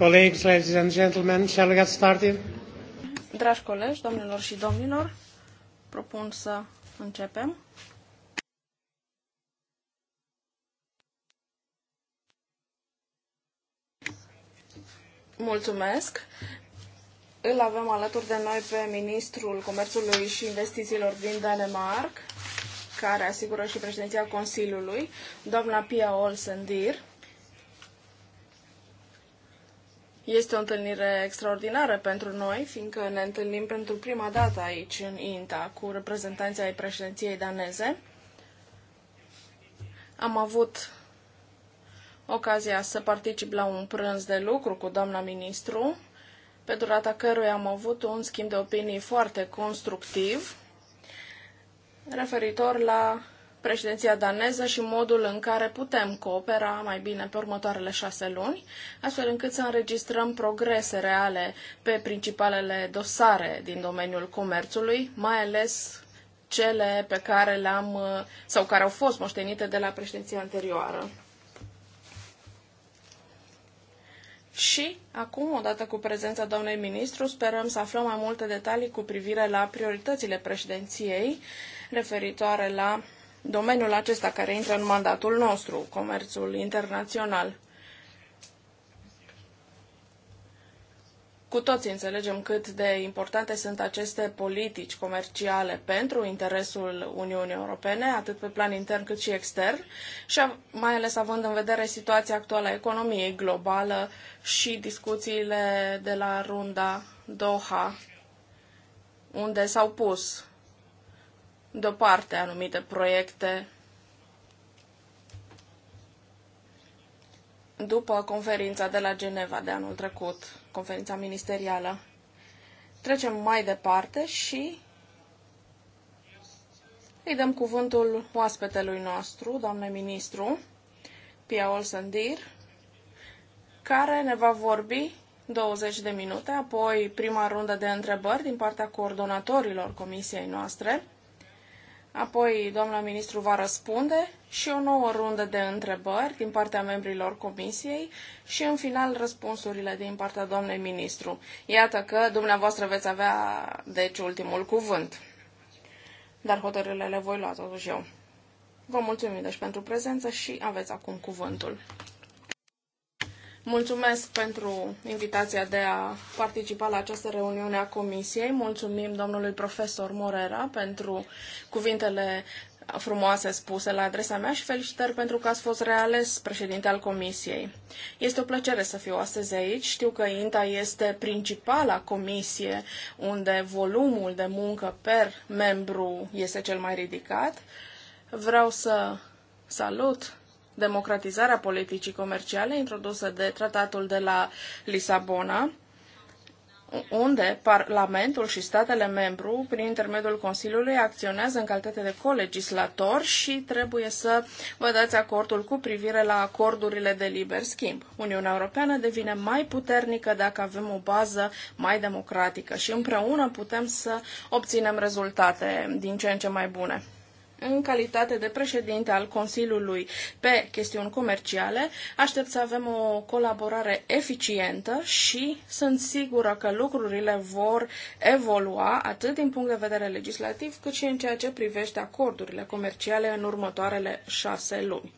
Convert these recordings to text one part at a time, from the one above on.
Colleagues, ladies and gentlemen, shall we get started? Dragi colegi, domnilor și domnilor, propun să începem. Mulțumesc. Îl avem alături de noi pe Ministrul Comerțului și Investițiilor din Danemark, care asigură și președinția Consiliului, doamna Pia Olsen-Dir. Este o întâlnire extraordinară pentru noi, fiindcă ne întâlnim pentru prima dată aici, în INTA, cu reprezentanții ai președinției daneze. Am avut ocazia să particip la un prânz de lucru cu doamna ministru, pe durata căruia am avut un schimb de opinii foarte constructiv referitor la președinția daneză și modul în care putem coopera mai bine pe următoarele șase luni, astfel încât să înregistrăm progrese reale pe principalele dosare din domeniul comerțului, mai ales cele pe care le-am sau care au fost moștenite de la președinția anterioară. Și acum, odată cu prezența doamnei ministru, sperăm să aflăm mai multe detalii cu privire la prioritățile președinției referitoare la domeniul acesta care intră în mandatul nostru, comerțul internațional. Cu toți înțelegem cât de importante sunt aceste politici comerciale pentru interesul Uniunii Europene, atât pe plan intern cât și extern, și mai ales având în vedere situația actuală a economiei globală și discuțiile de la runda Doha, unde s-au pus deoparte anumite proiecte după conferința de la Geneva de anul trecut, conferința ministerială. Trecem mai departe și îi dăm cuvântul oaspetelui nostru, doamne ministru, Pia Olsandir, care ne va vorbi 20 de minute, apoi prima rundă de întrebări din partea coordonatorilor comisiei noastre Apoi doamna ministru va răspunde și o nouă rundă de întrebări din partea membrilor comisiei și în final răspunsurile din partea doamnei ministru. Iată că dumneavoastră veți avea deci ultimul cuvânt. Dar hotărârile le voi lua totuși eu. Vă mulțumim deci pentru prezență și aveți acum cuvântul. Mulțumesc pentru invitația de a participa la această reuniune a Comisiei. Mulțumim domnului profesor Morera pentru cuvintele frumoase spuse la adresa mea și felicitări pentru că ați fost reales președinte al Comisiei. Este o plăcere să fiu astăzi aici. Știu că INTA este principala comisie unde volumul de muncă per membru este cel mai ridicat. Vreau să salut democratizarea politicii comerciale introdusă de tratatul de la Lisabona, unde Parlamentul și statele membru, prin intermediul Consiliului, acționează în calitate de colegislator și trebuie să vă dați acordul cu privire la acordurile de liber schimb. Uniunea Europeană devine mai puternică dacă avem o bază mai democratică și împreună putem să obținem rezultate din ce în ce mai bune în calitate de președinte al Consiliului pe chestiuni comerciale. Aștept să avem o colaborare eficientă și sunt sigură că lucrurile vor evolua atât din punct de vedere legislativ cât și în ceea ce privește acordurile comerciale în următoarele șase luni.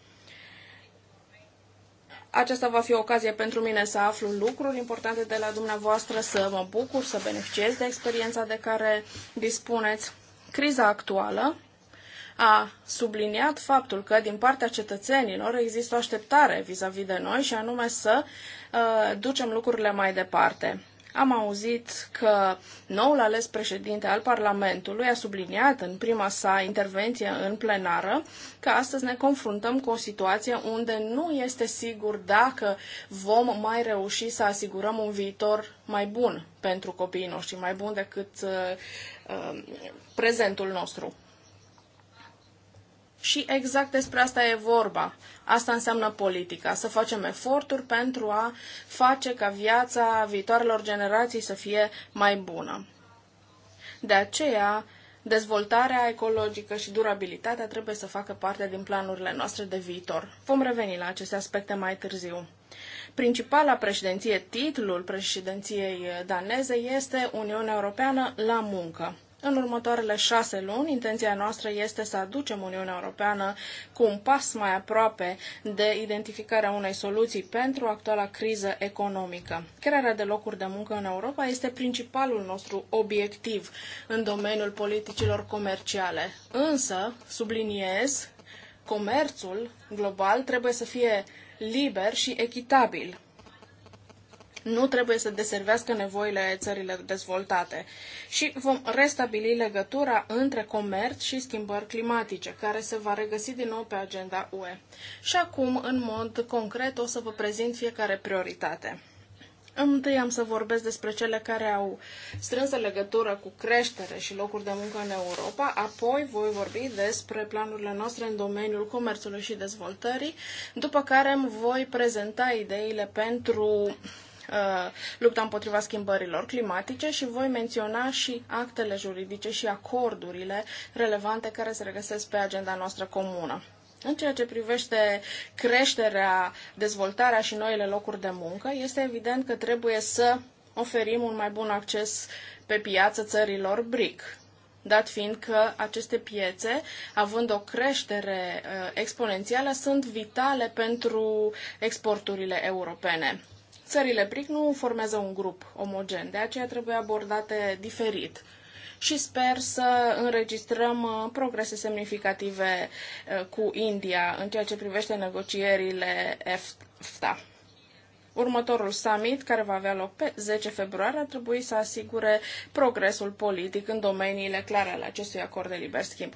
Aceasta va fi o ocazie pentru mine să aflu lucruri importante de la dumneavoastră, să mă bucur, să beneficiez de experiența de care dispuneți. Criza actuală a subliniat faptul că din partea cetățenilor există o așteptare vis-a-vis -vis de noi și anume să uh, ducem lucrurile mai departe. Am auzit că noul ales președinte al Parlamentului a subliniat în prima sa intervenție în plenară că astăzi ne confruntăm cu o situație unde nu este sigur dacă vom mai reuși să asigurăm un viitor mai bun pentru copiii noștri, mai bun decât uh, uh, prezentul nostru. Și exact despre asta e vorba. Asta înseamnă politica, să facem eforturi pentru a face ca viața viitoarelor generații să fie mai bună. De aceea, dezvoltarea ecologică și durabilitatea trebuie să facă parte din planurile noastre de viitor. Vom reveni la aceste aspecte mai târziu. Principala președinție, titlul președinției daneze este Uniunea Europeană la muncă. În următoarele șase luni, intenția noastră este să aducem Uniunea Europeană cu un pas mai aproape de identificarea unei soluții pentru actuala criză economică. Crearea de locuri de muncă în Europa este principalul nostru obiectiv în domeniul politicilor comerciale. Însă, subliniez, comerțul global trebuie să fie liber și echitabil nu trebuie să deservească nevoile țările dezvoltate și vom restabili legătura între comerț și schimbări climatice, care se va regăsi din nou pe agenda UE. Și acum, în mod concret, o să vă prezint fiecare prioritate. Întâi am să vorbesc despre cele care au strânsă legătură cu creștere și locuri de muncă în Europa, apoi voi vorbi despre planurile noastre în domeniul comerțului și dezvoltării, după care îmi voi prezenta ideile pentru Uh, lupta împotriva schimbărilor climatice și voi menționa și actele juridice și acordurile relevante care se regăsesc pe agenda noastră comună. În ceea ce privește creșterea, dezvoltarea și noile locuri de muncă, este evident că trebuie să oferim un mai bun acces pe piață țărilor BRIC, dat fiind că aceste piețe, având o creștere uh, exponențială, sunt vitale pentru exporturile europene. Țările PRIC nu formează un grup omogen, de aceea trebuie abordate diferit și sper să înregistrăm uh, progrese semnificative uh, cu India în ceea ce privește negocierile EFTA. Următorul summit, care va avea loc pe 10 februarie, ar trebui să asigure progresul politic în domeniile clare ale acestui acord de liber schimb.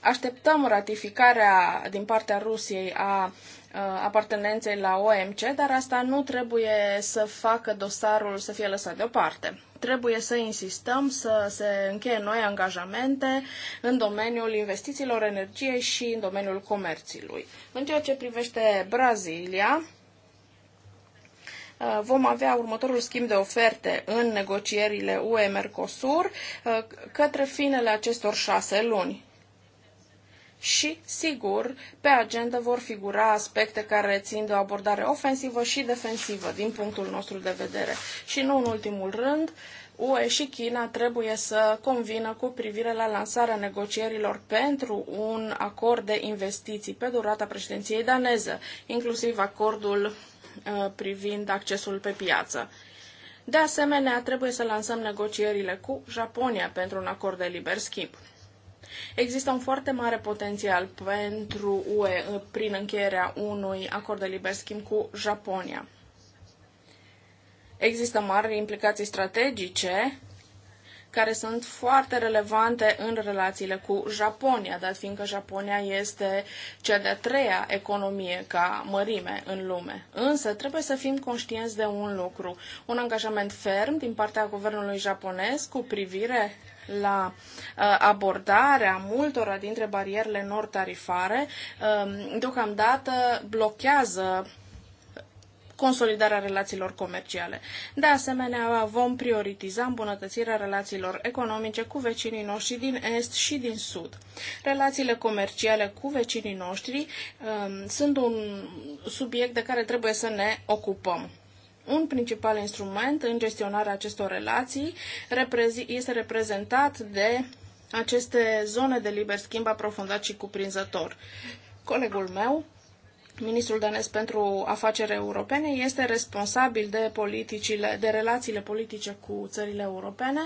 Așteptăm ratificarea din partea Rusiei a Uh, apartenenței la OMC, dar asta nu trebuie să facă dosarul să fie lăsat deoparte. Trebuie să insistăm să se încheie noi angajamente în domeniul investițiilor energie și în domeniul comerțului. În ceea ce privește Brazilia, uh, vom avea următorul schimb de oferte în negocierile UE-Mercosur uh, către finele acestor șase luni și, sigur, pe agenda vor figura aspecte care țin de o abordare ofensivă și defensivă din punctul nostru de vedere. Și nu în ultimul rând, UE și China trebuie să convină cu privire la lansarea negocierilor pentru un acord de investiții pe durata președinției daneză, inclusiv acordul uh, privind accesul pe piață. De asemenea, trebuie să lansăm negocierile cu Japonia pentru un acord de liber schimb. Există un foarte mare potențial pentru UE prin încheierea unui acord de liber schimb cu Japonia. Există mari implicații strategice care sunt foarte relevante în relațiile cu Japonia, dat fiindcă Japonia este cea de-a treia economie ca mărime în lume. Însă trebuie să fim conștienți de un lucru, un angajament ferm din partea guvernului japonez cu privire la uh, abordarea multora dintre barierele nord-tarifare, um, deocamdată blochează consolidarea relațiilor comerciale. De asemenea, vom prioritiza îmbunătățirea relațiilor economice cu vecinii noștri din Est și din Sud. Relațiile comerciale cu vecinii noștri um, sunt un subiect de care trebuie să ne ocupăm. Un principal instrument în gestionarea acestor relații este reprezentat de aceste zone de liber schimb aprofundat și cuprinzător. Colegul meu, ministrul danez pentru afaceri europene, este responsabil de, politicile, de relațiile politice cu țările europene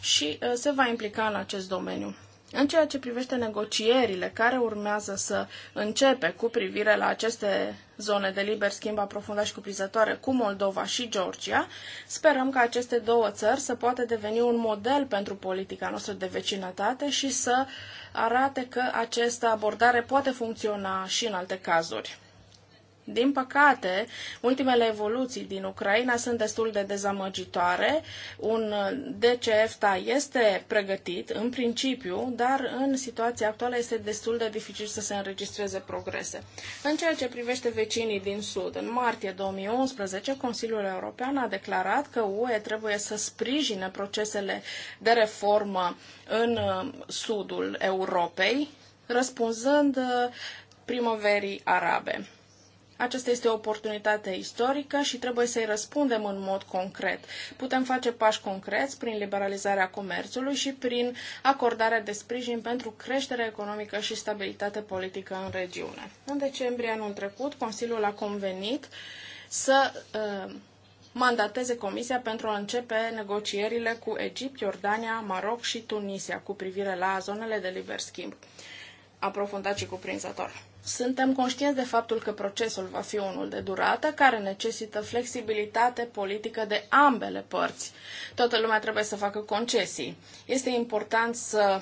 și uh, se va implica în acest domeniu. În ceea ce privește negocierile care urmează să începe cu privire la aceste zone de liber schimb aprofundate și cuprizătoare cu Moldova și Georgia. Sperăm că aceste două țări să poată deveni un model pentru politica noastră de vecinătate și să arate că această abordare poate funcționa și în alte cazuri. Din păcate, ultimele evoluții din Ucraina sunt destul de dezamăgitoare. Un DCFTA este pregătit în principiu, dar în situația actuală este destul de dificil să se înregistreze progrese. În ceea ce privește vecinii din Sud, în martie 2011, Consiliul European a declarat că UE trebuie să sprijine procesele de reformă în uh, Sudul Europei, răspunzând uh, primăverii arabe. Aceasta este o oportunitate istorică și trebuie să-i răspundem în mod concret. Putem face pași concreți prin liberalizarea comerțului și prin acordarea de sprijin pentru creșterea economică și stabilitate politică în regiune. În decembrie anul trecut, Consiliul a convenit să uh, mandateze Comisia pentru a începe negocierile cu Egipt, Iordania, Maroc și Tunisia cu privire la zonele de liber schimb. Aprofundat și cuprinzător. Suntem conștienți de faptul că procesul va fi unul de durată, care necesită flexibilitate politică de ambele părți. Toată lumea trebuie să facă concesii. Este important să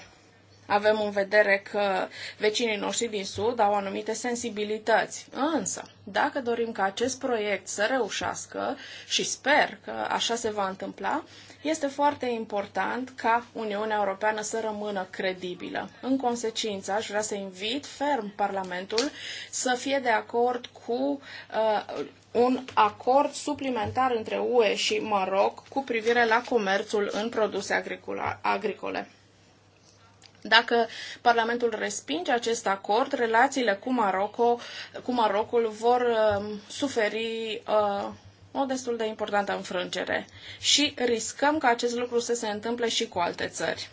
avem în vedere că vecinii noștri din Sud au anumite sensibilități. Însă, dacă dorim ca acest proiect să reușească, și sper că așa se va întâmpla, este foarte important ca Uniunea Europeană să rămână credibilă. În consecință, aș vrea să invit ferm Parlamentul să fie de acord cu uh, un acord suplimentar între UE și Maroc cu privire la comerțul în produse agricole. Dacă Parlamentul respinge acest acord, relațiile cu, Maroco, cu Marocul vor um, suferi uh, o destul de importantă înfrângere și riscăm ca acest lucru să se întâmple și cu alte țări.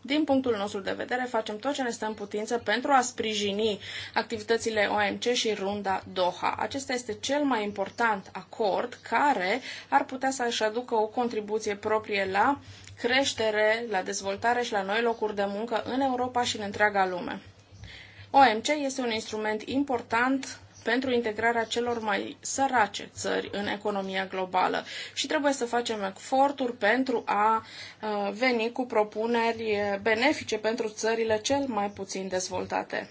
Din punctul nostru de vedere, facem tot ce ne stă în putință pentru a sprijini activitățile OMC și runda Doha. Acesta este cel mai important acord care ar putea să-și aducă o contribuție proprie la creștere, la dezvoltare și la noi locuri de muncă în Europa și în întreaga lume. OMC este un instrument important pentru integrarea celor mai sărace țări în economia globală și trebuie să facem eforturi pentru a veni cu propuneri benefice pentru țările cel mai puțin dezvoltate.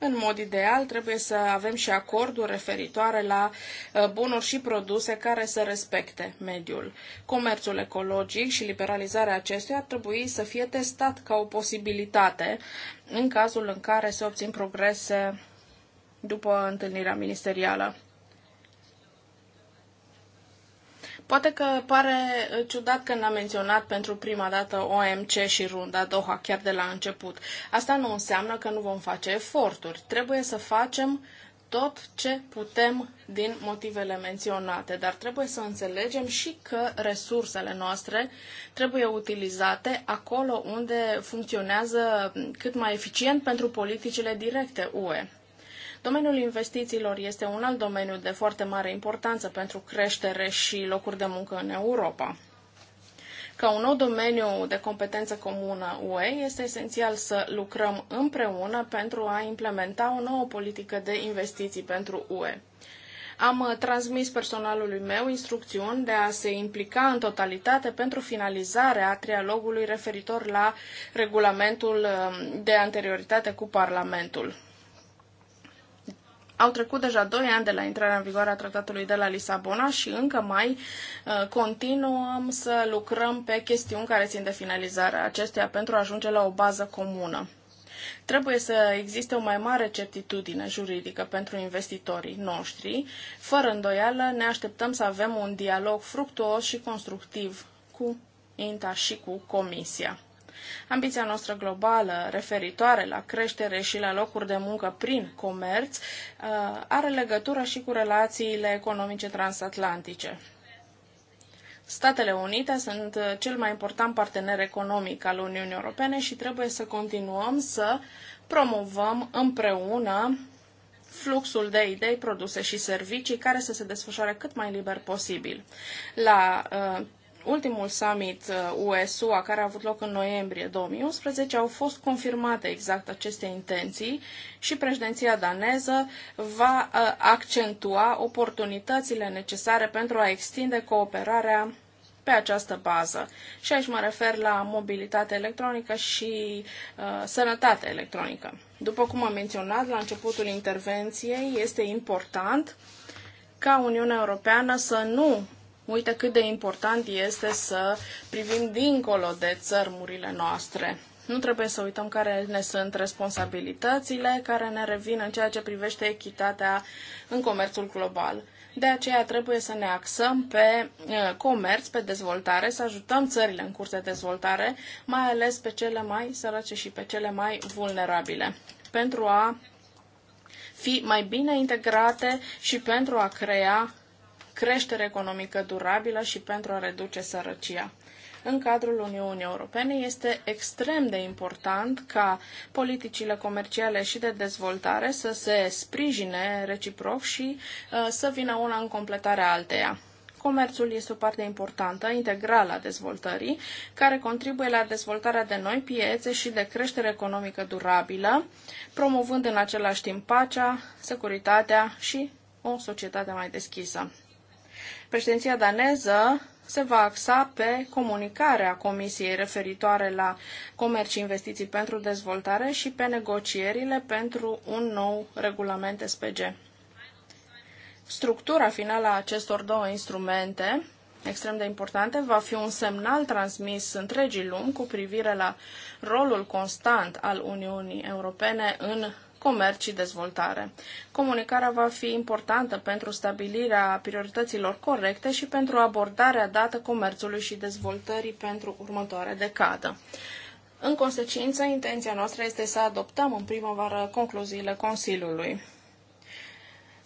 În mod ideal, trebuie să avem și acorduri referitoare la uh, bunuri și produse care să respecte mediul. Comerțul ecologic și liberalizarea acestuia ar trebui să fie testat ca o posibilitate în cazul în care se obțin progrese după întâlnirea ministerială. Poate că pare uh, ciudat că n-am menționat pentru prima dată OMC și runda Doha chiar de la început. Asta nu înseamnă că nu vom face eforturi. Trebuie să facem tot ce putem din motivele menționate, dar trebuie să înțelegem și că resursele noastre trebuie utilizate acolo unde funcționează cât mai eficient pentru politicile directe UE. Domeniul investițiilor este un alt domeniu de foarte mare importanță pentru creștere și locuri de muncă în Europa. Ca un nou domeniu de competență comună UE, este esențial să lucrăm împreună pentru a implementa o nouă politică de investiții pentru UE. Am transmis personalului meu instrucțiuni de a se implica în totalitate pentru finalizarea trialogului referitor la regulamentul um, de anterioritate cu Parlamentul. Au trecut deja doi ani de la intrarea în vigoare a tratatului de la Lisabona și încă mai uh, continuăm să lucrăm pe chestiuni care țin de finalizarea acestuia pentru a ajunge la o bază comună. Trebuie să existe o mai mare certitudine juridică pentru investitorii noștri. Fără îndoială, ne așteptăm să avem un dialog fructuos și constructiv cu INTA și cu Comisia. Ambiția noastră globală referitoare la creștere și la locuri de muncă prin comerț uh, are legătură și cu relațiile economice transatlantice. Statele Unite sunt cel mai important partener economic al Uniunii Europene și trebuie să continuăm să promovăm împreună fluxul de idei, produse și servicii care să se desfășoare cât mai liber posibil. La uh, ultimul summit USUA uh, care a avut loc în noiembrie 2011 au fost confirmate exact aceste intenții și președinția daneză va uh, accentua oportunitățile necesare pentru a extinde cooperarea pe această bază. Și aici mă refer la mobilitate electronică și uh, sănătate electronică. După cum am menționat la începutul intervenției, este important ca Uniunea Europeană să nu uite cât de important este să privim dincolo de țărmurile noastre. Nu trebuie să uităm care ne sunt responsabilitățile care ne revin în ceea ce privește echitatea în comerțul global. De aceea trebuie să ne axăm pe eh, comerț, pe dezvoltare, să ajutăm țările în curs de dezvoltare, mai ales pe cele mai sărace și pe cele mai vulnerabile, pentru a fi mai bine integrate și pentru a crea creștere economică durabilă și pentru a reduce sărăcia. În cadrul Uniunii Europene este extrem de important ca politicile comerciale și de dezvoltare să se sprijine reciproc și uh, să vină una în completarea alteia. Comerțul este o parte importantă, integrală a dezvoltării, care contribuie la dezvoltarea de noi piețe și de creștere economică durabilă, promovând în același timp pacea, securitatea și o societate mai deschisă. Președinția daneză se va axa pe comunicarea Comisiei referitoare la comerț și investiții pentru dezvoltare și pe negocierile pentru un nou regulament SPG. Structura finală a acestor două instrumente extrem de importante, va fi un semnal transmis întregii lumi cu privire la rolul constant al Uniunii Europene în comerț și dezvoltare. Comunicarea va fi importantă pentru stabilirea priorităților corecte și pentru abordarea dată comerțului și dezvoltării pentru următoarea decadă. În consecință, intenția noastră este să adoptăm în primăvară concluziile Consiliului.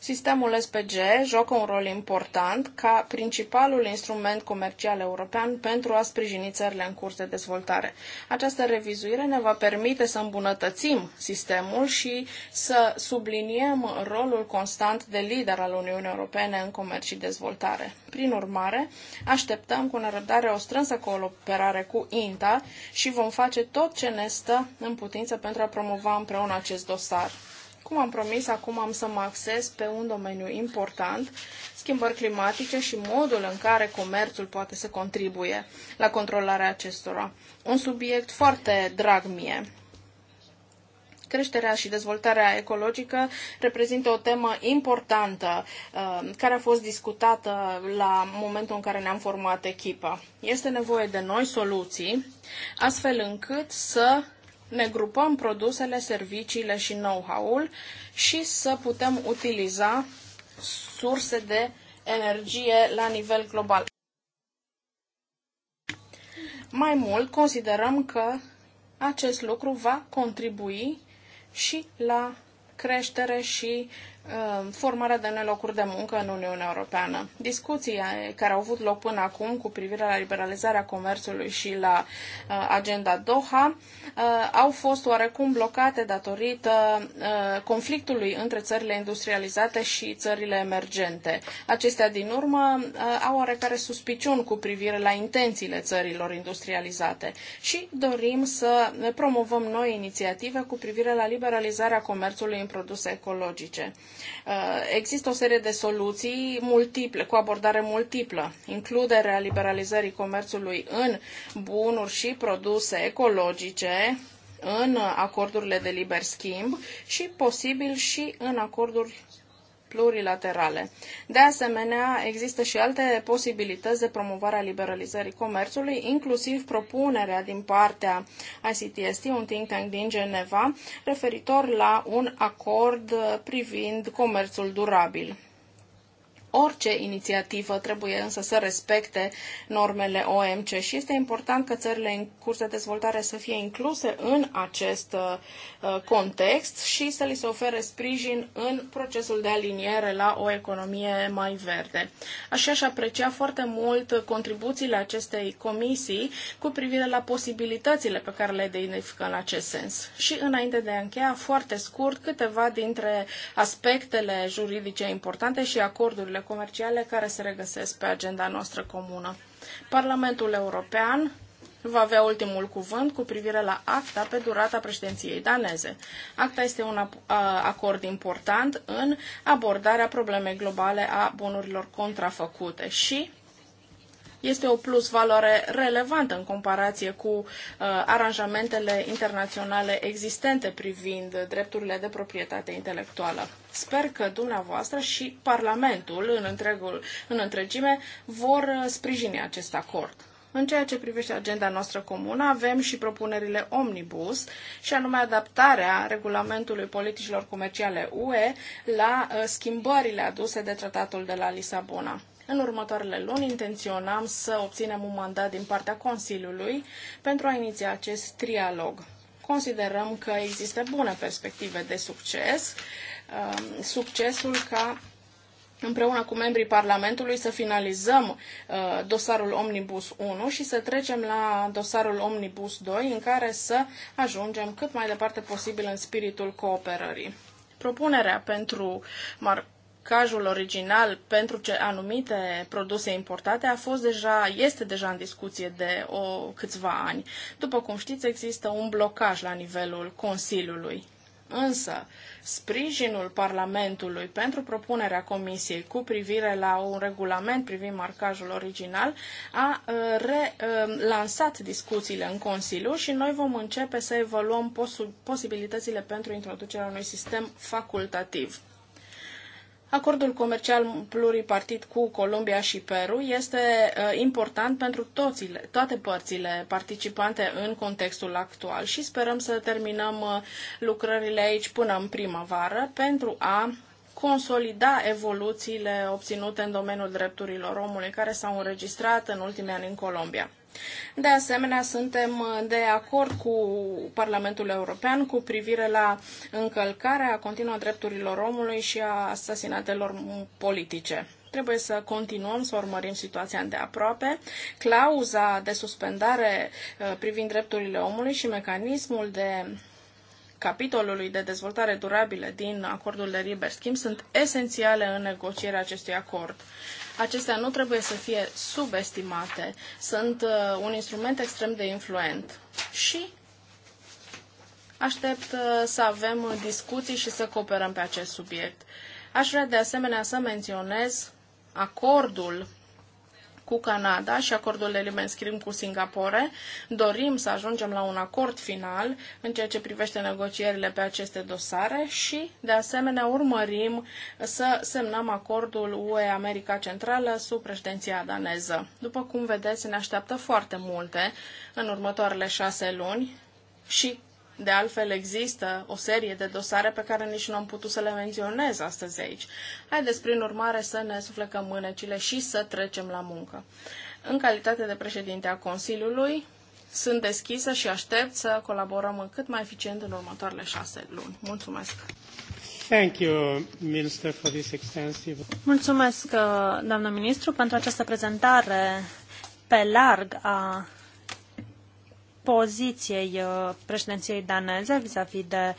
Sistemul SPG joacă un rol important ca principalul instrument comercial european pentru a sprijini țările în curs de dezvoltare. Această revizuire ne va permite să îmbunătățim sistemul și să subliniem rolul constant de lider al Uniunii Europene în comerț și dezvoltare. Prin urmare, așteptăm cu nerăbdare o strânsă cooperare cu INTA și vom face tot ce ne stă în putință pentru a promova împreună acest dosar cum am promis, acum am să mă axez pe un domeniu important, schimbări climatice și modul în care comerțul poate să contribuie la controlarea acestora. Un subiect foarte drag mie. Creșterea și dezvoltarea ecologică reprezintă o temă importantă uh, care a fost discutată la momentul în care ne-am format echipa. Este nevoie de noi soluții, astfel încât să ne grupăm produsele, serviciile și know-how-ul și să putem utiliza surse de energie la nivel global. Mai mult, considerăm că acest lucru va contribui și la creștere și Uh, formarea de noi locuri de muncă în Uniunea Europeană. Discuții care au avut loc până acum cu privire la liberalizarea comerțului și la uh, agenda Doha uh, au fost oarecum blocate datorită conflictului între țările industrializate și țările emergente. Acestea din urmă au oarecare suspiciuni cu privire la intențiile țărilor industrializate și dorim să promovăm noi inițiative cu privire la liberalizarea comerțului în produse ecologice. Uh, există o serie de soluții multiple, cu abordare multiplă. Includerea liberalizării comerțului în bunuri și produse ecologice, în acordurile de liber schimb și posibil și în acorduri plurilaterale. De asemenea, există și alte posibilități de promovare a liberalizării comerțului, inclusiv propunerea din partea ICTST, un think tank din Geneva, referitor la un acord privind comerțul durabil. Orice inițiativă trebuie însă să respecte normele OMC și este important că țările în curs de dezvoltare să fie incluse în acest uh, context și să li se ofere sprijin în procesul de aliniere la o economie mai verde. Așa aș aprecia foarte mult contribuțiile acestei comisii cu privire la posibilitățile pe care le identifică în acest sens. Și înainte de a încheia, foarte scurt, câteva dintre aspectele juridice importante și acordurile comerciale care se regăsesc pe agenda noastră comună. Parlamentul European va avea ultimul cuvânt cu privire la acta pe durata președinției daneze. Acta este un acord important în abordarea problemei globale a bunurilor contrafăcute și este o plusvaloare relevantă în comparație cu uh, aranjamentele internaționale existente privind drepturile de proprietate intelectuală. Sper că dumneavoastră și Parlamentul în, întregul, în întregime vor uh, sprijini acest acord. În ceea ce privește agenda noastră comună, avem și propunerile Omnibus, și anume adaptarea regulamentului politicilor comerciale UE la uh, schimbările aduse de tratatul de la Lisabona. În următoarele luni intenționam să obținem un mandat din partea Consiliului pentru a iniția acest trialog. Considerăm că există bune perspective de succes, um, succesul ca împreună cu membrii Parlamentului să finalizăm uh, dosarul Omnibus 1 și să trecem la dosarul Omnibus 2 în care să ajungem cât mai departe posibil în spiritul cooperării. Propunerea pentru blocajul original pentru ce, anumite produse importate a fost deja, este deja în discuție de o câțiva ani. După cum știți, există un blocaj la nivelul Consiliului. Însă, sprijinul Parlamentului pentru propunerea Comisiei cu privire la un regulament privind marcajul original a relansat discuțiile în Consiliu și noi vom începe să evaluăm posibilitățile pentru introducerea unui sistem facultativ. Acordul comercial pluripartit cu Columbia și Peru este uh, important pentru toțile, toate părțile participante în contextul actual și sperăm să terminăm uh, lucrările aici până în primăvară pentru a consolida evoluțiile obținute în domeniul drepturilor omului care s-au înregistrat în ultimii ani în Colombia. De asemenea, suntem de acord cu Parlamentul European cu privire la încălcarea continuă a drepturilor omului și a asasinatelor politice trebuie să continuăm să urmărim situația îndeaproape. Clauza de suspendare uh, privind drepturile omului și mecanismul de capitolului de dezvoltare durabilă din acordul de liber schimb sunt esențiale în negocierea acestui acord. Acestea nu trebuie să fie subestimate. Sunt uh, un instrument extrem de influent. Și aștept uh, să avem uh, discuții și să cooperăm pe acest subiect. Aș vrea de asemenea să menționez acordul cu Canada și acordul Element Scrim cu Singapore. Dorim să ajungem la un acord final în ceea ce privește negocierile pe aceste dosare și, de asemenea, urmărim să semnăm acordul UE-America Centrală sub președinția daneză. După cum vedeți, ne așteaptă foarte multe în următoarele șase luni și de altfel, există o serie de dosare pe care nici nu am putut să le menționez astăzi aici. Haideți, prin urmare, să ne suflecăm mânecile și să trecem la muncă. În calitate de președinte a Consiliului, sunt deschisă și aștept să colaborăm în cât mai eficient în următoarele șase luni. Mulțumesc! Thank you, Minister, for this extensive... Mulțumesc, uh, doamnă ministru, pentru această prezentare pe larg a poziției uh, președinției daneze vis-a-vis -vis de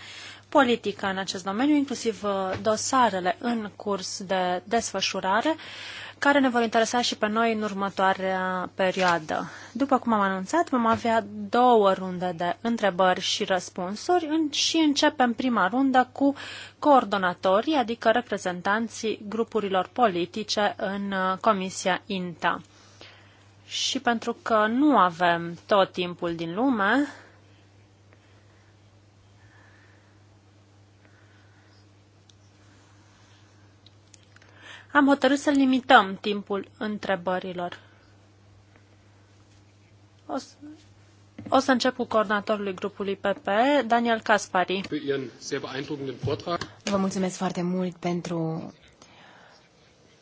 politica în acest domeniu, inclusiv uh, dosarele în curs de desfășurare, care ne vor interesa și pe noi în următoarea perioadă. După cum am anunțat, vom avea două runde de întrebări și răspunsuri și începem prima rundă cu coordonatorii, adică reprezentanții grupurilor politice în uh, Comisia INTA și pentru că nu avem tot timpul din lume, am hotărât să limităm timpul întrebărilor. O să, o să încep cu coordonatorului grupului PP, Daniel Caspari. Vă mulțumesc foarte mult pentru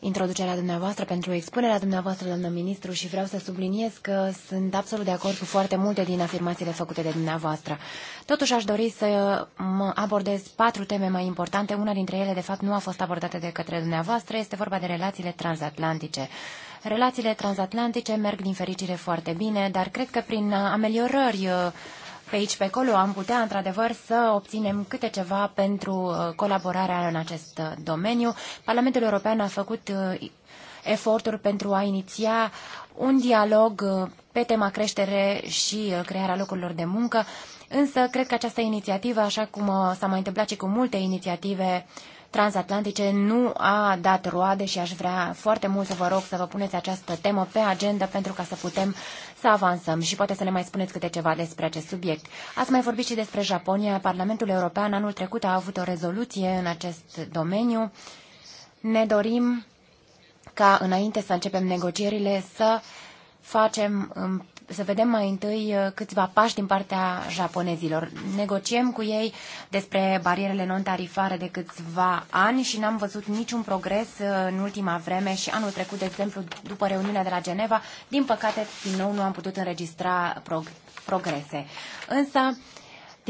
introducerea dumneavoastră, pentru expunerea dumneavoastră, doamnă ministru, și vreau să subliniez că sunt absolut de acord cu foarte multe din afirmațiile făcute de dumneavoastră. Totuși aș dori să mă abordez patru teme mai importante. Una dintre ele, de fapt, nu a fost abordată de către dumneavoastră. Este vorba de relațiile transatlantice. Relațiile transatlantice merg din fericire foarte bine, dar cred că prin ameliorări uh, pe aici, pe acolo, am putea într-adevăr să obținem câte ceva pentru uh, colaborarea în acest uh, domeniu. Parlamentul European a făcut uh, eforturi pentru a iniția un dialog pe tema creștere și crearea locurilor de muncă, însă cred că această inițiativă, așa cum s-a mai întâmplat și cu multe inițiative transatlantice nu a dat roade și aș vrea foarte mult să vă rog să vă puneți această temă pe agenda pentru ca să putem să avansăm și poate să ne mai spuneți câte ceva despre acest subiect. Ați mai vorbit și despre Japonia. Parlamentul European anul trecut a avut o rezoluție în acest domeniu. Ne dorim ca înainte să începem negocierile să facem să vedem mai întâi uh, câțiva pași din partea japonezilor. Negociem cu ei despre barierele non-tarifare de câțiva ani și n-am văzut niciun progres uh, în ultima vreme și anul trecut, de exemplu, după reuniunea de la Geneva, din păcate, din nou nu am putut înregistra prog- progrese. Însă,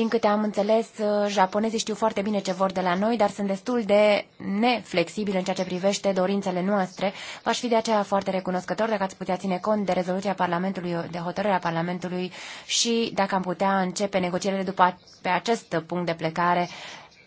din câte am înțeles, uh, japonezii știu foarte bine ce vor de la noi, dar sunt destul de neflexibili în ceea ce privește dorințele noastre. V-aș fi de aceea foarte recunoscător dacă ați putea ține cont de rezoluția Parlamentului, de hotărârea Parlamentului și dacă am putea începe negocierile după, pe acest punct de plecare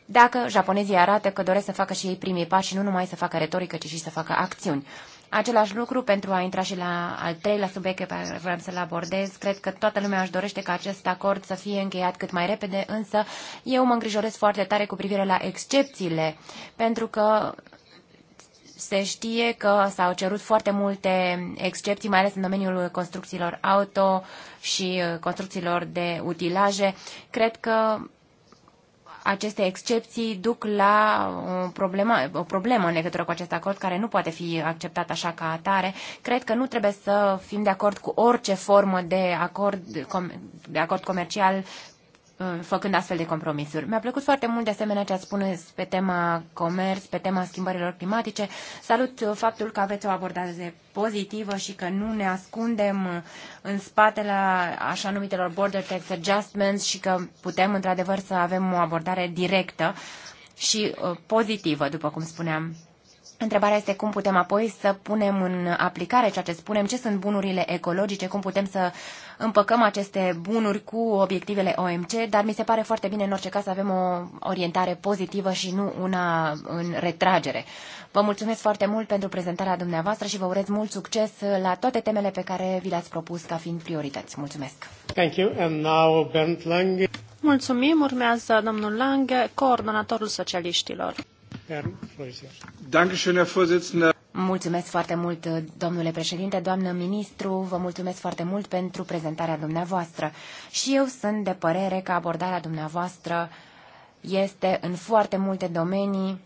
dacă japonezii arată că doresc să facă și ei primii pași și nu numai să facă retorică, ci și să facă acțiuni. Același lucru pentru a intra și la al treilea subiect pe care vreau să-l abordez. Cred că toată lumea își dorește ca acest acord să fie încheiat cât mai repede, însă eu mă îngrijoresc foarte tare cu privire la excepțiile, pentru că se știe că s-au cerut foarte multe excepții, mai ales în domeniul construcțiilor auto și uh, construcțiilor de utilaje. Cred că aceste excepții duc la o problemă, o problemă în legătură cu acest acord care nu poate fi acceptat așa ca atare. Cred că nu trebuie să fim de acord cu orice formă de acord, de acord comercial Uh, făcând astfel de compromisuri. Mi-a plăcut foarte mult de asemenea ce ați spune pe tema comerț, pe tema schimbărilor climatice. Salut uh, faptul că aveți o abordare pozitivă și că nu ne ascundem uh, în spatele așa numitelor border tax adjustments și că putem într-adevăr să avem o abordare directă și pozitivă, după cum spuneam. Întrebarea este cum putem apoi să punem în aplicare ceea ce spunem, ce sunt bunurile ecologice, cum putem să împăcăm aceste bunuri cu obiectivele OMC, dar mi se pare foarte bine în orice caz să avem o orientare pozitivă și nu una în retragere. Vă mulțumesc foarte mult pentru prezentarea dumneavoastră și vă urez mult succes la toate temele pe care vi le-ați propus ca fiind priorități. Mulțumesc! Thank you. And now Bernd Lange. Mulțumim. Urmează domnul Lange, coordonatorul socialiștilor. Mulțumesc foarte mult, domnule președinte, doamnă ministru, vă mulțumesc foarte mult pentru prezentarea dumneavoastră. Și eu sunt de părere că abordarea dumneavoastră este în foarte multe domenii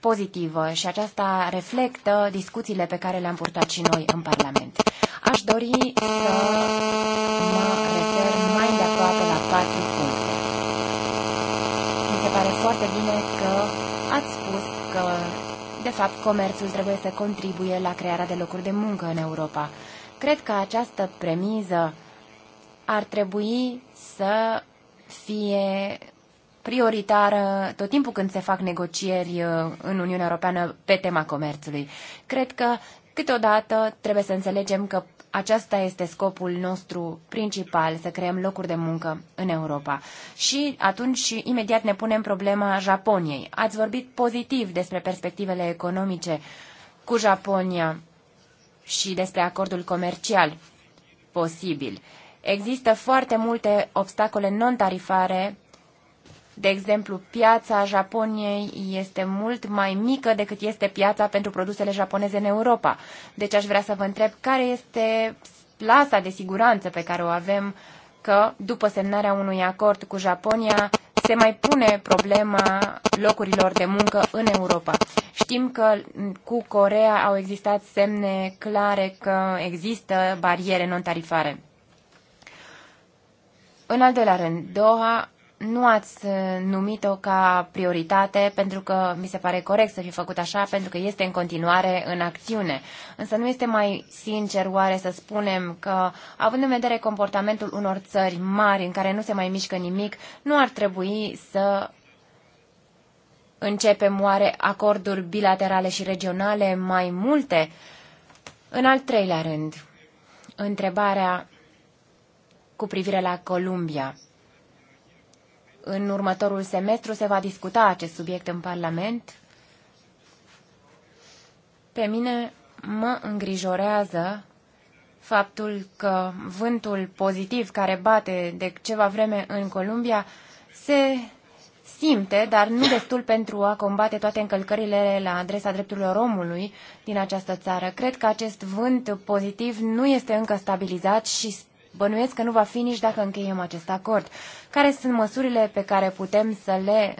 pozitivă și aceasta reflectă discuțiile pe care le-am purtat și noi în Parlament. Aș dori să mă refer mai de aproape la Patrick fapt, comerțul trebuie să contribuie la crearea de locuri de muncă în Europa. Cred că această premiză ar trebui să fie prioritară tot timpul când se fac negocieri uh, în Uniunea Europeană pe tema comerțului. Cred că câteodată trebuie să înțelegem că aceasta este scopul nostru principal, să creăm locuri de muncă în Europa. Și atunci imediat ne punem problema Japoniei. Ați vorbit pozitiv despre perspectivele economice cu Japonia și despre acordul comercial posibil. Există foarte multe obstacole non-tarifare de exemplu, piața Japoniei este mult mai mică decât este piața pentru produsele japoneze în Europa. Deci aș vrea să vă întreb care este plasa de siguranță pe care o avem că după semnarea unui acord cu Japonia se mai pune problema locurilor de muncă în Europa. Știm că cu Corea au existat semne clare că există bariere non-tarifare. În al doilea rând, Doha nu ați uh, numit-o ca prioritate pentru că mi se pare corect să fi făcut așa, pentru că este în continuare în acțiune. Însă nu este mai sincer oare să spunem că, având în vedere comportamentul unor țări mari în care nu se mai mișcă nimic, nu ar trebui să începem oare acorduri bilaterale și regionale mai multe? În al treilea rând, întrebarea cu privire la Columbia. În următorul semestru se va discuta acest subiect în Parlament. Pe mine mă îngrijorează faptul că vântul pozitiv care bate de ceva vreme în Columbia se simte, dar nu destul pentru a combate toate încălcările la adresa drepturilor omului din această țară. Cred că acest vânt pozitiv nu este încă stabilizat și bănuiesc că nu va fi nici dacă încheiem acest acord. Care sunt măsurile pe care putem să le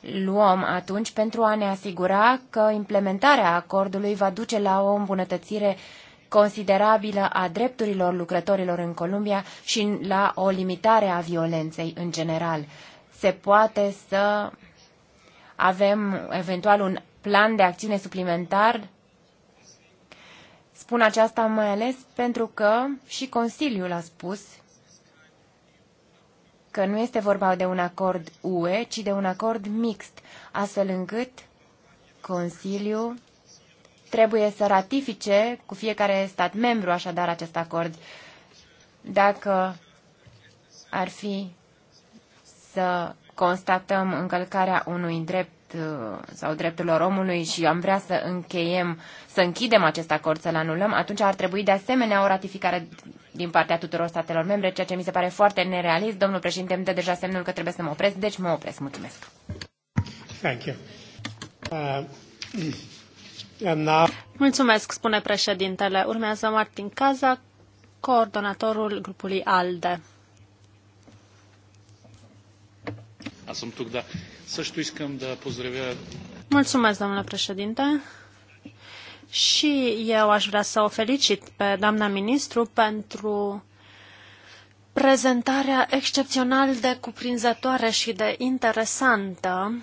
luăm atunci pentru a ne asigura că implementarea acordului va duce la o îmbunătățire considerabilă a drepturilor lucrătorilor în Columbia și la o limitare a violenței în general. Se poate să avem eventual un plan de acțiune suplimentar Spun aceasta mai ales pentru că și Consiliul a spus că nu este vorba de un acord UE, ci de un acord mixt, astfel încât Consiliul trebuie să ratifice cu fiecare stat membru așadar acest acord. Dacă ar fi să constatăm încălcarea unui drept Uh, sau drepturilor omului și am vrea să încheiem, să închidem acest acord, să-l anulăm, atunci ar trebui de asemenea o ratificare din partea tuturor statelor membre, ceea ce mi se pare foarte nerealist. Domnul președinte îmi dă deja semnul că trebuie să mă opresc, deci mă opresc. Mulțumesc. Thank you. Uh, now... Mulțumesc, spune președintele. Urmează Martin Caza, coordonatorul grupului ALDE. съм тук, да. Също искам да поздравя... Mulțumesc, domnule președinte. Și eu aș vrea să o felicit pe doamna ministru pentru prezentarea excepțional de cuprinzătoare și de interesantă,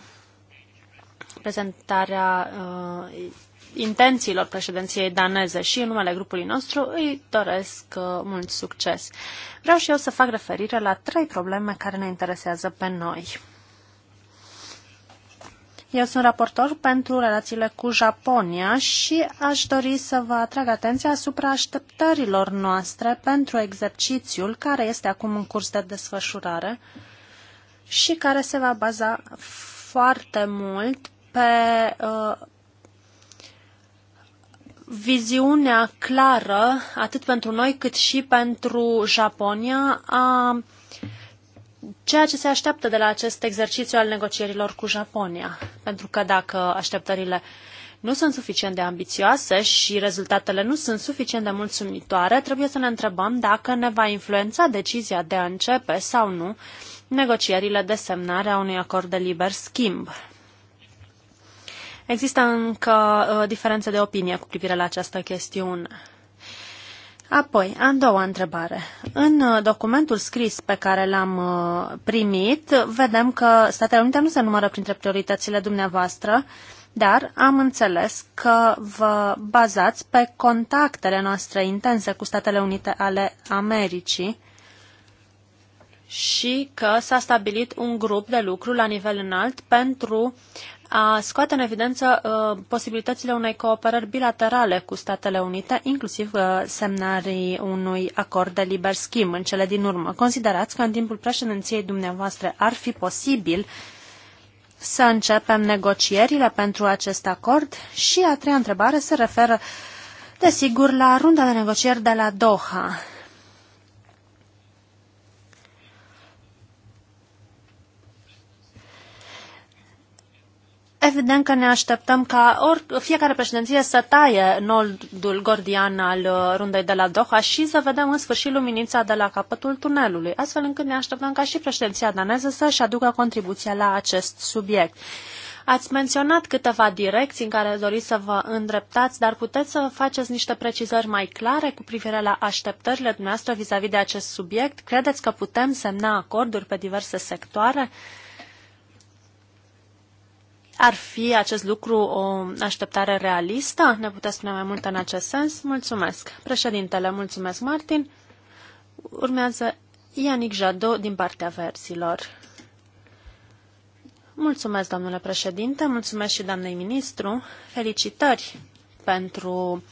prezentarea uh, intențiilor președinției daneze și în numele grupului nostru îi doresc uh, mult succes. Vreau și eu să fac referire la trei probleme care ne interesează pe noi. Eu sunt raportor pentru relațiile cu Japonia și aș dori să vă atrag atenția asupra așteptărilor noastre pentru exercițiul care este acum în curs de desfășurare și care se va baza foarte mult pe uh, viziunea clară, atât pentru noi cât și pentru Japonia, a uh, ceea ce se așteaptă de la acest exercițiu al negocierilor cu Japonia. Pentru că dacă așteptările nu sunt suficient de ambițioase și rezultatele nu sunt suficient de mulțumitoare, trebuie să ne întrebăm dacă ne va influența decizia de a începe sau nu negocierile de semnare a unui acord de liber schimb. Există încă uh, diferențe de opinie cu privire la această chestiune. Apoi, a doua întrebare. În uh, documentul scris pe care l-am uh, primit, vedem că Statele Unite nu se numără printre prioritățile dumneavoastră, dar am înțeles că vă bazați pe contactele noastre intense cu Statele Unite ale Americii și că s-a stabilit un grup de lucru la nivel înalt pentru uh, a scoate în evidență uh, posibilitățile unei cooperări bilaterale cu Statele Unite, inclusiv uh, semnarii unui acord de liber schimb în cele din urmă. Considerați că în timpul președinției dumneavoastră ar fi posibil să începem negocierile pentru acest acord? Și a treia întrebare se referă, desigur, la runda de negocieri de la Doha. Evident că ne așteptăm ca or, fiecare președinție să taie nodul gordian al uh, rundei de la Doha și să vedem în sfârșit luminița de la capătul tunelului, astfel încât ne așteptăm ca și președinția daneză să-și aducă contribuția la acest subiect. Ați menționat câteva direcții în care doriți să vă îndreptați, dar puteți să faceți niște precizări mai clare cu privire la așteptările dumneavoastră vis-a-vis -vis de acest subiect? Credeți că putem semna acorduri pe diverse sectoare? Uh, ar fi acest lucru o așteptare realistă? Ne puteți spune mai mult în acest sens? Mulțumesc. Președintele, mulțumesc, Martin. Urmează Ianic Jado din partea versilor. Mulțumesc, domnule președinte, mulțumesc și doamnei ministru. Felicitări pentru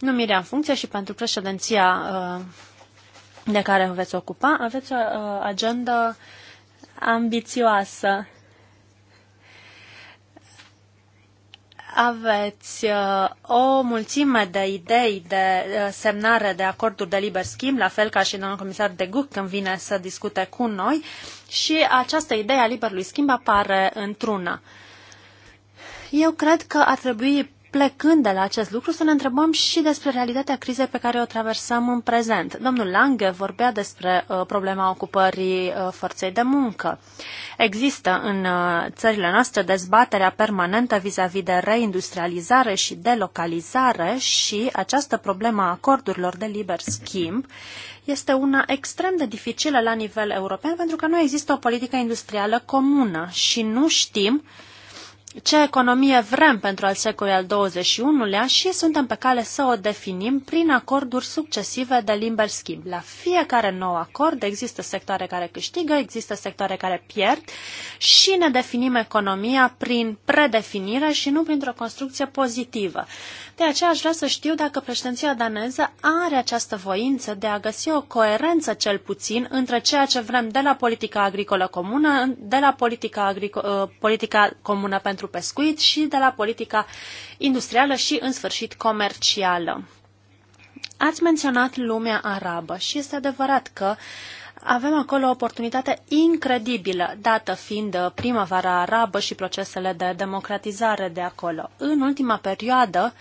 numirea în funcție și pentru președinția uh, de care veți ocupa. Aveți o uh, agendă ambițioasă. aveți uh, o mulțime de idei de uh, semnare de acorduri de liber schimb, la fel ca și domnul comisar de Guc când vine să discute cu noi și această idee a liberului schimb apare într-una. Eu cred că ar trebui plecând de la acest lucru, să ne întrebăm și despre realitatea crizei pe care o traversăm în prezent. Domnul Lange vorbea despre uh, problema ocupării uh, forței de muncă. Există în uh, țările noastre dezbaterea permanentă vis-a-vis -vis de reindustrializare și delocalizare și această problemă a acordurilor de liber schimb este una extrem de dificilă la nivel european pentru că nu există o politică industrială comună și nu știm uh, ce economie vrem pentru al secolului al XXI-lea și suntem pe cale să o definim prin acorduri succesive de liber schimb. La fiecare nou acord există sectoare care câștigă, există sectoare care pierd și ne definim economia prin predefinire și nu printr-o construcție pozitivă. De aceea aș vrea să știu dacă președinția daneză are această voință de a găsi o coerență cel puțin între ceea ce vrem de la politica agricolă comună, de la politica, agrico- uh, politica comună pentru pescuit și de la politica industrială și, în sfârșit, comercială. Ați menționat lumea arabă și este adevărat că uh, avem acolo o oportunitate incredibilă, dată fiind uh, primăvara arabă și procesele de democratizare de acolo. În ultima perioadă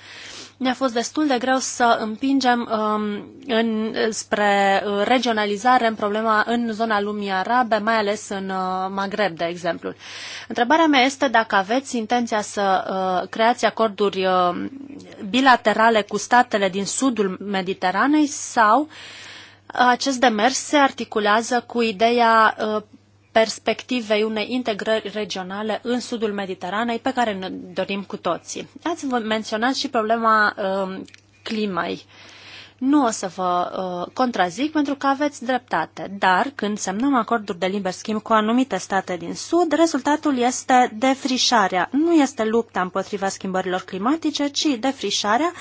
ne-a fost destul de greu să împingem um, în, spre uh, regionalizare în problema în zona lumii arabe, mai ales în uh, Maghreb, de exemplu. Întrebarea mea este dacă aveți intenția să uh, creați acorduri uh, bilaterale cu statele din sudul Mediteranei sau uh, acest demers se articulează cu ideea uh, perspectivei unei integrări regionale în sudul Mediteranei pe care ne dorim cu toții. Ați menționat și problema um, climei. Nu o să vă uh, contrazic pentru că aveți dreptate, dar când semnăm acorduri de liber schimb cu anumite state din Sud, rezultatul este defrișarea. Nu este lupta împotriva schimbărilor climatice, ci defrișarea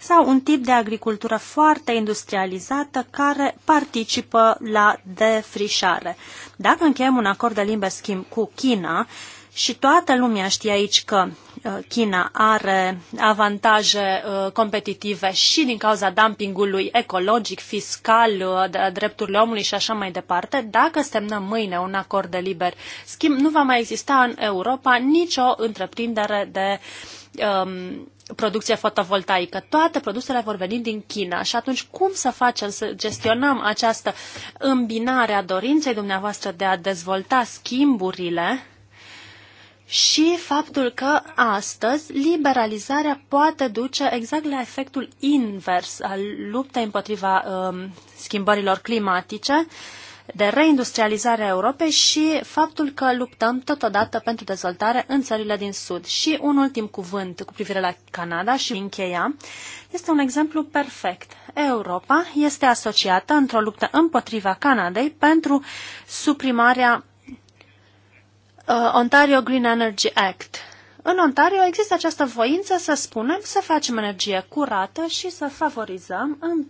sau un tip de agricultură foarte industrializată care participă la defrișare. Dacă încheiem un acord de liber schimb cu China, și toată lumea știe aici că uh, China are avantaje uh, competitive și din cauza dumpingului ecologic, fiscal, uh, drepturile omului și așa mai departe. Dacă semnăm mâine un acord de liber schimb, nu va mai exista în Europa nicio întreprindere de um, producție fotovoltaică. Toate produsele vor veni din China și atunci cum să facem să gestionăm această îmbinare a dorinței dumneavoastră de a dezvolta schimburile și faptul că astăzi liberalizarea poate duce exact la efectul invers al luptei împotriva um, schimbărilor climatice uh, de reindustrializare a Europei și faptul că luptăm totodată pentru dezvoltare în țările din Sud. Și un ultim cuvânt cu privire la Canada și încheia. Este un exemplu perfect. Europa este asociată într-o luptă împotriva Canadei pentru suprimarea uh, Ontario Green Energy Act. În Ontario există această voință să spunem să facem energie curată și să favorizăm în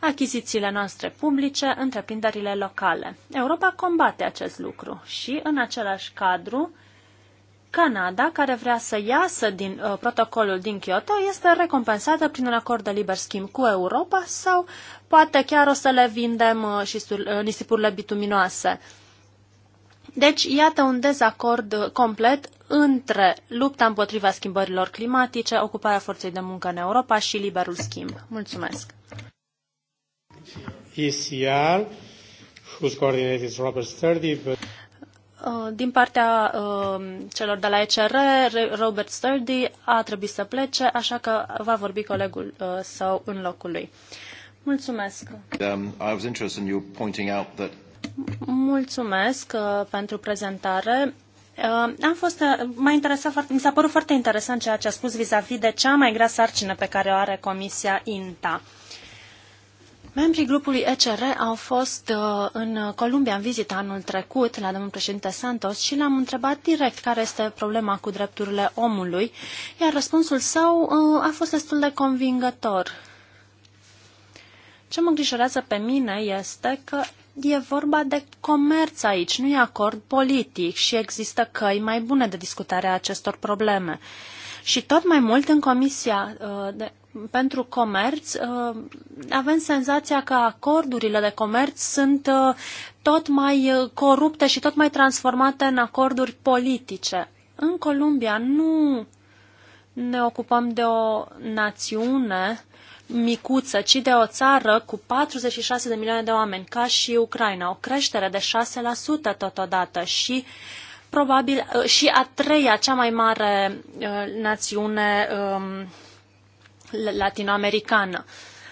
achizițiile noastre publice, întreprinderile locale. Europa combate acest lucru și, în același cadru, Canada, care vrea să iasă din uh, protocolul din Kyoto, este recompensată prin un acord de liber schimb cu Europa sau poate chiar o să le vindem uh, și uh, nisipurile bituminoase. Deci, iată un dezacord uh, complet între lupta împotriva schimbărilor climatice, ocuparea forței de muncă în Europa și liberul schimb. Mulțumesc! ECR, whose coordinate is Robert Sturdy, but... Uh, din partea uh, celor de la ECR, Robert Sturdy a trebuit să plece, așa că va vorbi colegul uh, său în locul lui. Mulțumesc. Um, I was interested in you pointing out that Mulțumesc uh, pentru prezentare. Uh, am fost, uh, m-a interesat mi s-a părut foarte interesant ceea ce a spus vis-a-vis -vis de cea mai grea sarcină pe care o are Comisia INTA. Uh, Membrii grupului ECR au fost uh, în Columbia în vizită anul trecut la domnul președinte Santos și l-am întrebat direct care este problema cu drepturile omului, iar răspunsul său uh, a fost destul de convingător. Ce mă îngrijorează pe mine este că e vorba de comerț aici, nu e acord politic și există căi mai bune de discutare a acestor probleme. Și tot mai mult în Comisia uh, de pentru comerț, uh, avem senzația că acordurile de comerț sunt uh, tot mai uh, corupte și tot mai transformate în acorduri politice. În Columbia nu ne ocupăm de o națiune micuță, ci de o țară cu 46 de milioane de oameni, ca și Ucraina, o creștere de 6% totodată și probabil și a treia cea mai mare națiune um, latinoamericană.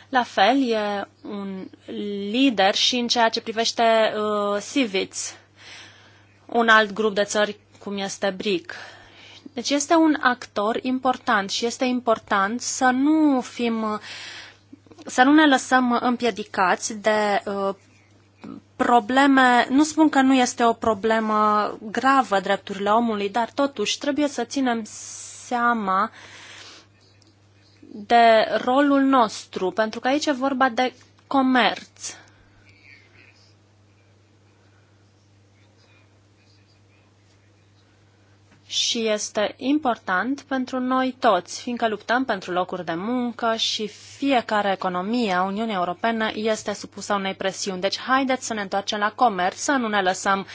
La fel, e un lider și în ceea ce privește uh, Civics, un alt grup de țări cum este BRIC. Deci este un actor important și este important să nu fim, să nu ne lăsăm împiedicați de uh, probleme, nu spun că nu este o problemă gravă drepturile omului, dar totuși trebuie să ținem seama uh, de rolul nostru, pentru că aici e vorba de comerț. și este important pentru noi toți, fiindcă luptăm pentru locuri de muncă și fiecare economie a Uniunii Europene este supusă unei presiuni. Deci haideți să ne întoarcem la comerț, să nu ne lăsăm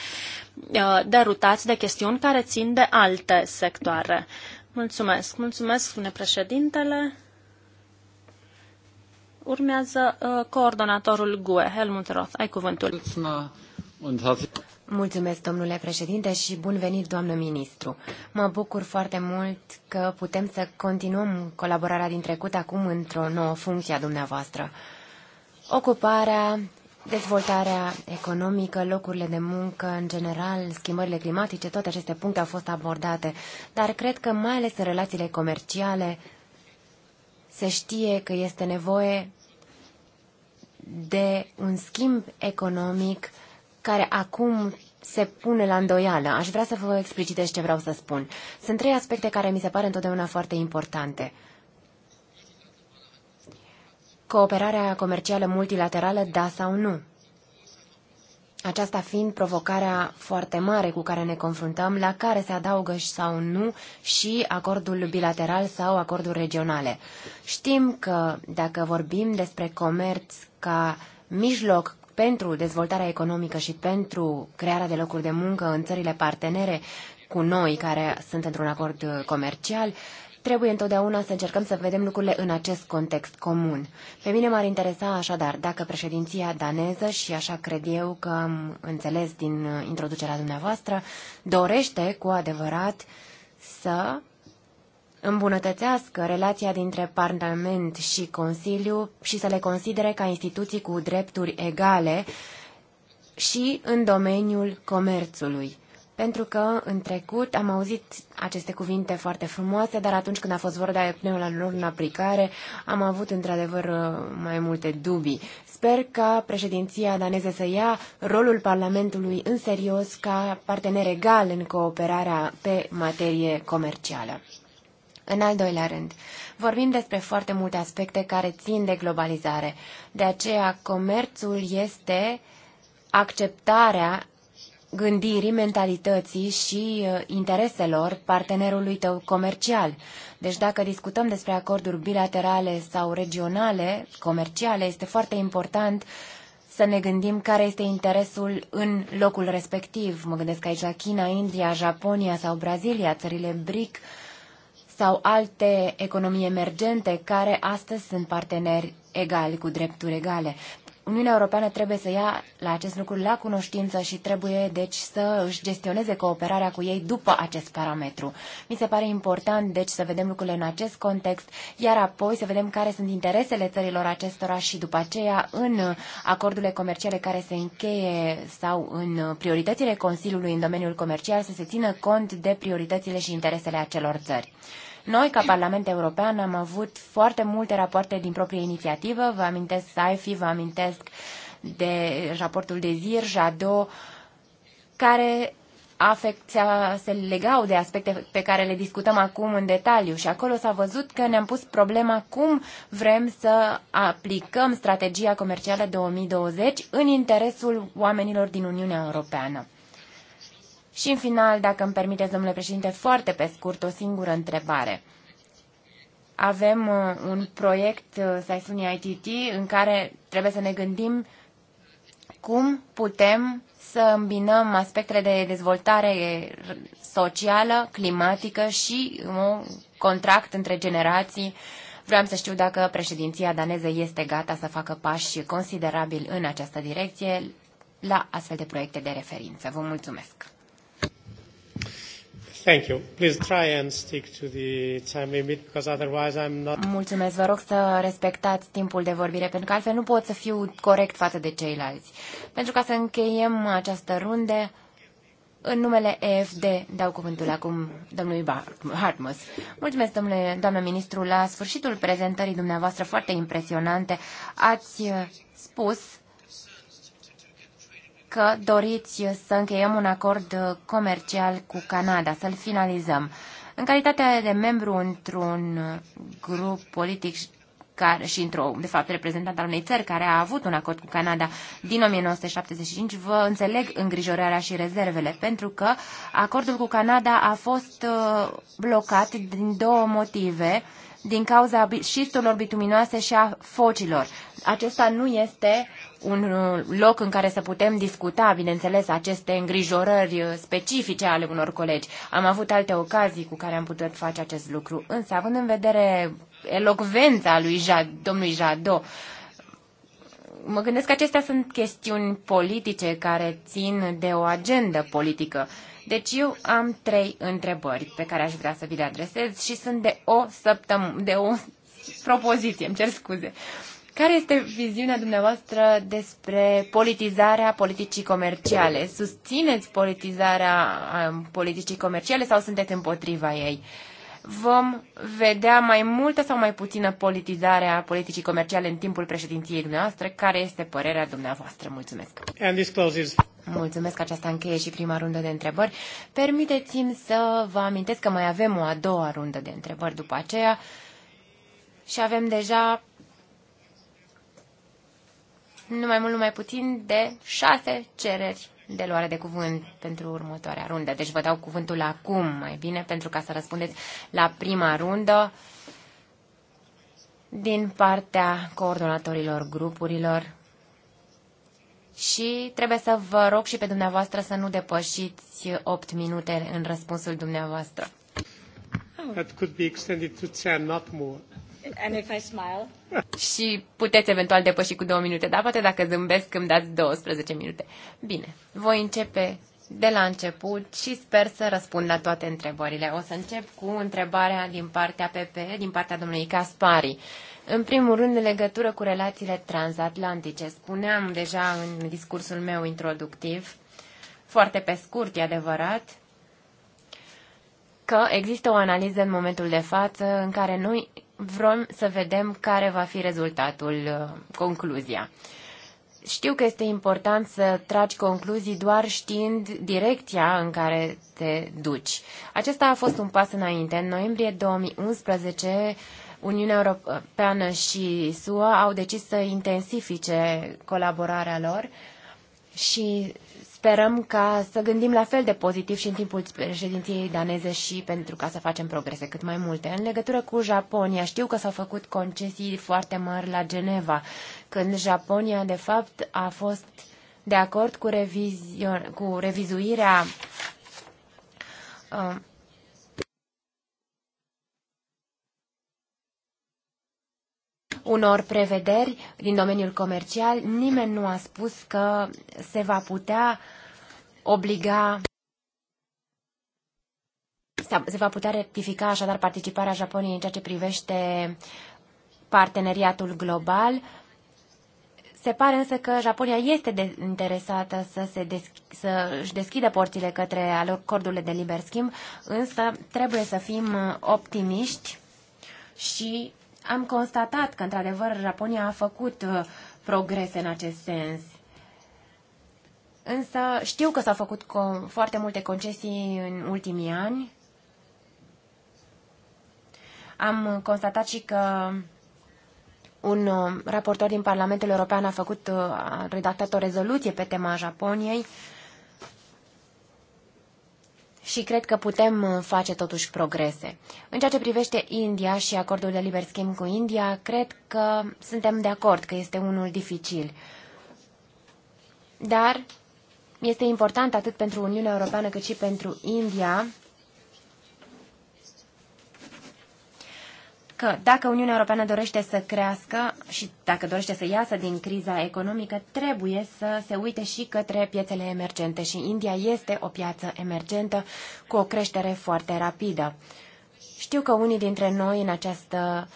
uh, derutați de chestiuni care țin de alte sectoare. Mulțumesc. Mulțumesc, spune președintele. Urmează uh, coordonatorul GUE, Helmut Roth. Ai cuvântul. Mulțumesc, domnule președinte, și bun venit, doamnă ministru. Mă bucur foarte mult că putem să continuăm colaborarea din trecut acum într-o nouă funcție a dumneavoastră. Ocuparea, dezvoltarea economică, locurile de muncă în general, schimbările climatice, toate aceste puncte au fost abordate, dar cred că mai ales în relațiile comerciale se știe că este nevoie de un schimb economic care acum se pune la îndoială. Aș vrea să vă explicitez ce vreau să spun. Sunt trei aspecte care mi se pare întotdeauna foarte importante. Cooperarea comercială multilaterală, da sau nu? Aceasta fiind provocarea foarte mare cu care ne confruntăm, la care se adaugă și sau nu și acordul bilateral sau acorduri regionale. Știm că dacă vorbim despre comerț ca mijloc pentru dezvoltarea economică și pentru crearea de locuri de muncă în țările partenere cu noi care sunt într-un acord comercial, trebuie întotdeauna să încercăm să vedem lucrurile în acest context comun. Pe mine m-ar interesa așadar dacă președinția daneză, și așa cred eu că am înțeles din introducerea dumneavoastră, dorește cu adevărat să îmbunătățească relația dintre Parlament și Consiliu și să le considere ca instituții cu drepturi egale și în domeniul comerțului. Pentru că în trecut am auzit aceste cuvinte foarte frumoase, dar atunci când a fost vorba de pneul lor în aplicare, am avut într-adevăr mai multe dubii. Sper ca președinția daneză să ia rolul Parlamentului în serios ca partener egal în cooperarea pe materie comercială. În al doilea rând, vorbim despre foarte multe aspecte care țin de globalizare. De aceea, comerțul este acceptarea gândirii, mentalității și uh, intereselor partenerului tău comercial. Deci dacă discutăm despre acorduri bilaterale sau regionale, comerciale, este foarte important să ne gândim care este interesul în locul respectiv. Mă gândesc aici la China, India, Japonia sau Brazilia, țările BRIC, sau alte economii emergente care astăzi sunt parteneri egali, cu drepturi egale. Uniunea Europeană trebuie să ia la acest lucru la cunoștință și trebuie, deci, să își gestioneze cooperarea cu ei după acest parametru. Mi se pare important, deci, să vedem lucrurile în acest context, iar apoi să vedem care sunt interesele țărilor acestora și, după aceea, în acordurile comerciale care se încheie sau în prioritățile Consiliului în domeniul comercial, să se țină cont de prioritățile și interesele acelor țări. Noi, ca Parlament European, am avut foarte multe rapoarte din proprie inițiativă. Vă amintesc SAIFI, vă amintesc de raportul de ZIR, JADO, care afecția, se legau de aspecte pe care le discutăm acum în detaliu și acolo s-a văzut că ne-am pus problema cum vrem să aplicăm strategia comercială 2020 în interesul oamenilor din Uniunea Europeană. Și în final, dacă îmi permiteți, domnule președinte, foarte pe scurt, o singură întrebare. Avem uh, un proiect uh, Saisuni ITT în care trebuie să ne gândim cum putem să îmbinăm aspectele de dezvoltare socială, climatică și un contract între generații. Vreau să știu dacă președinția daneză este gata să facă pași considerabili în această direcție la astfel de proiecte de referință. Vă mulțumesc! Thank you. Please try and stick to the time limit because otherwise I'm not... Mulțumesc, vă rog să respectați timpul de vorbire pentru că altfel nu pot să fiu corect față de ceilalți. Pentru ca să încheiem această runde, în numele EFD dau cuvântul acum domnului Hartmus. Mulțumesc, domnule, doamnă ministru, la sfârșitul prezentării dumneavoastră foarte impresionante ați spus că doriți să încheiem un acord comercial cu Canada, să-l finalizăm. În calitate de membru într-un grup politic care, și într-o, de fapt, reprezentant al unei țări care a avut un acord cu Canada din 1975, vă înțeleg îngrijorarea și rezervele, pentru că acordul cu Canada a fost uh, blocat din două motive din cauza șisturilor bituminoase și a focilor. Acesta nu este un uh, loc în care să putem discuta, bineînțeles, aceste îngrijorări uh, specifice ale unor colegi. Am avut alte ocazii cu care am putut face acest lucru, însă având în vedere elocvența lui Jad, domnului Jadot, mă gândesc că acestea sunt chestiuni politice care țin de o agendă politică deci eu am trei întrebări pe care aș vrea să vi le adresez și sunt de o săptămână, de o propoziție, îmi cer scuze. Care este viziunea dumneavoastră despre politizarea politicii comerciale? Susțineți politizarea um, politicii comerciale sau sunteți împotriva ei? Uh, vom vedea mai multă sau mai puțină politizare a politicii comerciale în timpul președinției dumneavoastră? Care este părerea dumneavoastră? Mulțumesc! And this closes. Mulțumesc, aceasta încheie și prima rundă de întrebări. Permiteți-mi să vă amintesc că mai avem o a doua rundă de întrebări după aceea și avem deja nu mai mult, nu mai puțin de șase cereri de luare de cuvânt pentru următoarea rundă. Deci vă dau cuvântul acum, mai bine, pentru ca să răspundeți la prima rundă din partea coordonatorilor grupurilor. Și trebuie să vă rog și pe dumneavoastră să nu depășiți 8 minute în răspunsul dumneavoastră. That could be extended to 10, not more. And if I smile. Și puteți eventual depăși cu două minute, dar poate dacă zâmbesc îmi dați 12 minute. Bine, voi începe de la început și sper să răspund la toate întrebările. O să încep cu întrebarea din partea PP, din partea domnului Caspari. În primul rând, în legătură cu relațiile transatlantice, spuneam deja în discursul meu introductiv, foarte pe scurt, e adevărat, că există o analiză în momentul de față în care noi vrem să vedem care va fi rezultatul, uh, concluzia. Știu că este important să tragi concluzii doar știind direcția în care te duci. Acesta a fost un pas înainte. În noiembrie 2011, Uniunea Europeană și SUA au decis să intensifice colaborarea lor și Sperăm ca să gândim la fel de pozitiv și în timpul președinției daneze și pentru ca să facem progrese cât mai multe. În legătură cu Japonia, știu că s-au făcut concesii foarte mari la Geneva, când Japonia, de fapt, a fost de acord cu, revizio- cu revizuirea uh, unor prevederi din domeniul comercial, nimeni nu a spus că se va putea obliga se va putea rectifica așadar participarea Japoniei în ceea ce privește parteneriatul global. Se pare însă că Japonia este de- interesată să, se desch- să își deschidă porțile către acordurile de liber schimb, însă trebuie să fim optimiști și am constatat că, într-adevăr, Japonia a făcut uh, progrese în acest sens. Însă știu că s-au făcut foarte multe concesii în ultimii ani. Am constatat și că un uh, raportor din Parlamentul European a făcut, uh, a redactat o rezoluție pe tema Japoniei și cred că putem uh, face totuși progrese. În ceea ce privește India și acordul de liber schimb cu India, cred că suntem de acord că este unul dificil. Dar este important atât pentru Uniunea Europeană cât și pentru India că dacă Uniunea Europeană dorește să crească și dacă dorește să iasă din criza economică, trebuie să se uite și către piețele emergente și India este o piață emergentă cu o creștere foarte rapidă. Știu că unii dintre noi în această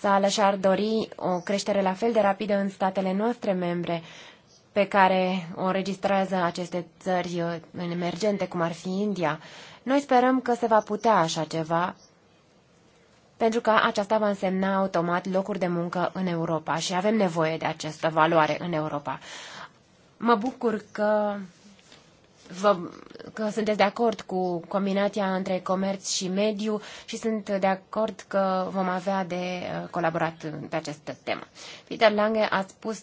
sală și-ar dori o creștere la fel de rapidă în statele noastre membre pe care o registrează aceste țări uh, emergente, cum ar fi India. Noi sperăm că se va putea așa ceva pentru că aceasta va însemna automat locuri de muncă în Europa și avem nevoie de această valoare în Europa. Mă bucur că, vă, că sunteți de acord cu combinația între comerț și mediu și sunt de acord că vom avea de uh, colaborat pe această temă. Peter Lange a spus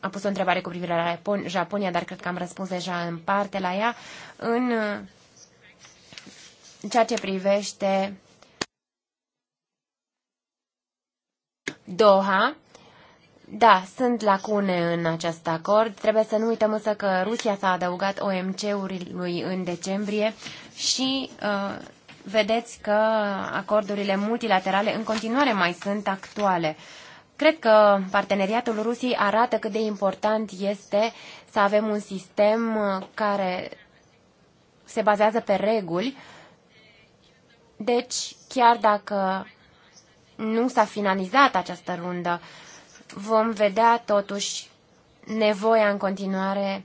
a pus o întrebare cu privire la Japonia, dar cred că am răspuns deja în parte la ea, în uh, ceea ce privește Doha. Da, sunt lacune în acest acord. Trebuie să nu uităm însă că Rusia s-a adăugat OMC-ului în decembrie și uh, vedeți că acordurile multilaterale în continuare mai sunt actuale. Cred că parteneriatul Rusiei arată cât de important este să avem un sistem uh, care se bazează pe reguli. Deci, chiar dacă nu s-a finalizat această rundă. Vom vedea totuși nevoia în continuare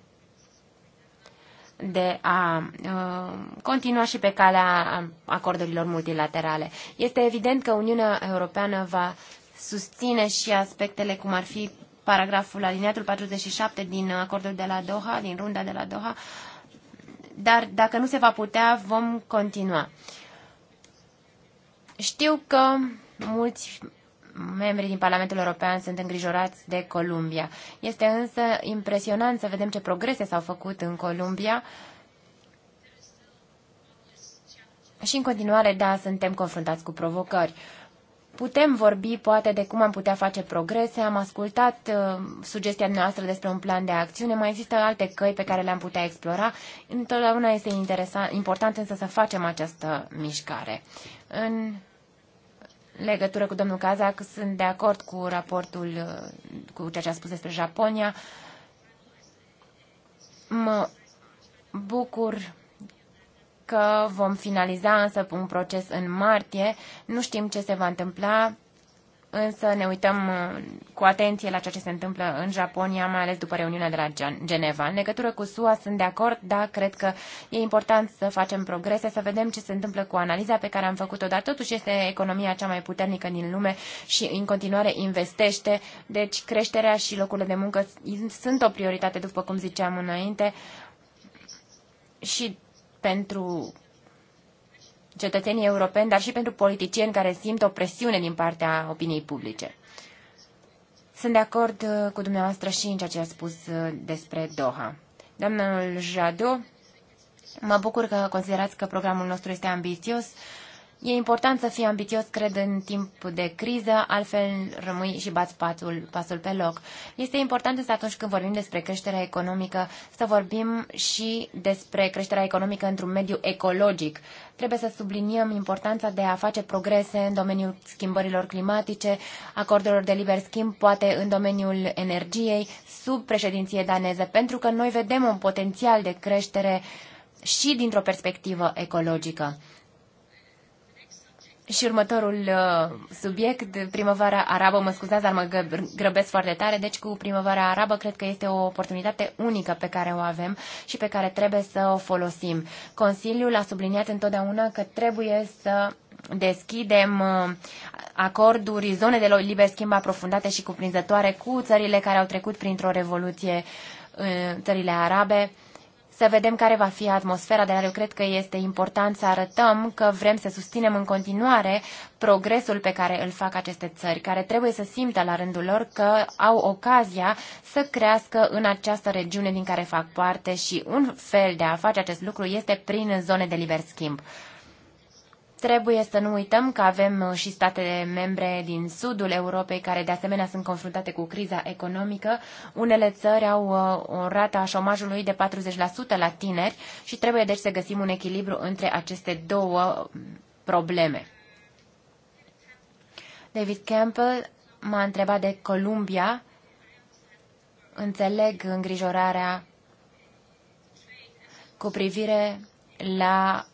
de a uh, continua și pe calea acordurilor multilaterale. Este evident că Uniunea Europeană va susține și aspectele cum ar fi paragraful aliniatul 47 din acordul de la Doha, din runda de la Doha, dar dacă nu se va putea, vom continua. Știu că Mulți membrii din Parlamentul European sunt îngrijorați de Columbia. Este însă impresionant să vedem ce progrese s-au făcut în Columbia. Și în continuare, da, suntem confruntați cu provocări. Putem vorbi, poate, de cum am putea face progrese. Am ascultat uh, sugestia noastră despre un plan de acțiune. Mai există alte căi pe care le-am putea explora. Întotdeauna este interesant, important însă să facem această mișcare. În legătură cu domnul Cazac, sunt de acord cu raportul, uh, cu ceea ce a spus despre Japonia. Mă bucur că vom finaliza însă un proces în martie. Nu știm ce se va întâmpla însă ne uităm uh, cu atenție la ceea ce se întâmplă în Japonia, mai ales după reuniunea de la Geneva. În legătură cu SUA sunt de acord, da, cred că e important să facem progrese, să vedem ce se întâmplă cu analiza pe care am făcut-o, dar totuși este economia cea mai puternică din lume și în continuare investește, deci creșterea și locurile de muncă sunt o prioritate, după cum ziceam înainte, și pentru cetățenii europeni, dar și pentru politicieni care simt o presiune din partea opiniei publice. Sunt de acord uh, cu dumneavoastră și în ceea ce a spus uh, despre Doha. Domnul Jado, mă bucur că considerați că programul nostru este ambițios. E important să fii ambițios, cred, în timp de criză, altfel rămâi și bați pasul, pasul pe loc. Este important însă atunci când vorbim despre creșterea economică să vorbim și despre creșterea economică într-un mediu ecologic. Trebuie să subliniem importanța de a face progrese în domeniul schimbărilor climatice, acordurilor de liber schimb, poate în domeniul energiei, sub președinție daneză, pentru că noi vedem un potențial de creștere și dintr-o perspectivă ecologică. Și următorul uh, subiect, primăvara arabă, mă scuzați, dar mă grăbesc foarte tare, deci cu primăvara arabă cred că este o oportunitate unică pe care o avem și pe care trebuie să o folosim. Consiliul a subliniat întotdeauna că trebuie să deschidem uh, acorduri, zone de liber schimb aprofundate și cuprinzătoare cu țările care au trecut printr-o revoluție, uh, țările arabe, să vedem care va fi atmosfera, dar eu cred că este important să arătăm că vrem să susținem în continuare progresul pe care îl fac aceste țări, care trebuie să simtă la rândul lor că au ocazia să crească în această regiune din care fac parte și un fel de a face acest lucru este prin zone de liber schimb. Trebuie să nu uităm că avem uh, și state membre din sudul Europei care de asemenea sunt confruntate cu criza economică. Unele țări au uh, o rată a șomajului de 40% la tineri și trebuie deci să găsim un echilibru între aceste două uh, probleme. David Campbell m-a întrebat de Columbia. Înțeleg îngrijorarea cu privire la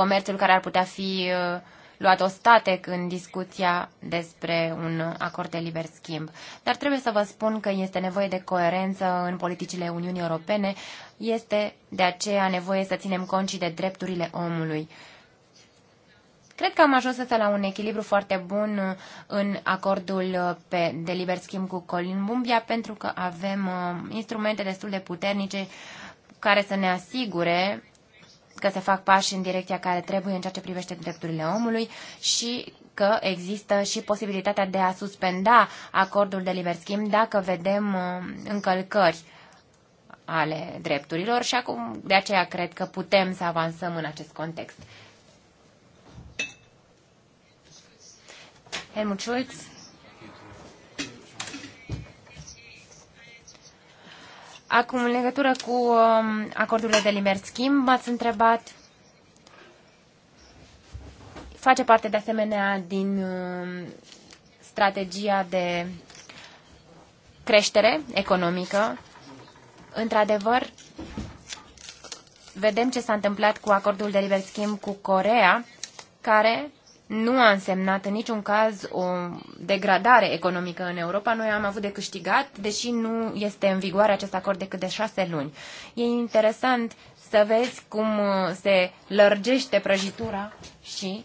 comerțul care ar putea fi uh, luat ostatec în discuția despre un acord de liber schimb. Dar trebuie să vă spun că este nevoie de coerență în politicile Uniunii Europene, este de aceea nevoie să ținem cont și de drepturile omului. Cred că am ajuns însă la un echilibru foarte bun uh, în acordul uh, pe, de liber schimb cu Columbia, pentru că avem uh, instrumente destul de puternice care să ne asigure că se fac pași în direcția care trebuie în ceea ce privește drepturile omului și că există și posibilitatea de a suspenda acordul de liber schimb dacă vedem uh, încălcări ale drepturilor și acum de aceea cred că putem să avansăm în acest context. Helmut Schulz Acum, în legătură cu um, acordurile de liber schimb, m-ați întrebat. Face parte de asemenea din um, strategia de creștere economică. Într-adevăr, vedem ce s-a întâmplat cu acordul de liber schimb cu Corea, care nu a însemnat în niciun caz o degradare economică în Europa. Noi am avut de câștigat, deși nu este în vigoare acest acord decât de șase luni. E interesant să vezi cum uh, se lărgește prăjitura și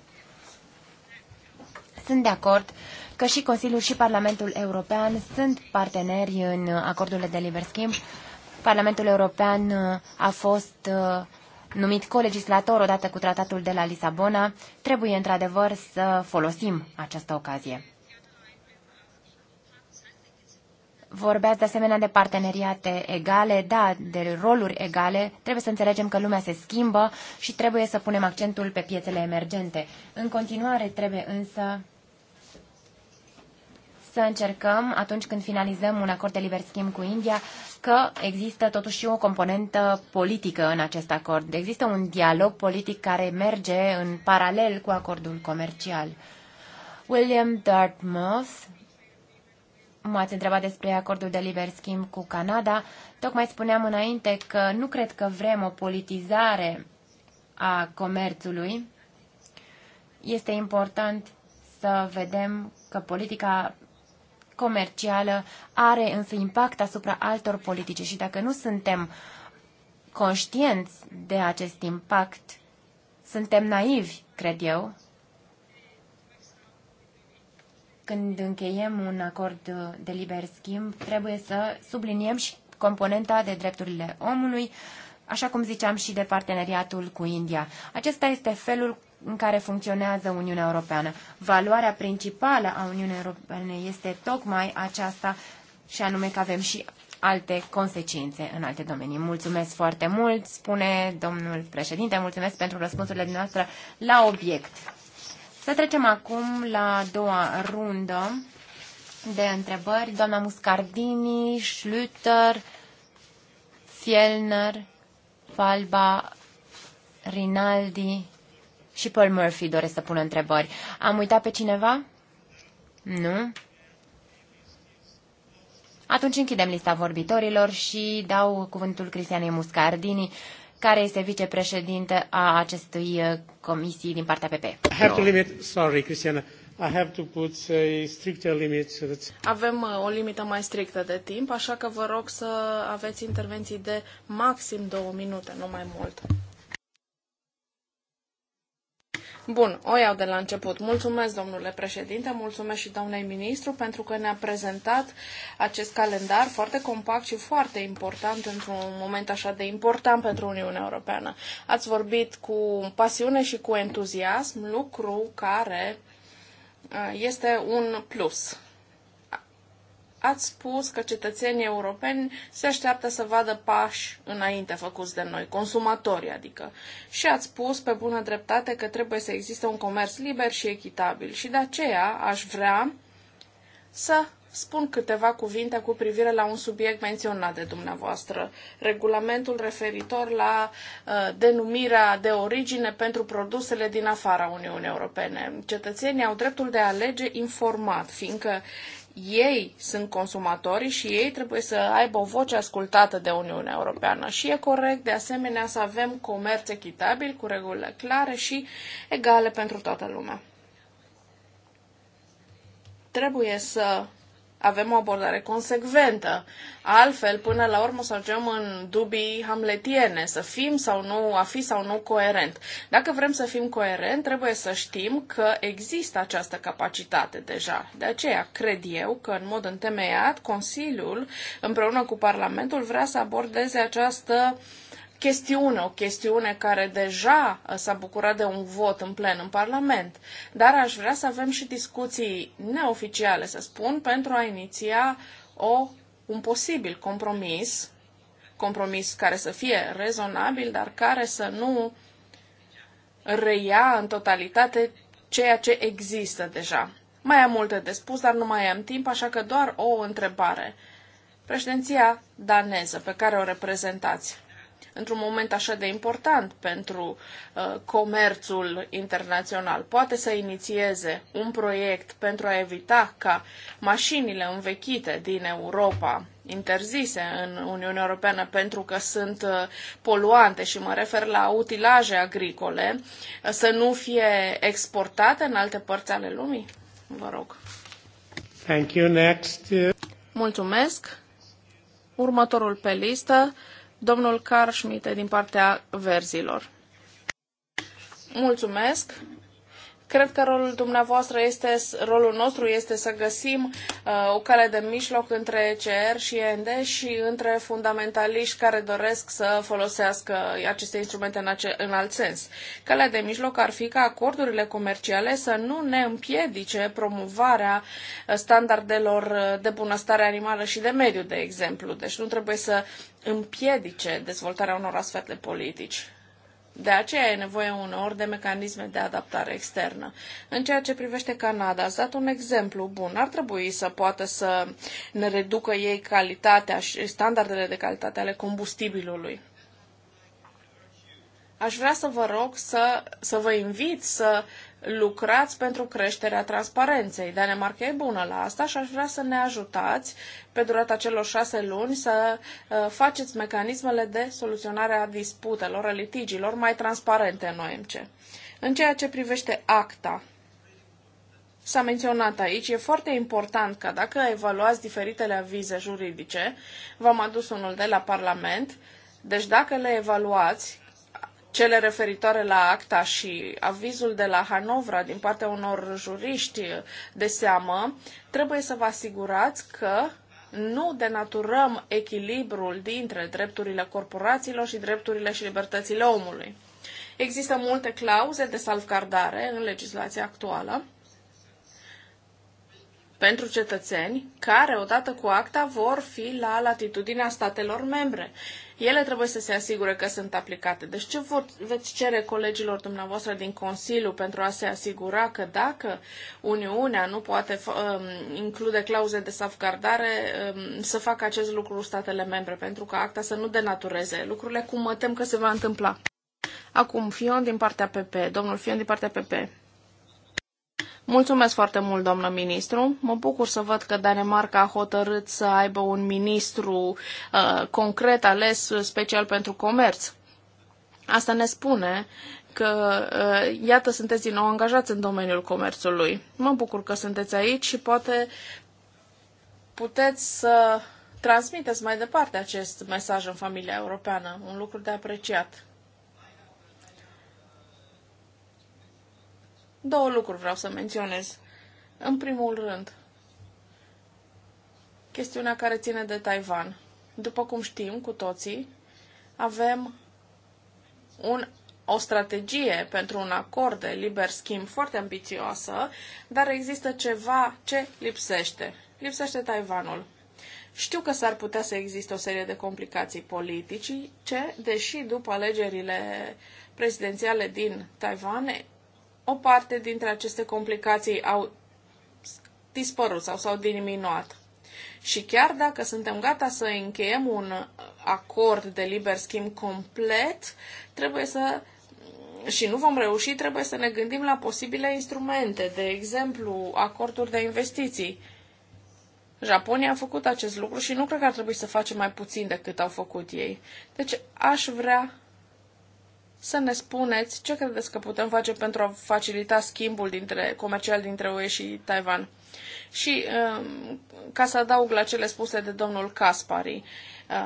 sunt de acord că și Consiliul și Parlamentul European sunt parteneri în acordurile de liber schimb. Parlamentul European uh, a fost uh, numit colegislator odată cu tratatul de la Lisabona, trebuie într-adevăr să folosim această ocazie. Vorbeați de asemenea de parteneriate egale, da, de roluri egale. Trebuie să înțelegem că lumea se schimbă și trebuie să punem accentul pe piețele emergente. În continuare trebuie însă să încercăm, atunci când finalizăm un acord de liber schimb cu India, că există totuși o componentă politică în acest acord. Există un dialog politic care merge în paralel cu acordul comercial. William Dartmouth, m-ați întrebat despre acordul de liber schimb cu Canada. Tocmai spuneam înainte că nu cred că vrem o politizare a comerțului. Este important să vedem că politica comercială are însă impact asupra altor politici și dacă nu suntem conștienți de acest impact, suntem naivi, cred eu, când încheiem un acord de liber schimb, trebuie să subliniem și componenta de drepturile omului, așa cum ziceam și de parteneriatul cu India. Acesta este felul în care funcționează Uniunea Europeană. Valoarea principală a Uniunii Europene este tocmai aceasta și anume că avem și alte consecințe în alte domenii. Mulțumesc foarte mult, spune domnul președinte, mulțumesc pentru răspunsurile dumneavoastră la obiect. Să trecem acum la a doua rundă de întrebări. Doamna Muscardini, Schlüter, Fielner, Falba, Rinaldi și Paul Murphy doresc să pună întrebări. Am uitat pe cineva? Nu? Atunci închidem lista vorbitorilor și dau cuvântul Cristianei Muscardini, care este vicepreședinte a acestui uh, comisii din partea PP. I have to limit, sorry, Cristiana. I have to put a stricter limit. Avem uh, o limită mai strictă de timp, așa că vă rog să aveți intervenții de maxim două minute, nu mai mult. Bun, o iau de la început. Mulțumesc, domnule președinte, mulțumesc și doamnei ministru pentru că ne-a prezentat acest calendar foarte compact și foarte important într-un moment așa de important pentru Uniunea Europeană. Ați vorbit cu pasiune și cu entuziasm, lucru care uh, este un plus ați spus că cetățenii europeni se așteaptă să vadă pași înainte făcuți de noi, consumatori adică. Și ați spus pe bună dreptate că trebuie să existe un comerț liber și echitabil. Și de aceea aș vrea să spun câteva cuvinte cu privire la un subiect menționat de dumneavoastră, regulamentul referitor la uh, denumirea de origine pentru produsele din afara Uniunii Europene. Cetățenii au dreptul de a alege informat, fiindcă ei sunt consumatorii și ei trebuie să aibă o voce ascultată de Uniunea Europeană. Și e corect, de asemenea, să avem comerț echitabil, cu regulile clare și egale pentru toată lumea. Trebuie să avem o abordare consecventă. Altfel, până la urmă, să ajungem în dubii hamletiene, să fim sau nu, a fi sau nu coerent. Dacă vrem să fim coerent, trebuie să știm că există această capacitate deja. De aceea, cred eu că, în mod întemeiat, Consiliul, împreună cu Parlamentul, vrea să abordeze această uh, chestiune, o chestiune care deja uh, s-a bucurat de un vot în plen în Parlament, dar aș vrea să avem și discuții neoficiale, să spun, pentru a iniția o, un posibil compromis, compromis care să fie rezonabil, dar care să nu reia în totalitate ceea ce există deja. Mai am multe de spus, dar nu mai am timp, așa că doar o întrebare. Președinția daneză pe care o reprezentați, într-un moment așa de important pentru uh, comerțul internațional. Poate să inițieze un proiect pentru a evita ca mașinile învechite din Europa interzise în Uniunea Europeană pentru că sunt uh, poluante și mă refer la utilaje agricole, uh, să nu fie exportate în alte părți ale lumii? Vă rog. Thank you. Next. Mulțumesc. Următorul pe listă, Domnul Carl Schmitte din partea verzilor. Mulțumesc. Cred că rolul dumneavoastră este, rolul nostru este să găsim uh, o cale de mijloc între ECR și END și între fundamentaliști care doresc să folosească aceste instrumente în, ace- în alt sens. Calea de mijloc ar fi ca acordurile comerciale să nu ne împiedice promovarea uh, standardelor uh, de bunăstare animală și de mediu, de exemplu. Deci nu trebuie să împiedice dezvoltarea unor astfel de politici. De aceea e nevoie uneori de mecanisme de adaptare externă. În ceea ce privește Canada, ați dat un exemplu bun. Ar trebui să poată să ne reducă ei calitatea și standardele de calitate ale combustibilului aș vrea să vă rog să, să vă invit să lucrați pentru creșterea transparenței. Danemarca e bună la asta și aș vrea să ne ajutați pe durata celor șase luni să uh, faceți mecanismele de soluționare a disputelor, a litigiilor mai transparente în OMC. În ceea ce privește acta, s-a menționat aici, e foarte important că dacă evaluați diferitele avize juridice, v-am adus unul de la Parlament, deci dacă le evaluați, cele referitoare la acta și avizul de la Hanovra din partea unor juriști de seamă, trebuie să vă asigurați că nu denaturăm echilibrul dintre drepturile corporațiilor și drepturile și libertățile omului. Există multe clauze de salvgardare în legislația actuală pentru cetățeni, care, odată cu acta, vor fi la latitudinea statelor membre. Ele trebuie să se asigure că sunt aplicate. Deci ce vor, veți cere colegilor dumneavoastră din Consiliu pentru a se asigura că dacă Uniunea nu poate um, include clauze de salvgardare, um, să facă acest lucru statele membre, pentru că acta să nu denatureze lucrurile cum mă tem că se va întâmpla. Acum, Fion din partea PP, domnul Fion din partea PP. Mulțumesc foarte mult, doamnă ministru. Mă bucur să văd că Danemarca a hotărât să aibă un ministru uh, concret ales special pentru comerț. Asta ne spune că, uh, iată, sunteți din nou angajați în domeniul comerțului. Mă bucur că sunteți aici și poate puteți să transmiteți mai departe acest mesaj în familia europeană, un lucru de apreciat. Două lucruri vreau să menționez. În primul rând, chestiunea care ține de Taiwan. După cum știm cu toții, avem un, o strategie pentru un acord de liber schimb foarte ambițioasă, dar există ceva ce lipsește. Lipsește Taiwanul. Știu că s-ar putea să existe o serie de complicații politice, deși după alegerile prezidențiale din Taiwan o parte dintre aceste complicații au dispărut sau s-au diminuat. Și chiar dacă suntem gata să încheiem un acord de liber schimb complet, trebuie să și nu vom reuși, trebuie să ne gândim la posibile instrumente, de exemplu, acorduri de investiții. Japonia a făcut acest lucru și nu cred că ar trebui să facem mai puțin decât au făcut ei. Deci aș vrea să ne spuneți ce credeți că putem face pentru a facilita schimbul dintre, comercial dintre UE și Taiwan. Și um, ca să adaug la cele spuse de domnul Caspari,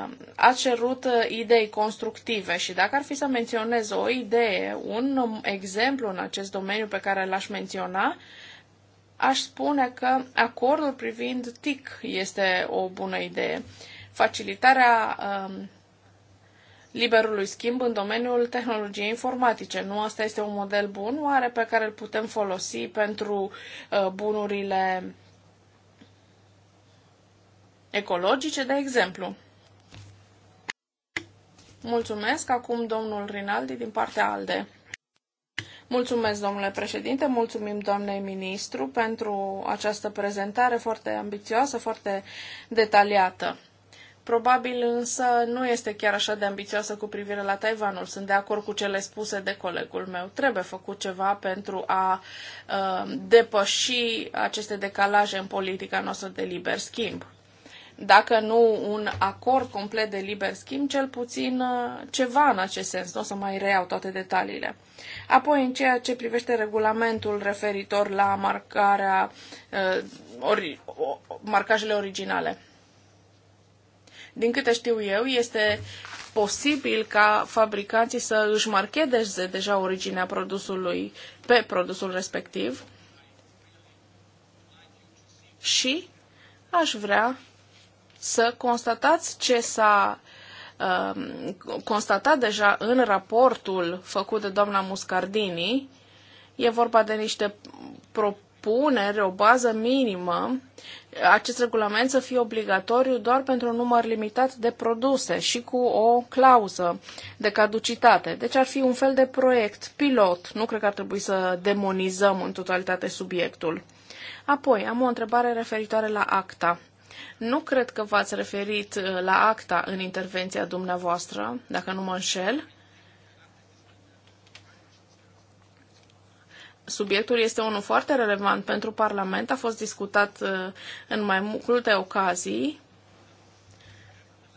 um, a cerut uh, idei constructive și dacă ar fi să menționez o idee, un um, exemplu în acest domeniu pe care l-aș menționa, aș spune că acordul privind TIC este o bună idee. Facilitarea liberului schimb în domeniul tehnologiei informatice. Nu asta este un model bun, oare pe care îl putem folosi pentru uh, bunurile ecologice, de exemplu. Mulțumesc. Acum domnul Rinaldi din partea ALDE. Mulțumesc, domnule președinte, mulțumim doamnei ministru pentru această prezentare foarte ambițioasă, foarte detaliată. Probabil însă nu este chiar așa de ambițioasă cu privire la Taiwanul. Sunt de acord cu cele spuse de colegul meu. Trebuie făcut ceva pentru a uh, depăși aceste decalaje în politica noastră de liber schimb. Dacă nu un acord complet de liber schimb, cel puțin uh, ceva în acest sens. Nu o să mai reiau toate detaliile. Apoi, în ceea ce privește regulamentul referitor la marcarea, uh, ori, marcajele originale din câte știu eu, este posibil ca fabricanții să își marcheze deja originea produsului pe produsul respectiv. Și aș vrea să constatați ce s-a uh, constatat deja în raportul făcut de doamna Muscardini. E vorba de niște propuneri propunere, o bază minimă, acest regulament să fie obligatoriu doar pentru un număr limitat de produse și cu o clauză de caducitate. Deci ar fi un fel de proiect pilot. Nu cred că ar trebui să demonizăm în totalitate subiectul. Apoi, am o întrebare referitoare la acta. Nu cred că v-ați referit uh, la acta în intervenția dumneavoastră, dacă nu mă înșel. Subiectul este unul foarte relevant pentru Parlament, a fost discutat uh, în mai multe ocazii.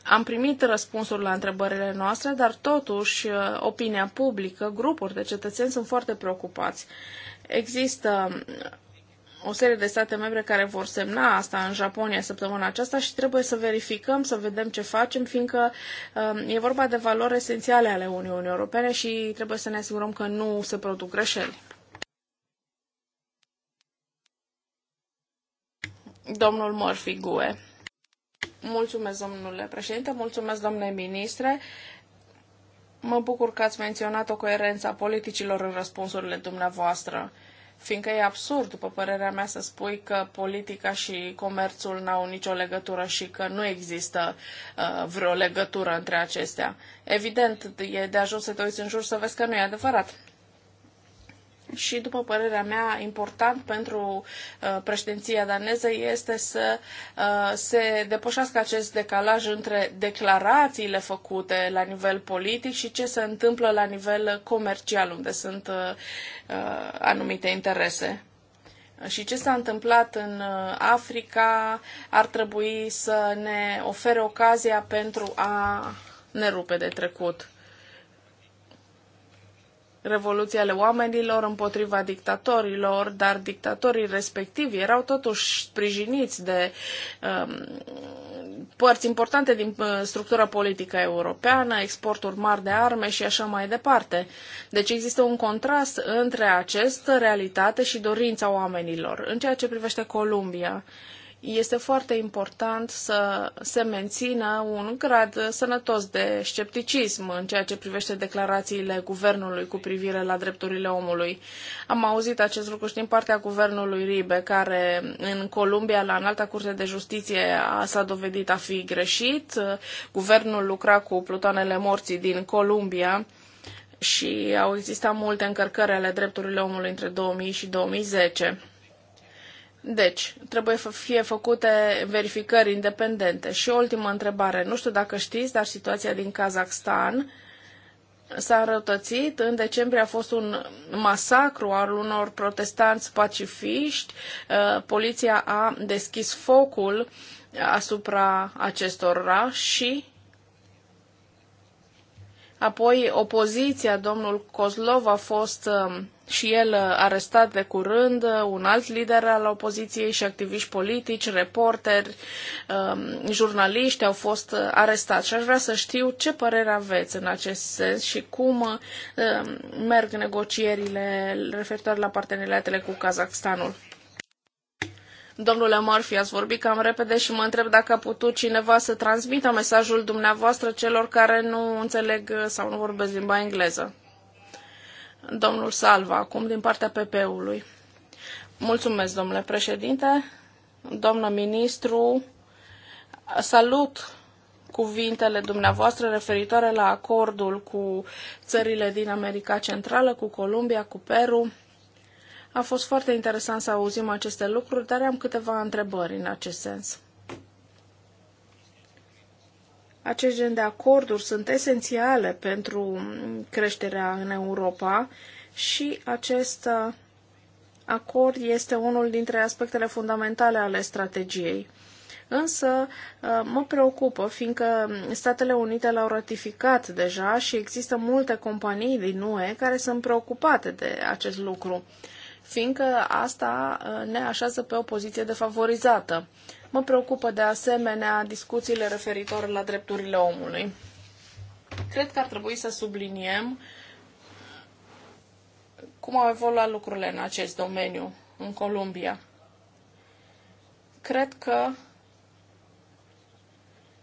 Am primit răspunsuri la întrebările noastre, dar totuși uh, opinia publică, grupuri de cetățeni sunt foarte preocupați. Există o serie de state membre care vor semna asta în Japonia săptămâna aceasta și trebuie să verificăm, să vedem ce facem, fiindcă um, e vorba de valori esențiale ale Uniunii Europene și trebuie să ne asigurăm că nu se produc greșeli. Domnul Murphy Mulțumesc, domnule președinte, mulțumesc, domnule ministre. Mă bucur că ați menționat o coerență a politicilor în răspunsurile dumneavoastră, fiindcă e absurd, după părerea mea, să spui că politica și comerțul n-au nicio legătură și că nu există uh, vreo legătură între acestea. Evident, e de ajuns să te uiți în jur să vezi că nu e adevărat și, după părerea mea, important pentru uh, președinția daneză este să uh, se depășească acest decalaj între declarațiile făcute la nivel politic și ce se întâmplă la nivel comercial, unde sunt uh, anumite interese. Și ce s-a întâmplat în Africa ar trebui să ne ofere ocazia pentru a ne rupe de trecut revoluții ale oamenilor împotriva dictatorilor, dar dictatorii respectivi erau totuși sprijiniți de um, părți importante din uh, structura politică europeană, exporturi mari de arme și așa mai departe. Deci există un contrast între această realitate și dorința oamenilor. În ceea ce privește Columbia, uh, este foarte important să se mențină un grad sănătos de scepticism în ceea ce privește declarațiile guvernului cu privire la drepturile omului. Am auzit acest lucru și din partea guvernului Ribe, care în Columbia, la Înalta Curte de Justiție, s-a dovedit a fi greșit. Guvernul lucra cu plutoanele morții din Columbia și au existat multe încărcări ale drepturilor omului între 2000 și 2010. Deci, trebuie să fie făcute verificări independente. Și o ultimă întrebare. Nu știu dacă știți, dar situația din Kazakhstan s-a înrăutățit. În decembrie a fost un masacru al unor protestanți pacifiști. Uh, poliția a deschis focul asupra acestora și apoi opoziția, domnul Kozlov, a fost uh, și el uh, arestat de curând, uh, un alt lider al opoziției și activiști politici, reporteri, um, jurnaliști au fost uh, arestați. Și aș vrea să știu ce părere aveți în acest sens și cum um, merg negocierile referitoare la parteneriatele cu Kazakhstanul. Domnule Murphy, ați vorbit cam repede și mă întreb dacă a putut cineva să transmită mesajul dumneavoastră celor care nu înțeleg sau nu vorbesc limba engleză. Domnul Salva, acum din partea PP-ului. Mulțumesc, domnule președinte. Domnul ministru, salut cuvintele dumneavoastră referitoare la acordul cu țările din America Centrală, cu Columbia, cu Peru. A fost foarte interesant să auzim aceste lucruri, dar am câteva întrebări în acest sens. Acest gen de acorduri sunt esențiale pentru creșterea în Europa și acest uh, acord este unul dintre aspectele fundamentale ale strategiei. Însă uh, mă preocupă, fiindcă Statele Unite l-au ratificat deja și există multe companii din UE care sunt preocupate de acest lucru, fiindcă asta uh, ne așează pe o poziție defavorizată. Mă preocupă de asemenea discuțiile referitor la drepturile omului. Cred că ar trebui să subliniem cum au evoluat lucrurile în acest domeniu, în Columbia. Cred că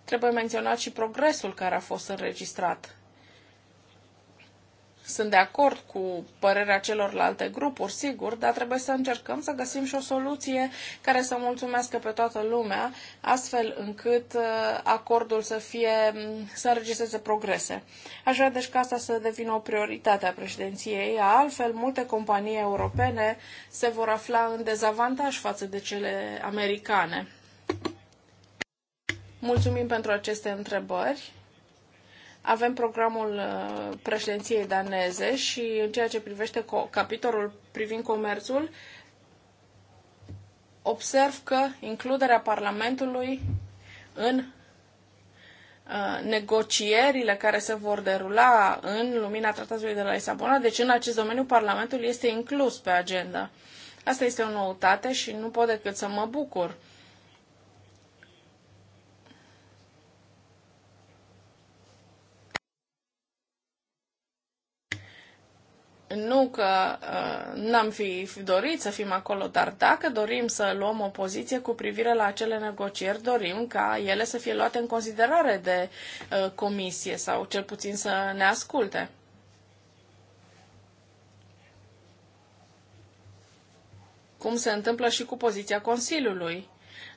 trebuie menționat și progresul care a fost înregistrat sunt de acord cu părerea celorlalte grupuri, sigur, dar trebuie să încercăm să găsim și o soluție care să mulțumească pe toată lumea, astfel încât uh, acordul să fie, să înregistreze progrese. Aș vrea deci ca asta să devină o prioritate a președinției, altfel multe companii europene se vor afla în dezavantaj față de cele americane. Mulțumim pentru aceste întrebări. Avem programul uh, președinției daneze și în ceea ce privește capitolul privind comerțul, observ că includerea Parlamentului în uh, negocierile care se vor derula în lumina tratatului de la Lisabona, deci în acest domeniu Parlamentul este inclus pe agenda. Asta este o noutate și nu pot decât să mă bucur Nu că uh, n-am fi dorit să fim acolo, dar dacă dorim să luăm o poziție cu privire la acele negocieri, dorim ca ele să fie luate în considerare de uh, comisie sau cel puțin să ne asculte. Cum se întâmplă și cu poziția Consiliului.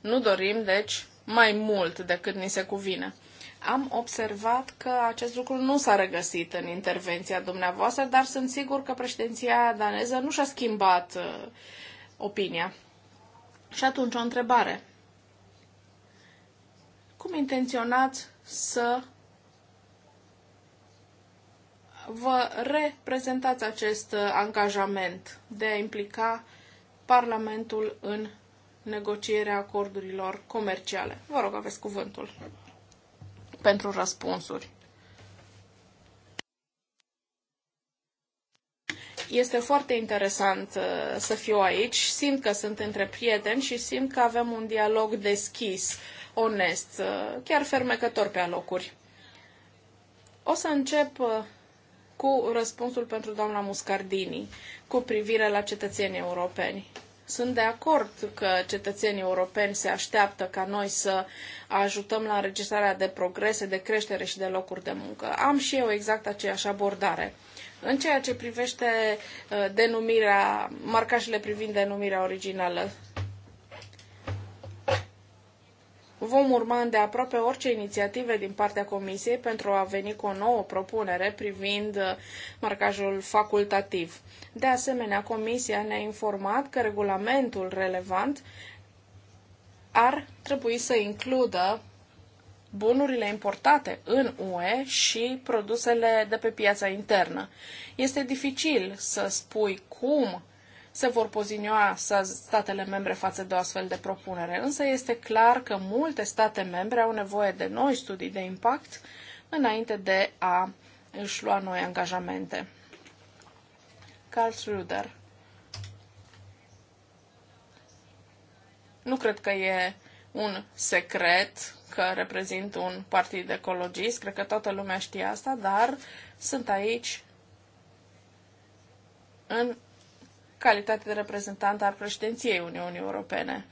Nu dorim, deci, mai mult decât ni se cuvine am observat că acest lucru nu s-a regăsit în intervenția dumneavoastră, dar sunt sigur că președinția daneză nu și-a schimbat uh, opinia. Și atunci o întrebare. Cum intenționați să vă reprezentați acest uh, angajament de a implica Parlamentul în negocierea acordurilor comerciale? Vă rog, aveți cuvântul pentru răspunsuri. Este foarte interesant uh, să fiu aici. Simt că sunt între prieteni și simt că avem un dialog deschis, onest, uh, chiar fermecător pe alocuri. O să încep uh, cu răspunsul pentru doamna Muscardini cu privire la cetățenii europeni. Sunt de acord că cetățenii europeni se așteaptă ca noi să ajutăm la înregistrarea de progrese, de creștere și de locuri de muncă. Am și eu exact aceeași abordare. În ceea ce privește uh, denumirea, marcajele privind denumirea originală, Vom urma îndeaproape orice inițiative din partea Comisiei pentru a veni cu o nouă propunere privind uh, marcajul facultativ. De asemenea, Comisia ne-a informat că regulamentul relevant ar trebui să includă bunurile importate în UE și produsele de pe piața internă. Este dificil să spui cum se vor pozinioa statele membre față de o astfel de propunere, însă este clar că multe state membre au nevoie de noi studii de impact înainte de a își lua noi angajamente. Carl Schröder. Nu cred că e un secret că reprezint un partid ecologist, cred că toată lumea știe asta, dar sunt aici în calitate de reprezentant al președinției Uniunii Europene.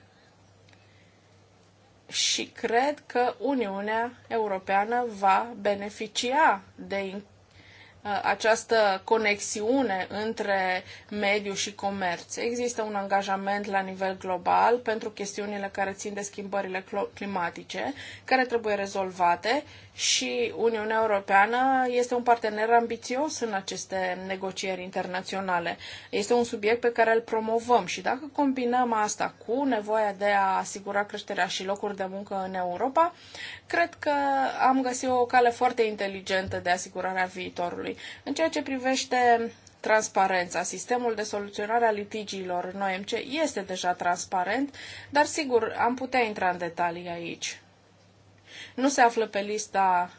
Și cred că Uniunea Europeană va beneficia de uh, această conexiune între mediu și comerț. Există un angajament la nivel global pentru chestiunile care țin de schimbările climatice, care trebuie rezolvate și Uniunea Europeană este un partener ambițios în aceste negocieri internaționale. Este un subiect pe care îl promovăm și dacă combinăm asta cu nevoia de a asigura creșterea și locuri de muncă în Europa, cred că am găsit o cale foarte inteligentă de asigurarea viitorului. În ceea ce privește transparența. Sistemul de soluționare a litigiilor în OMC este deja transparent, dar sigur am putea intra în detalii aici nu se află pe lista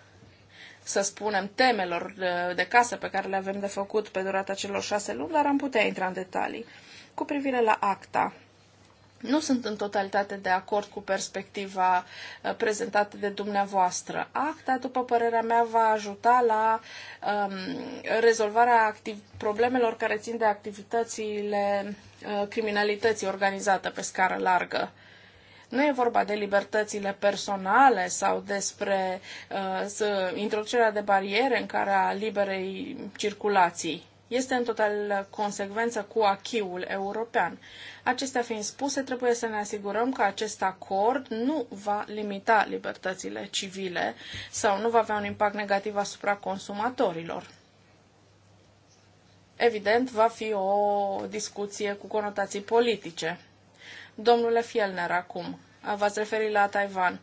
să spunem, temelor de casă pe care le avem de făcut pe durata celor șase luni, dar am putea intra în detalii. Cu privire la acta, nu sunt în totalitate de acord cu perspectiva uh, prezentată de dumneavoastră. Acta, după părerea mea, va ajuta la um, rezolvarea activ- problemelor care țin de activitățile uh, criminalității organizată pe scară largă. Uh, nu e vorba de libertățile personale sau despre uh, introducerea de bariere în care a liberei circulații este în total consecvență cu achiul european. Acestea fiind spuse, trebuie să ne asigurăm că acest acord nu va limita libertățile civile sau nu va avea un impact negativ asupra consumatorilor. Evident, va fi o discuție cu conotații politice. Domnule Fielner, acum, v-ați referit la Taiwan.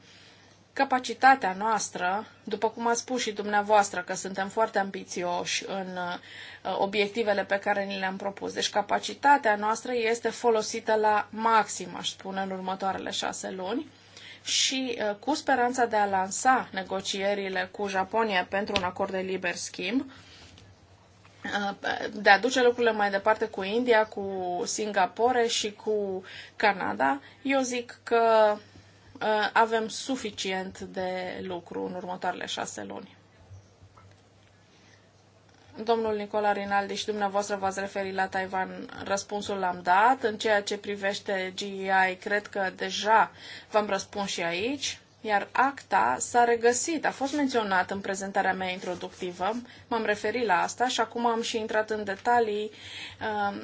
Capacitatea noastră, după cum a spus și dumneavoastră, că suntem foarte ambițioși în obiectivele pe care ni le-am propus, deci capacitatea noastră este folosită la maxim, aș spune, în următoarele șase luni și cu speranța de a lansa negocierile cu Japonia pentru un acord de liber schimb, Uh, de a duce lucrurile mai departe cu India, cu Singapore și cu Canada, eu zic că uh, avem suficient de lucru în următoarele șase luni. Domnul Nicola Rinaldi și dumneavoastră v-ați referit la Taiwan, răspunsul l-am dat. În ceea ce privește GEI, cred că deja v-am răspuns și aici. Iar acta s-a regăsit, a fost menționat în prezentarea mea introductivă, m-am referit la asta și acum am și intrat în detalii um,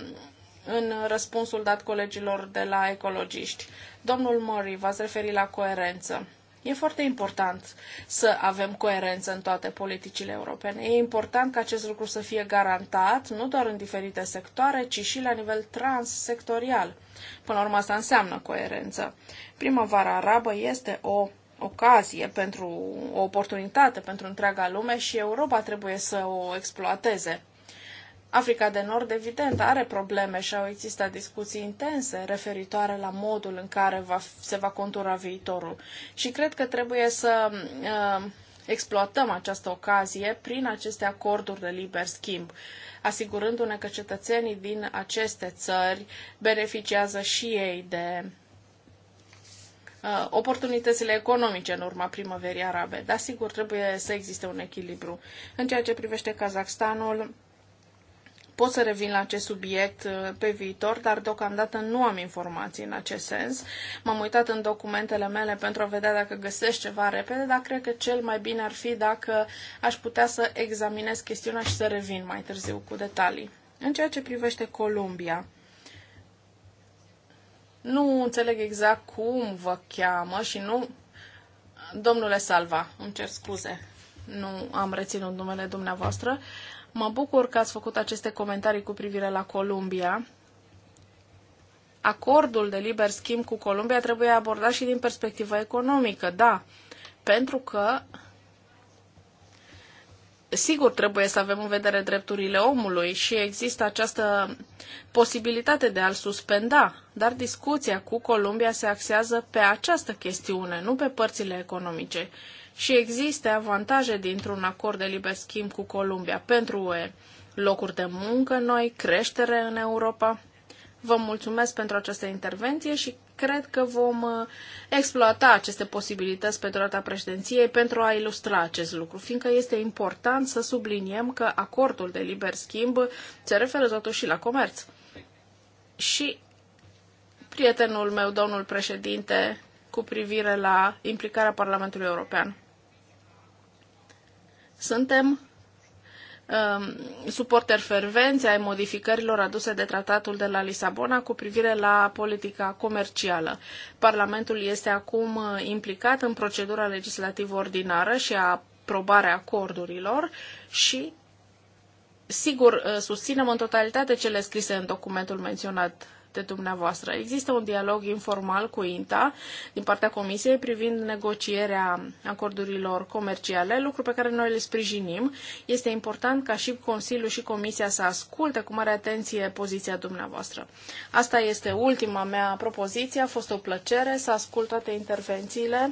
în răspunsul dat colegilor de la ecologiști. Domnul Murray, v-ați referit la coerență. E foarte important să avem coerență în toate politicile europene. E important ca acest lucru să fie garantat, nu doar în diferite sectoare, ci și la nivel transsectorial. Până la urmă, asta înseamnă coerență. Primăvara arabă este o ocazie, pentru o oportunitate pentru întreaga lume și Europa trebuie să o exploateze. Africa de Nord, evident, are probleme și au existat discuții intense referitoare la modul în care va, se va contura viitorul. Și cred că trebuie să uh, exploatăm această ocazie prin aceste acorduri de liber schimb, asigurându-ne că cetățenii din aceste țări beneficiază și ei de uh, oportunitățile economice în urma primăverii arabe. Dar sigur, trebuie să existe un echilibru. În ceea ce privește Kazakhstanul, pot să revin la acest subiect uh, pe viitor, dar deocamdată nu am informații în acest sens. M-am uitat în documentele mele pentru a vedea dacă găsesc ceva repede, dar cred că cel mai bine ar fi dacă aș putea să examinez chestiunea și să revin mai târziu cu detalii. În ceea ce privește Columbia, nu înțeleg exact cum vă cheamă și nu... Domnule Salva, îmi cer scuze, nu am reținut numele dumneavoastră. Mă bucur că ați făcut aceste comentarii cu privire la Columbia. Acordul de liber schimb cu Columbia trebuie abordat și din perspectiva economică, da, pentru că Sigur, trebuie să avem în vedere drepturile omului și există această posibilitate de a-l suspenda, dar discuția cu Columbia se axează pe această chestiune, nu pe părțile economice. Și există avantaje dintr-un acord de liber schimb cu Columbia pentru UE, locuri de muncă noi, creștere în Europa. Vă mulțumesc pentru această intervenție și cred că vom uh, exploata aceste posibilități pe durata președinției pentru a ilustra acest lucru, fiindcă este important să subliniem că acordul de liber schimb se referă totuși și la comerț. Și prietenul meu, domnul președinte, cu privire la implicarea Parlamentului European. Suntem Um, suporter fervenți ai modificărilor aduse de tratatul de la Lisabona cu privire la politica comercială. Parlamentul este acum uh, implicat în procedura legislativă ordinară și a aprobarea acordurilor și Sigur, uh, susținem în totalitate cele scrise în documentul menționat de dumneavoastră. Există un dialog informal cu INTA din partea Comisiei privind negocierea acordurilor comerciale, lucru pe care noi le sprijinim. Este important ca și Consiliul și Comisia să asculte cu mare atenție poziția dumneavoastră. Asta este ultima mea propoziție. A fost o plăcere să ascult toate intervențiile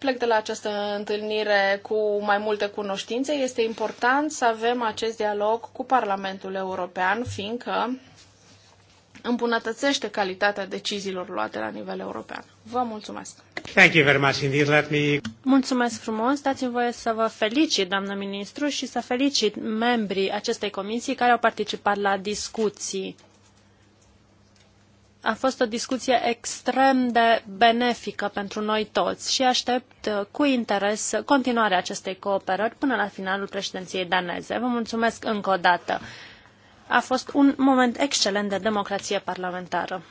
plec de la această întâlnire cu mai multe cunoștințe. Este important să avem acest dialog cu Parlamentul European, fiindcă îmbunătățește calitatea deciziilor luate la nivel european. Vă mulțumesc! Thank you very much indeed. Let me... Mulțumesc frumos! Dați-mi voie să vă felicit, doamnă ministru, și să felicit membrii acestei comisii care au participat la discuții a fost o discuție extrem de benefică pentru noi toți și aștept uh, cu interes continuarea acestei cooperări până la finalul președinției daneze. Vă mulțumesc încă o dată. A fost un moment excelent de democrație parlamentară.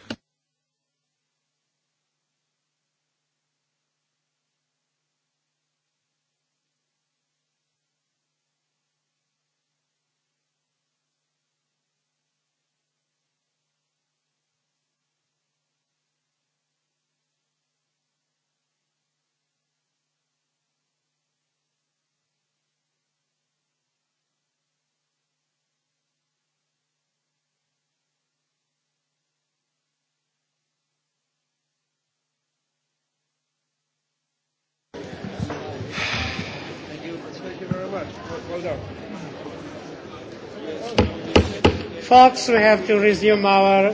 Fox, we have to resume our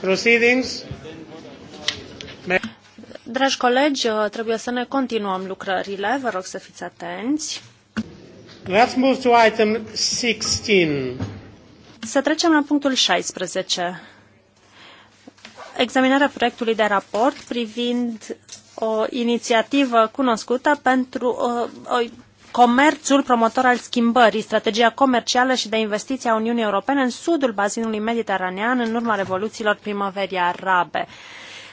proceedings. Dragi colegi, uh, trebuie să ne continuăm lucrările. Vă rog să fiți atenți. Let's move to item 16. Să trecem la punctul 16. Examinarea proiectului de raport privind o inițiativă cunoscută pentru uh, o, o comerțul promotor al schimbării, strategia comercială și de investiție a Uniunii Europene în sudul bazinului mediteranean în urma revoluțiilor primăverii arabe.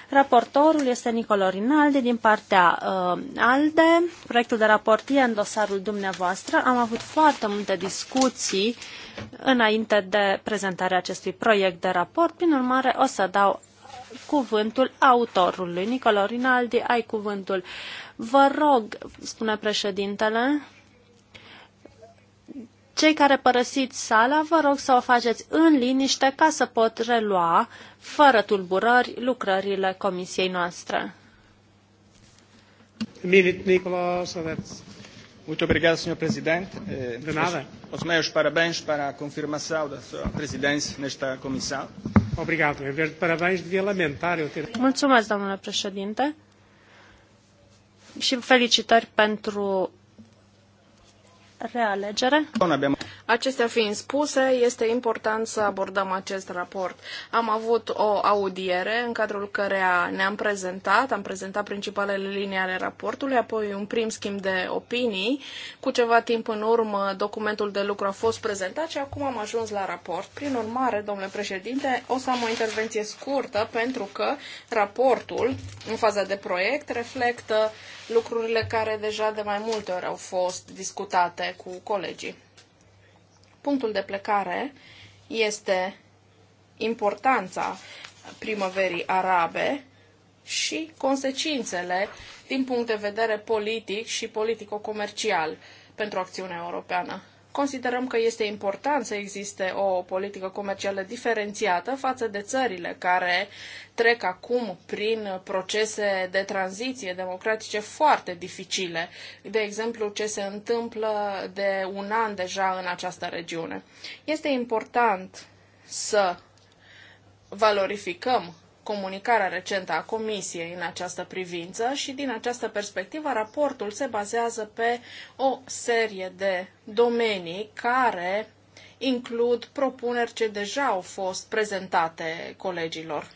Raportorul este Nicolo Rinaldi din partea uh, ALDE. Proiectul de raport e în dosarul dumneavoastră. Am avut foarte multe discuții înainte de prezentarea acestui proiect de raport. Prin urmare, o să dau cuvântul autorului. Nicolo Rinaldi, ai cuvântul Vă rog, spune președintele, cei care părăsiți sala, vă rog să o faceți în liniște ca să pot relua, fără tulburări, lucrările comisiei noastre. Minute, Nicola, să Muito obrigado, Sr. Presidente. De nada. Eh, os meus parabéns para a confirmação da sua presidência nesta comissão. Obrigado. Em vez de parabéns, devia lamentar eu ter... Muito mais, Sr. Presidente și felicitări pentru realegere. Acestea fiind spuse, este important să abordăm acest raport. Am avut o audiere în cadrul căreia ne-am prezentat, am prezentat principalele linii ale raportului, apoi un prim schimb de opinii. Cu ceva timp în urmă, documentul de lucru a fost prezentat și acum am ajuns la raport. Prin urmare, domnule președinte, o să am o intervenție scurtă pentru că raportul, în faza de proiect, reflectă lucrurile care deja de mai multe ori au fost discutate cu colegii. Punctul de plecare este importanța primăverii arabe și consecințele din punct de vedere politic și politico-comercial pentru acțiunea europeană. Considerăm că este important să existe o politică comercială diferențiată față de țările care trec acum prin procese de tranziție democratice foarte dificile. De exemplu, ce se întâmplă de un an deja în această regiune. Este important să valorificăm comunicarea recentă a Comisiei în această privință și din această perspectivă raportul se bazează pe o serie de domenii care includ propuneri ce deja au fost prezentate colegilor.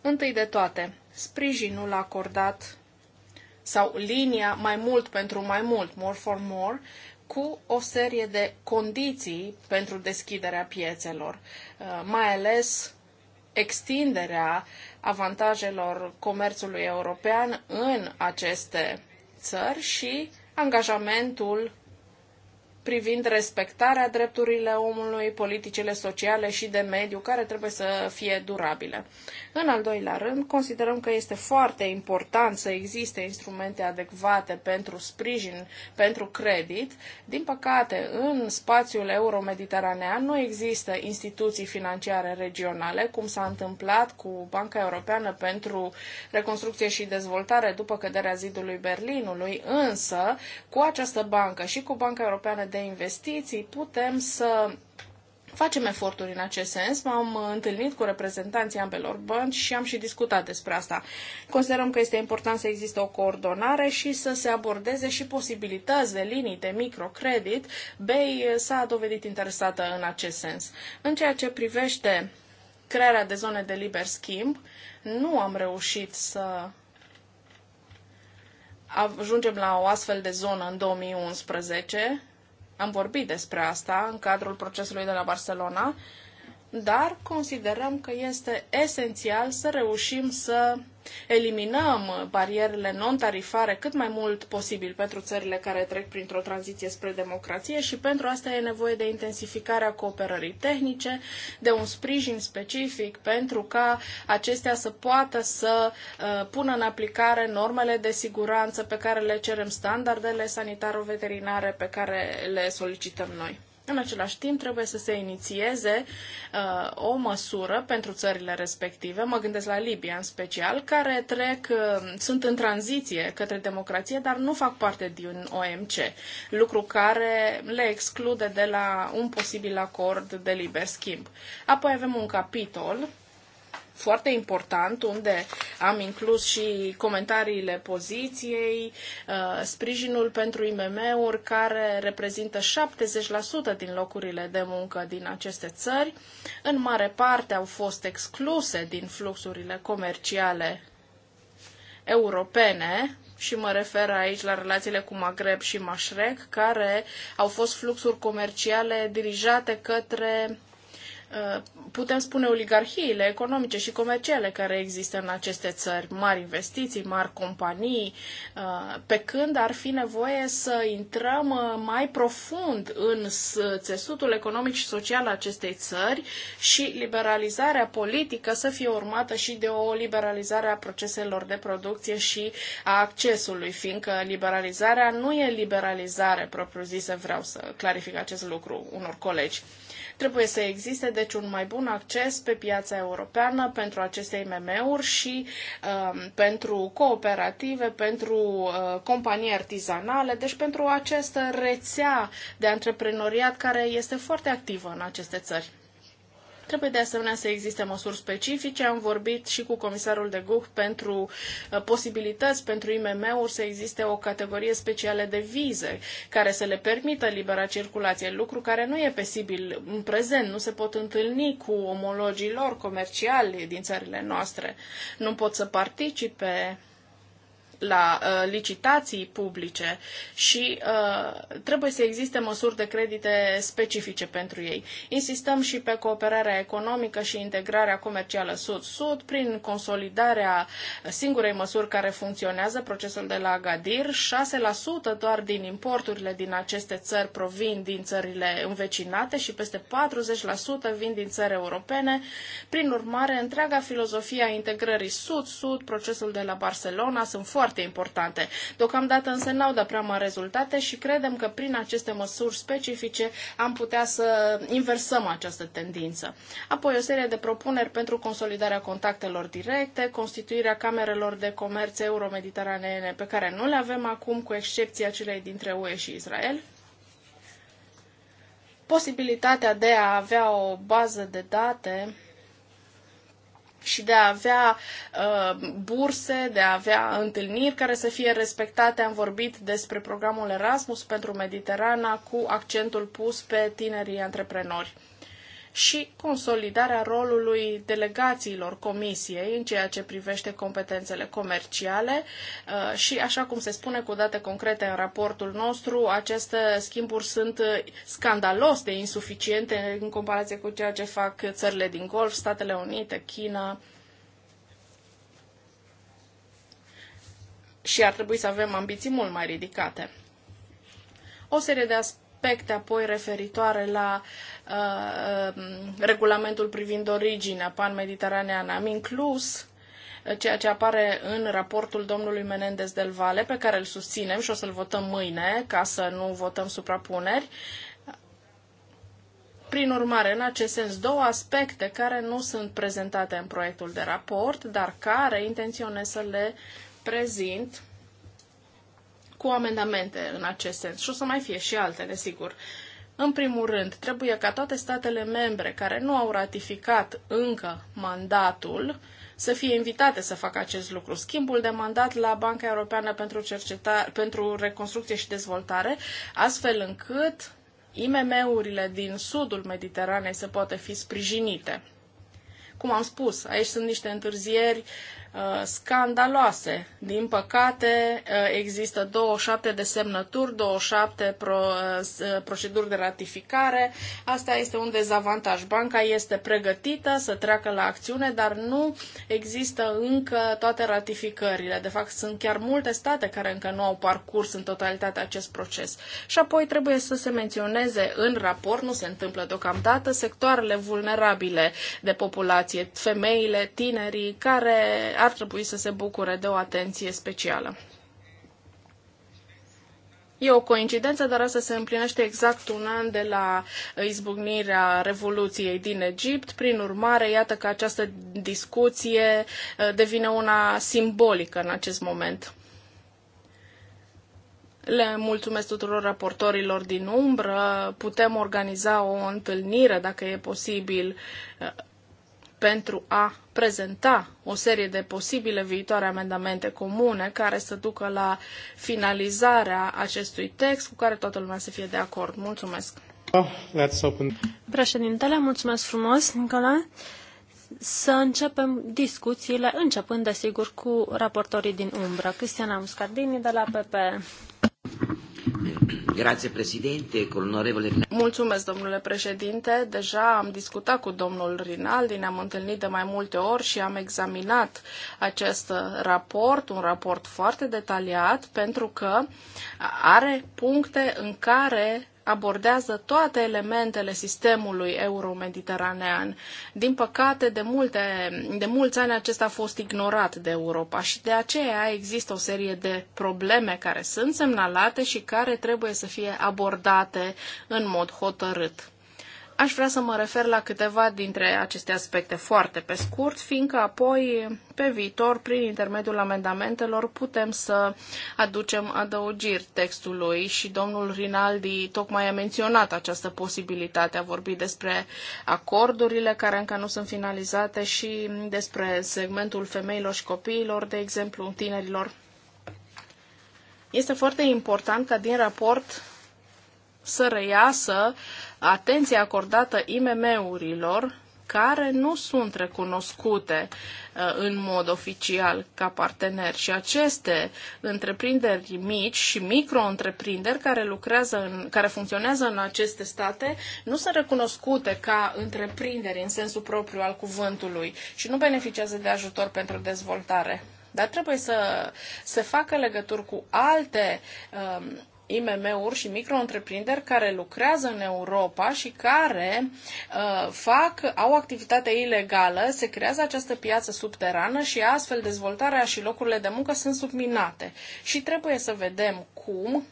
Întâi de toate, sprijinul acordat sau linia mai mult pentru mai mult, more for more, cu o serie de condiții pentru deschiderea piețelor, uh, mai ales extinderea avantajelor comerțului european în aceste țări și angajamentul privind respectarea drepturile omului, politicile sociale și de mediu care trebuie să fie durabile. În al doilea rând, considerăm că este foarte important să existe instrumente adecvate pentru sprijin, pentru credit. Din păcate, în spațiul euromediteranean nu există instituții financiare regionale, cum s-a întâmplat cu Banca Europeană pentru Reconstrucție și Dezvoltare după căderea zidului Berlinului, însă cu această bancă și cu Banca Europeană de de investiții, putem să facem eforturi în acest sens. M-am întâlnit cu reprezentanții ambelor bănci și am și discutat despre asta. Considerăm că este important să existe o coordonare și să se abordeze și posibilități de linii de microcredit. BEI s-a dovedit interesată în acest sens. În ceea ce privește crearea de zone de liber schimb, nu am reușit să ajungem la o astfel de zonă în 2011. Am vorbit despre asta în cadrul procesului de la Barcelona dar considerăm că este esențial să reușim să eliminăm barierele non-tarifare cât mai mult posibil pentru țările care trec printr-o tranziție spre democrație și pentru asta e nevoie de intensificarea cooperării tehnice, de un sprijin specific pentru ca acestea să poată să uh, pună în aplicare normele de siguranță pe care le cerem, standardele sanitaro-veterinare pe care le solicităm noi. În același timp, trebuie să se inițieze uh, o măsură pentru țările respective, mă gândesc la Libia în special, care trec, uh, sunt în tranziție către democrație, dar nu fac parte din OMC, lucru care le exclude de la un posibil acord de liber schimb. Apoi avem un capitol foarte important, unde am inclus și comentariile poziției, uh, sprijinul pentru IMM-uri, care reprezintă 70% din locurile de muncă din aceste țări. În mare parte au fost excluse din fluxurile comerciale europene, și mă refer aici la relațiile cu Maghreb și Mașrec, care au fost fluxuri comerciale dirijate către Eh, putem spune oligarhiile economice și comerciale care există în aceste țări, mari investiții, mari companii, eh, pe când ar fi nevoie să intrăm eh, mai profund în țesutul economic și social al acestei țări și liberalizarea politică să fie urmată și de o liberalizare a proceselor de producție și a accesului, fiindcă liberalizarea nu e liberalizare propriu-zisă, vreau să clarific acest lucru unor colegi. Trebuie să existe, deci, un mai bun acces pe piața europeană pentru aceste IMM-uri și um, pentru cooperative, pentru uh, companii artizanale, deci pentru această rețea de antreprenoriat care este foarte activă în aceste țări. Trebuie de asemenea să existe măsuri specifice. Am vorbit și cu comisarul de Guh pentru uh, posibilități pentru IMM-uri să existe o categorie specială de vize care să le permită libera circulație, lucru care nu e posibil în prezent. Nu se pot întâlni cu omologii lor comerciali din țările noastre. Nu pot să participe la uh, licitații publice și uh, trebuie să existe măsuri de credite specifice pentru ei. Insistăm și pe cooperarea economică și integrarea comercială sud-sud prin consolidarea singurei măsuri care funcționează, procesul de la Agadir. 6% doar din importurile din aceste țări provin din țările învecinate și peste 40% vin din țări europene. Prin urmare, întreaga filozofie a integrării sud-sud, procesul de la Barcelona, sunt foarte foarte importante. Deocamdată însă n-au dat prea mari rezultate și credem că prin aceste măsuri specifice am putea să inversăm această tendință. Apoi o serie de propuneri pentru consolidarea contactelor directe, constituirea camerelor de comerț euromediteraneene pe care nu le avem acum, cu excepția celei dintre UE și Israel, posibilitatea de a avea o bază de date și de a avea uh, burse, de a avea întâlniri care să fie respectate. Am vorbit despre programul Erasmus pentru Mediterana cu accentul pus pe tinerii antreprenori și consolidarea rolului delegațiilor comisiei în ceea ce privește competențele comerciale uh, și, așa cum se spune cu date concrete în raportul nostru, aceste schimburi sunt scandalos de insuficiente în comparație cu ceea ce fac țările din Golf, Statele Unite, China, și ar trebui să avem ambiții mult mai ridicate. O serie de aspecte apoi referitoare la Uh, um, regulamentul privind originea pan-mediteraneană. Am inclus uh, ceea ce apare în raportul domnului Menendez del Vale, pe care îl susținem și o să-l votăm mâine, ca să nu votăm suprapuneri. Prin urmare, în acest sens, două aspecte care nu sunt prezentate în proiectul de raport, dar care intenționez să le prezint cu amendamente în acest sens. Și o să mai fie și alte, desigur. Uh, în primul rând, trebuie ca toate statele membre care nu au ratificat încă mandatul să fie invitate să facă acest lucru. Schimbul de mandat la Banca Europeană pentru, Cerceta- pentru Reconstrucție și Dezvoltare, astfel încât IMM-urile din sudul Mediteranei să poată fi sprijinite. Cum am spus, aici sunt niște întârzieri Uh, scandaloase. Din păcate, uh, există 27 de semnături, 27 pro, uh, proceduri de ratificare. Asta este un dezavantaj. Banca este pregătită să treacă la acțiune, dar nu există încă toate ratificările. De fapt, sunt chiar multe state care încă nu au parcurs în totalitate acest proces. Și apoi trebuie să se menționeze în raport, nu se întâmplă deocamdată, sectoarele vulnerabile de populație, femeile, tinerii, care ar trebui să se bucure de o atenție specială. E o coincidență, dar asta se împlinește exact un an de la izbucnirea Revoluției din Egipt. Prin urmare, iată că această discuție uh, devine una simbolică în acest moment. Le mulțumesc tuturor raportorilor din umbră. Putem organiza o întâlnire, dacă e posibil, uh, pentru a prezenta o serie de posibile viitoare amendamente comune care să ducă la finalizarea acestui text cu care toată lumea să fie de acord. Mulțumesc! Oh, open. Președintele, mulțumesc frumos, Nicola. Să începem discuțiile, începând, desigur, cu raportorii din umbră. Cristiana Muscardini de la PP. Mulțumesc, domnule președinte. Deja am discutat cu domnul Rinaldi, ne-am întâlnit de mai multe ori și am examinat acest raport, un raport foarte detaliat, pentru că are puncte în care abordează toate elementele sistemului euro-mediteranean. Din păcate, de, multe, de mulți ani acesta a fost ignorat de Europa și de aceea există o serie de probleme care sunt semnalate și care trebuie să fie abordate în mod hotărât. Aș vrea să mă refer la câteva dintre aceste aspecte foarte pe scurt, fiindcă apoi, pe viitor, prin intermediul amendamentelor, putem să aducem adăugiri textului și domnul Rinaldi tocmai a menționat această posibilitate, a vorbi despre acordurile care încă nu sunt finalizate și despre segmentul femeilor și copiilor, de exemplu, tinerilor. Este foarte important ca din raport să reiasă uh, atenție acordată IMM-urilor care nu sunt recunoscute uh, în mod oficial ca parteneri și aceste întreprinderi mici și micro-întreprinderi care lucrează în, care funcționează în aceste state nu sunt recunoscute ca întreprinderi în sensul propriu al cuvântului și nu beneficiază de ajutor pentru dezvoltare. Dar trebuie să se facă legături cu alte um, IMM-uri și micro-întreprinderi care lucrează în Europa și care uh, fac, au activitate ilegală, se creează această piață subterană și astfel dezvoltarea și locurile de muncă sunt subminate. Și trebuie să vedem cum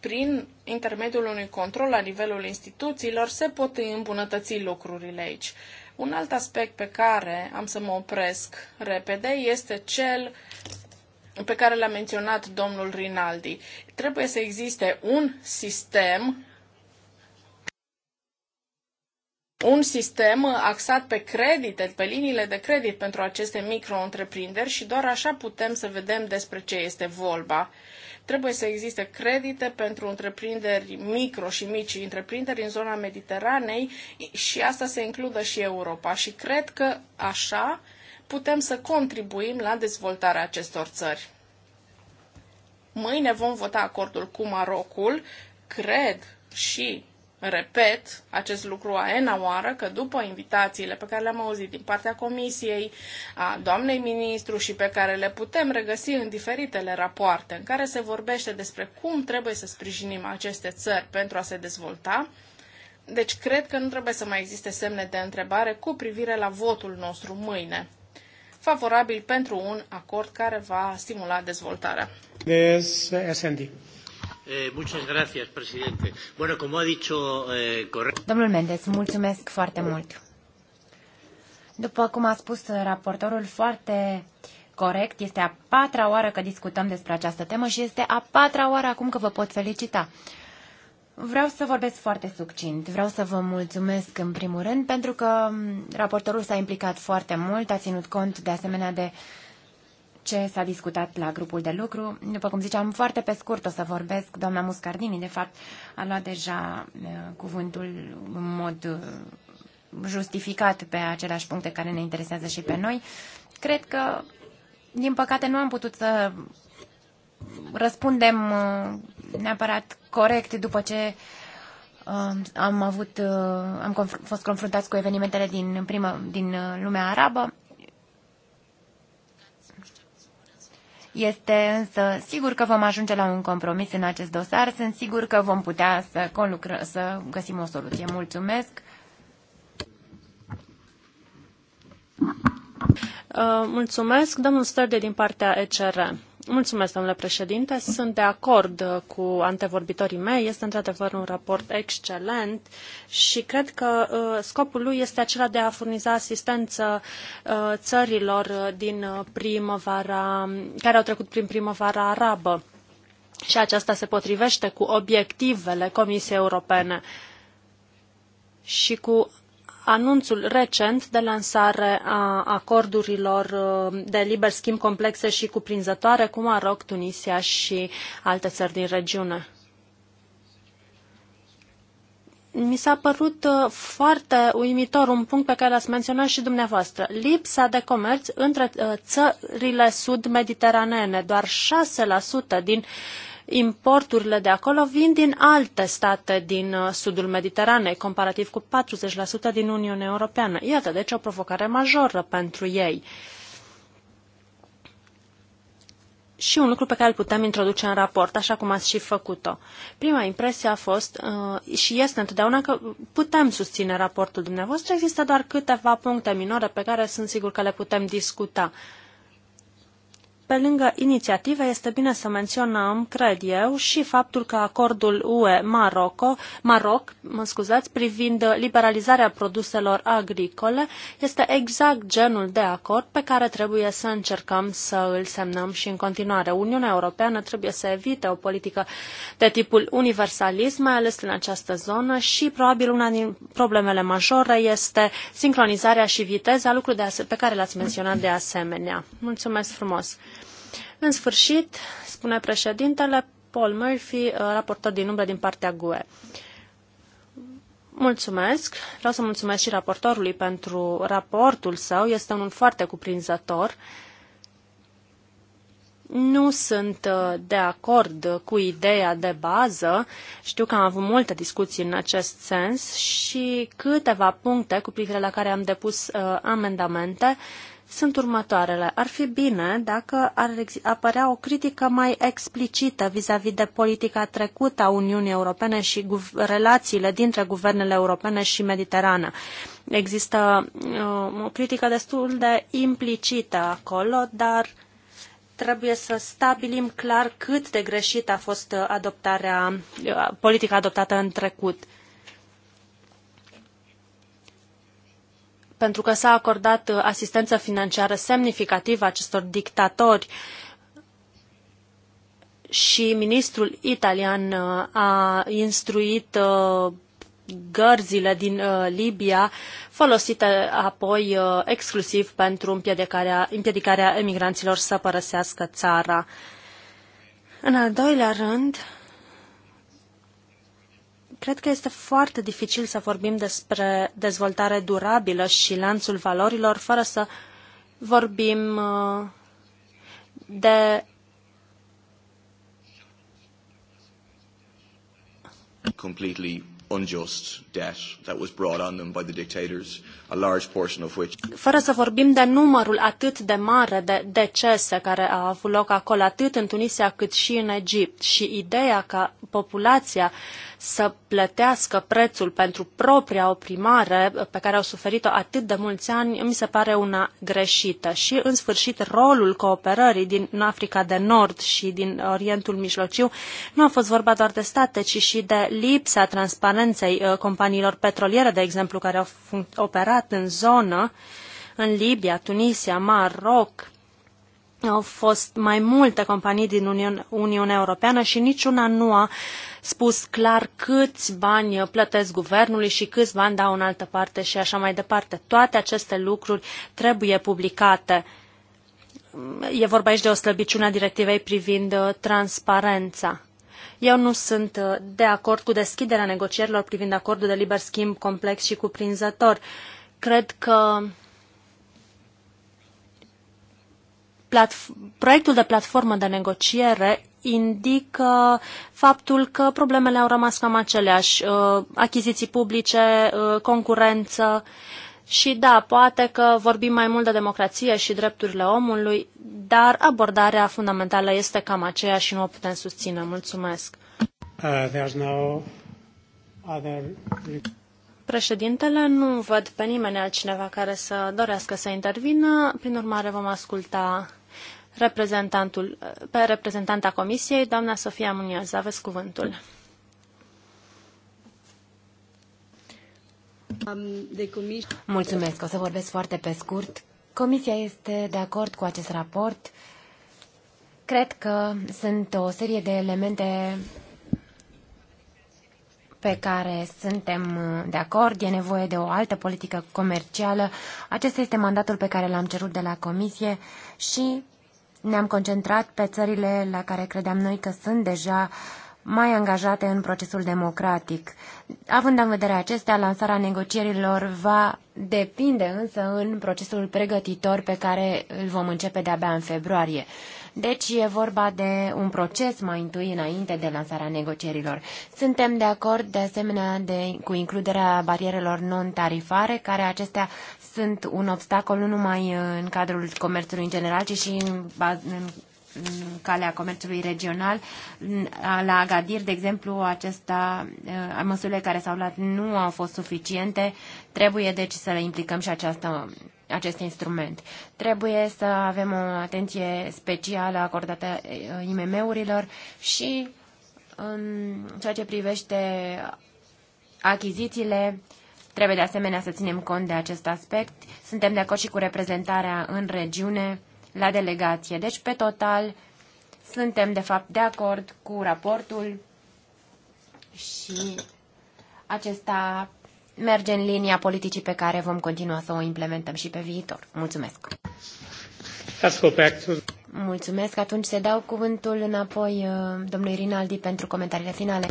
prin intermediul unui control la nivelul instituțiilor se pot îmbunătăți lucrurile aici. Un alt aspect pe care am să mă opresc repede este cel pe care l-a menționat domnul Rinaldi. Trebuie să existe un sistem un sistem axat pe credite, pe liniile de credit pentru aceste micro-întreprinderi și doar așa putem să vedem despre ce este vorba. Trebuie să existe credite pentru întreprinderi micro și mici întreprinderi în zona Mediteranei și asta se includă și Europa. Și cred că așa putem să contribuim la dezvoltarea acestor țări. Mâine vom vota acordul cu Marocul. Cred și repet acest lucru a ena oară, că după invitațiile pe care le-am auzit din partea comisiei, a doamnei ministru și pe care le putem regăsi în diferitele rapoarte în care se vorbește despre cum trebuie să sprijinim aceste țări pentru a se dezvolta, deci cred că nu trebuie să mai existe semne de întrebare cu privire la votul nostru mâine favorabil pentru un acord care va stimula dezvoltarea. Eh, eh, Domnul Mendes, mulțumesc foarte mult. După cum a spus raportorul foarte corect, este a patra oară că discutăm despre această temă și este a patra oară acum că vă pot felicita. Vreau să vorbesc foarte succint. Vreau să vă mulțumesc în primul rând pentru că mm, raportorul s-a implicat foarte mult, a ținut cont de asemenea de ce s-a discutat la grupul de lucru. După cum ziceam, foarte pe scurt o să vorbesc. Doamna Muscardini, de fapt, a luat deja mm, cuvântul în mod mm, justificat pe aceleași puncte care ne interesează și pe noi. Cred că, din păcate, nu am putut să răspundem uh, neapărat corect după ce uh, am avut, uh, am fost confruntați cu evenimentele din, primă, din lumea arabă. Este însă sigur că vom ajunge la un compromis în acest dosar. Sunt sigur că vom putea să, conlucră, să găsim o soluție. Mulțumesc! Mulțumesc, domnul Stărde, din partea ECR. Mulțumesc, domnule președinte. Sunt de acord cu antevorbitorii mei. Este într-adevăr un raport excelent și cred că uh, scopul lui este acela de a furniza asistență uh, țărilor din primăvara, care au trecut prin primăvara arabă. Și aceasta se potrivește cu obiectivele Comisiei Europene și cu anunțul recent de lansare a acordurilor uh, de liber schimb complexe și cuprinzătoare cu Maroc, Tunisia și alte țări din regiune. Mi s-a părut uh, foarte uimitor un punct pe care l-ați menționat și dumneavoastră. Lipsa de comerț între uh, țările sud mediteraneene, Doar 6% din uh, importurile de acolo vin din alte state din uh, sudul Mediteranei, comparativ cu 40% din Uniunea Europeană. Iată, deci o provocare majoră pentru ei. Și un lucru pe care îl putem introduce în raport, așa cum ați și făcut-o. Prima impresie a fost uh, și este întotdeauna că putem susține raportul dumneavoastră. Există doar câteva puncte minore pe care sunt sigur că le putem discuta. Uh, pe lângă inițiative, este bine să menționăm, cred eu, și faptul că acordul UE-Maroc Maroc, mă scuzați, privind liberalizarea produselor agricole este exact genul de acord pe care trebuie să încercăm să îl semnăm și în continuare. Uniunea Europeană trebuie să evite o politică de tipul universalist, mai ales în această zonă și probabil una din problemele majore este sincronizarea și viteza, lucru de pe care l-ați menționat de asemenea. Mulțumesc frumos! În sfârșit, spune președintele, Paul Murphy, uh, raportor din umbră din partea GUE. Mulțumesc. Vreau să mulțumesc și raportorului pentru raportul său. Este unul foarte cuprinzător. Nu sunt uh, de acord cu ideea de bază. Știu că am avut multe discuții în acest sens și câteva puncte cu privire la care am depus uh, amendamente uh, sunt următoarele. Ar fi bine dacă ar apărea o critică mai explicită vis-a-vis de politica trecută a Uniunii Europene și relațiile dintre guvernele europene și Mediterană. Există uh, o critică destul de implicită acolo, dar trebuie să stabilim clar cât de greșit a fost adoptarea, uh, politica adoptată în trecut. pentru că s-a acordat uh, asistență financiară semnificativă acestor dictatori și ministrul italian uh, a instruit uh, gărzile din Libia folosite apoi exclusiv pentru împiedicarea, împiedicarea emigranților să părăsească țara. În al doilea rând, Cred că este foarte dificil să vorbim despre dezvoltare durabilă și lanțul valorilor fără să vorbim uh, de completely unjust debt that was brought on them by the dictators, a large portion of which... Fără să vorbim de numărul atât de mare de decese care a avut loc acolo, atât în Tunisia cât și în Egipt, și ideea ca populația să plătească prețul pentru propria oprimare pe care au suferit-o atât de mulți ani, mi se pare una greșită. Și, în sfârșit, rolul cooperării din Africa de Nord și din Orientul Mijlociu nu a fost vorba doar de state, ci și de lipsa transparenței uh, companiilor petroliere, de exemplu, care au operat în zonă, în Libia, Tunisia, Maroc, au fost mai multe companii din Uniunea Europeană și niciuna nu a spus clar câți bani plătesc guvernului și câți bani dau în altă parte și așa mai departe. Toate aceste lucruri trebuie publicate. E vorba aici de o slăbiciune a directivei privind uh, transparența. Eu nu sunt uh, de acord cu deschiderea negocierilor privind acordul de liber schimb complex și cuprinzător. Cred că proiectul de platformă de negociere indică faptul că problemele au rămas cam aceleași, uh, achiziții publice, uh, concurență și da, poate că vorbim mai mult de democrație și drepturile omului, dar abordarea fundamentală este cam aceea și nu o putem susține. Mulțumesc. Uh, no other... Președintele, nu văd pe nimeni altcineva care să dorească să intervină, prin urmare vom asculta reprezentantul, pe reprezentanta Comisiei, doamna Sofia Muniaz, Aveți cuvântul. Mulțumesc. O să vorbesc foarte pe scurt. Comisia este de acord cu acest raport. Cred că sunt o serie de elemente pe care suntem de acord, e nevoie de o altă politică comercială. Acesta este mandatul pe care l-am cerut de la Comisie și ne-am concentrat pe țările la care credeam noi că sunt deja mai angajate în procesul democratic. Având în vedere acestea, lansarea negocierilor va depinde însă în procesul pregătitor pe care îl vom începe de-abia în februarie. Deci e vorba de un proces mai întâi înainte de lansarea negocierilor. Suntem de acord de asemenea de, cu includerea barierelor non-tarifare, care acestea sunt un obstacol nu numai în cadrul comerțului în general, ci și în, în în calea comerțului regional. La Agadir, de exemplu, acesta, eh, măsurile care s-au luat nu au fost suficiente. Trebuie, deci, să le implicăm și această, acest instrument. Trebuie să avem o atenție specială acordată eh, IMM-urilor și în ceea ce privește achizițiile, Trebuie de asemenea să ținem cont de acest aspect. Suntem de acord și cu reprezentarea în regiune la delegație. Deci, pe total, suntem de fapt de acord cu raportul și acesta merge în linia politicii pe care vom continua să o implementăm și pe viitor. Mulțumesc! Mulțumesc. Atunci se dau cuvântul înapoi uh, domnului Rinaldi pentru comentariile finale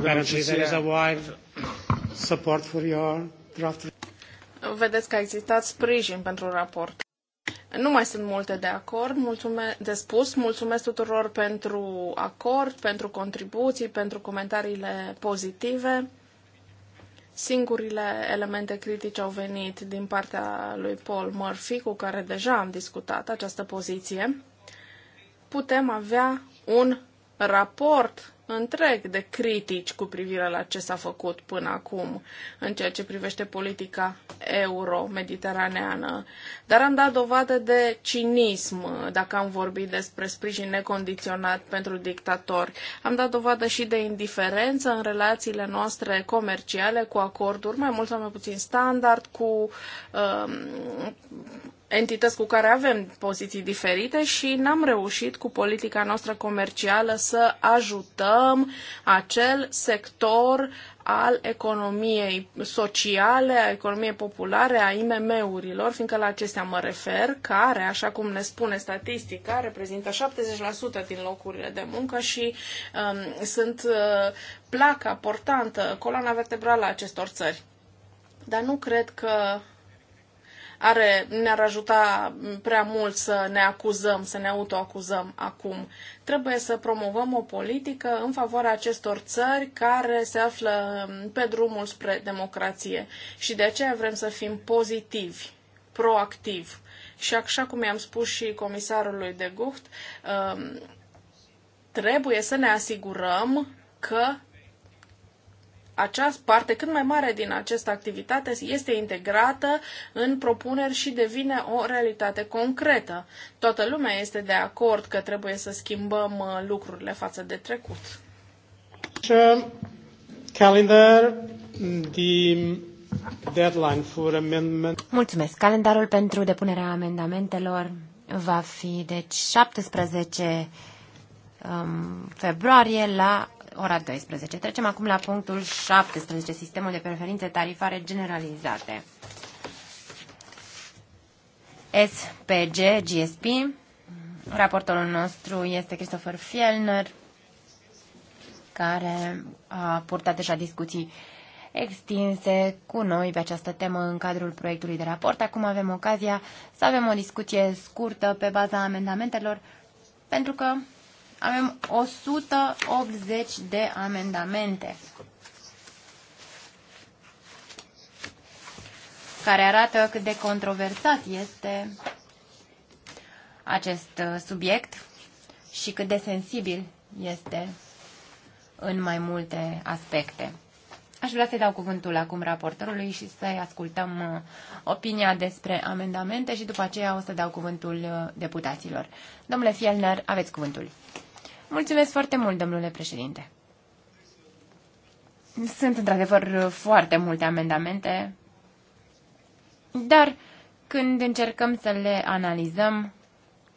draft. Vedeți că a existat sprijin pentru raport. Nu mai sunt multe de acord, mulțume, de spus. Mulțumesc tuturor pentru acord, pentru contribuții, pentru comentariile pozitive. Singurile elemente critice au venit din partea lui Paul Murphy, cu care deja am discutat această poziție. Putem avea un raport întreg de critici cu privire la ce s-a făcut până acum în ceea ce privește politica euro-mediteraneană. Dar am dat dovadă de cinism dacă am vorbit despre sprijin necondiționat pentru dictatori. Am dat dovadă și de indiferență în relațiile noastre comerciale cu acorduri mai mult sau mai puțin standard, cu um, entități cu care avem poziții diferite și n-am reușit cu politica noastră comercială să ajutăm acel sector al economiei sociale, a economiei populare, a IMM-urilor, fiindcă la acestea mă refer, care, așa cum ne spune statistica, reprezintă 70% din locurile de muncă și um, sunt uh, placa portantă, coloana vertebrală a acestor țări. Dar nu cred că are, ne-ar ajuta prea mult să ne acuzăm, să ne autoacuzăm acum. Trebuie să promovăm o politică în favoarea acestor țări care se află pe drumul spre democrație și de aceea vrem să fim pozitivi, proactivi. Și așa cum i-am spus și comisarului de Gucht, um, trebuie să ne asigurăm că această parte cât mai mare din această activitate este integrată în propuneri și devine o realitate concretă. Toată lumea este de acord că trebuie să schimbăm uh, lucrurile față de trecut. Calendar, the deadline for amendment. Mulțumesc. Calendarul pentru depunerea amendamentelor va fi deci 17 um, februarie la ora 12. Trecem acum la punctul 17, sistemul de preferințe tarifare generalizate. SPG, GSP. Raportorul nostru este Christopher Fielner, care a purtat deja discuții extinse cu noi pe această temă în cadrul proiectului de raport. Acum avem ocazia să avem o discuție scurtă pe baza amendamentelor, pentru că avem 180 de amendamente care arată cât de controversat este acest uh, subiect și cât de sensibil este în mai multe aspecte. Aș vrea să-i dau cuvântul acum raportorului și să-i ascultăm uh, opinia despre amendamente și după aceea o să dau cuvântul uh, deputaților. Domnule Fielner, aveți cuvântul. Mulțumesc foarte mult, domnule președinte. Sunt într-adevăr foarte multe amendamente, dar când încercăm să le analizăm,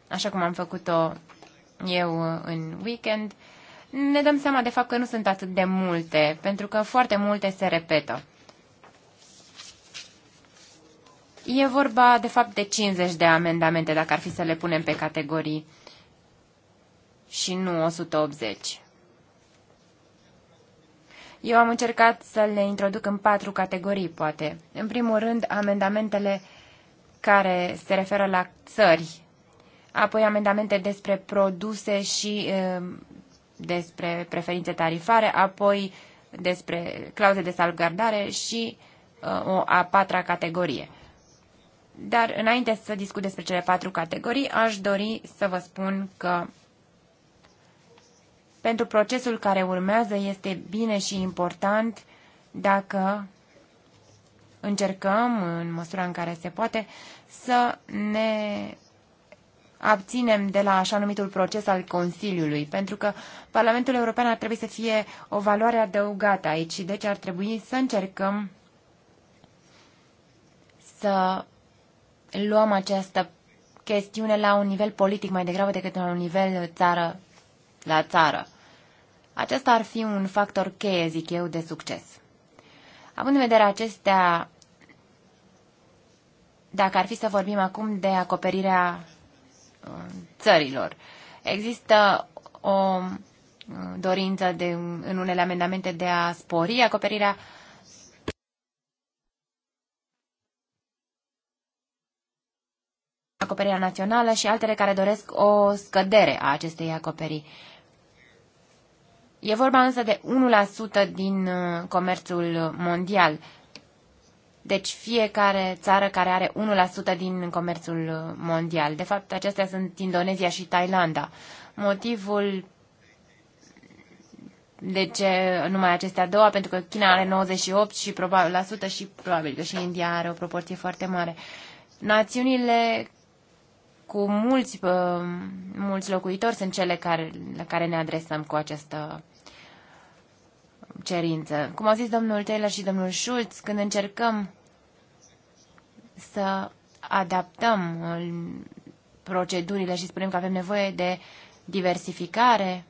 așa cum am făcut-o eu în weekend, ne dăm seama de fapt că nu sunt atât de multe, pentru că foarte multe se repetă. E vorba de fapt de 50 de amendamente, dacă ar fi să le punem pe categorii și nu 180. Eu am încercat să le introduc în patru categorii, poate. În primul rând, amendamentele care se referă la țări, apoi amendamente despre produse și e, despre preferințe tarifare, apoi despre clauze de salvgardare și e, o a patra categorie. Dar înainte să discut despre cele patru categorii, aș dori să vă spun că pentru procesul care urmează este bine și important dacă încercăm, în măsura în care se poate, să ne abținem de la așa numitul proces al Consiliului, pentru că Parlamentul European ar trebui să fie o valoare adăugată aici și deci ar trebui să încercăm să luăm această chestiune la un nivel politic mai degrabă decât la un nivel țară la țară. Acesta ar fi un factor cheie, zic eu, de succes. Având în vedere acestea, dacă ar fi să vorbim acum de acoperirea uh, țărilor, există o uh, dorință de, în unele amendamente de a spori acoperirea acoperirea națională și altele care doresc o scădere a acestei acoperiri. E vorba însă de 1% din uh, comerțul mondial. Deci fiecare țară care are 1% din comerțul uh, mondial. De fapt, acestea sunt Indonezia și Thailanda. Motivul de ce numai acestea două, pentru că China are 98 și probabil, la sută și probabil că și India are o proporție foarte mare. Națiunile cu mulți, uh, mulți locuitori sunt cele care, la care ne adresăm cu această cerință. Cum au zis domnul Taylor și domnul Schulz, când încercăm să adaptăm procedurile și spunem că avem nevoie de diversificare,